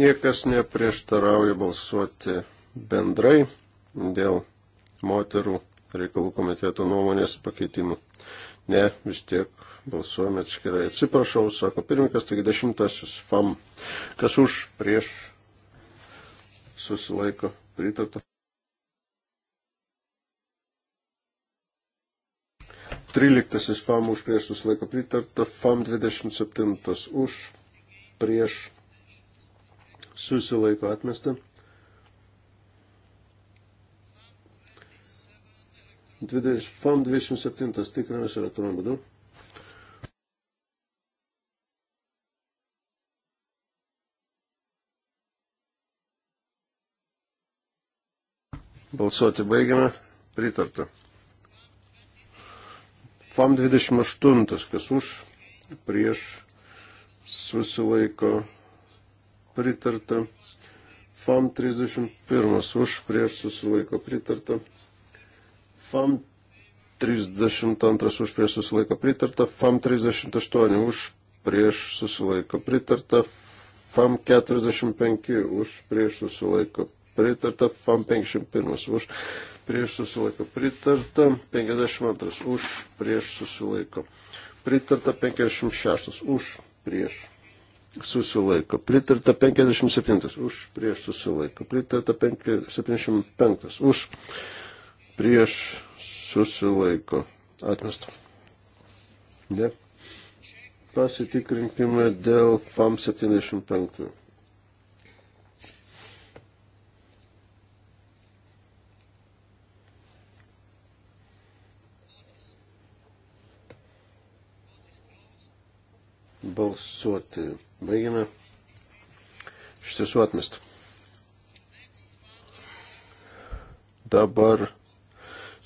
Niekas neprieštarauja balsuoti bendrai dėl moterų reikalų komiteto nuomonės pakeitimų. Ne, vis tiek balsuojame atskirai. Atsiprašau, sako pirmininkas, taigi dešimtasis FAM. Kas už prieš susilaiko pritarta. 13 FAM už prieš susilaiko pritarta, FAM 27 už prieš susilaiko atmesta. 20, FAM 27 tikrinamas elektroniniu būdu. Balsuoti baigiame. Pritarta. FAM 28, kas už, prieš, susilaiko, pritarta. FAM 31, už, prieš, susilaiko, pritarta. FAM 32, už, prieš, susilaiko, pritarta. FAM 38, už, prieš, susilaiko, pritarta. FAM 45, už, prieš, susilaiko, pritarta. FAM 51, už, prieš, susilaiko, pritarta prieš susilaiko pritarta, 52 už, prieš susilaiko pritarta, 56 už, prieš susilaiko. Pritarta 57 už, prieš susilaiko. Pritarta 75 už, prieš susilaiko. Atmesta. Ne. Pasitikrinkime dėl FAM 75. balsuoti. Baigiame. Iš tiesų atmest. Dabar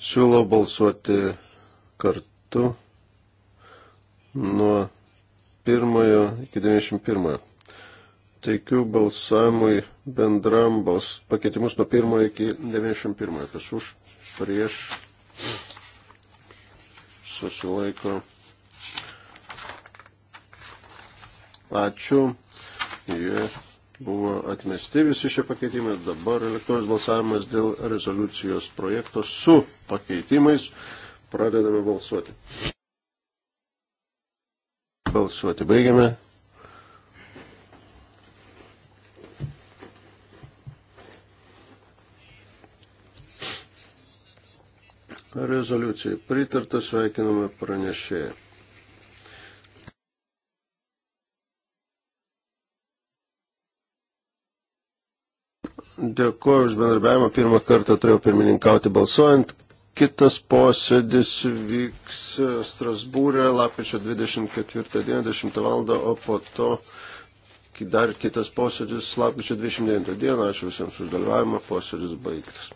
siūlau balsuoti kartu nuo pirmojo iki 91. Teikiu balsavimui bendram bals, pakeitimus nuo pirmojo iki 91. Kas už, prieš, susilaiko Ačiū. Jie buvo atmesti visi šie pakeitimai. Dabar elektroninis balsavimas dėl rezoliucijos projekto su pakeitimais. Pradedame balsuoti. Balsuoti baigiame. rezoliucijai. Pritarta sveikiname pranešėją. Dėkuoju už bendarbiavimą. Pirmą kartą turėjau pirmininkauti balsuojant. Kitas posėdis vyks Strasbūrė lapkričio 24-90 val. o po to dar kitas posėdis lapkričio 29 dieną. Ačiū visiems už dalyvavimą. Posėdis baigtas.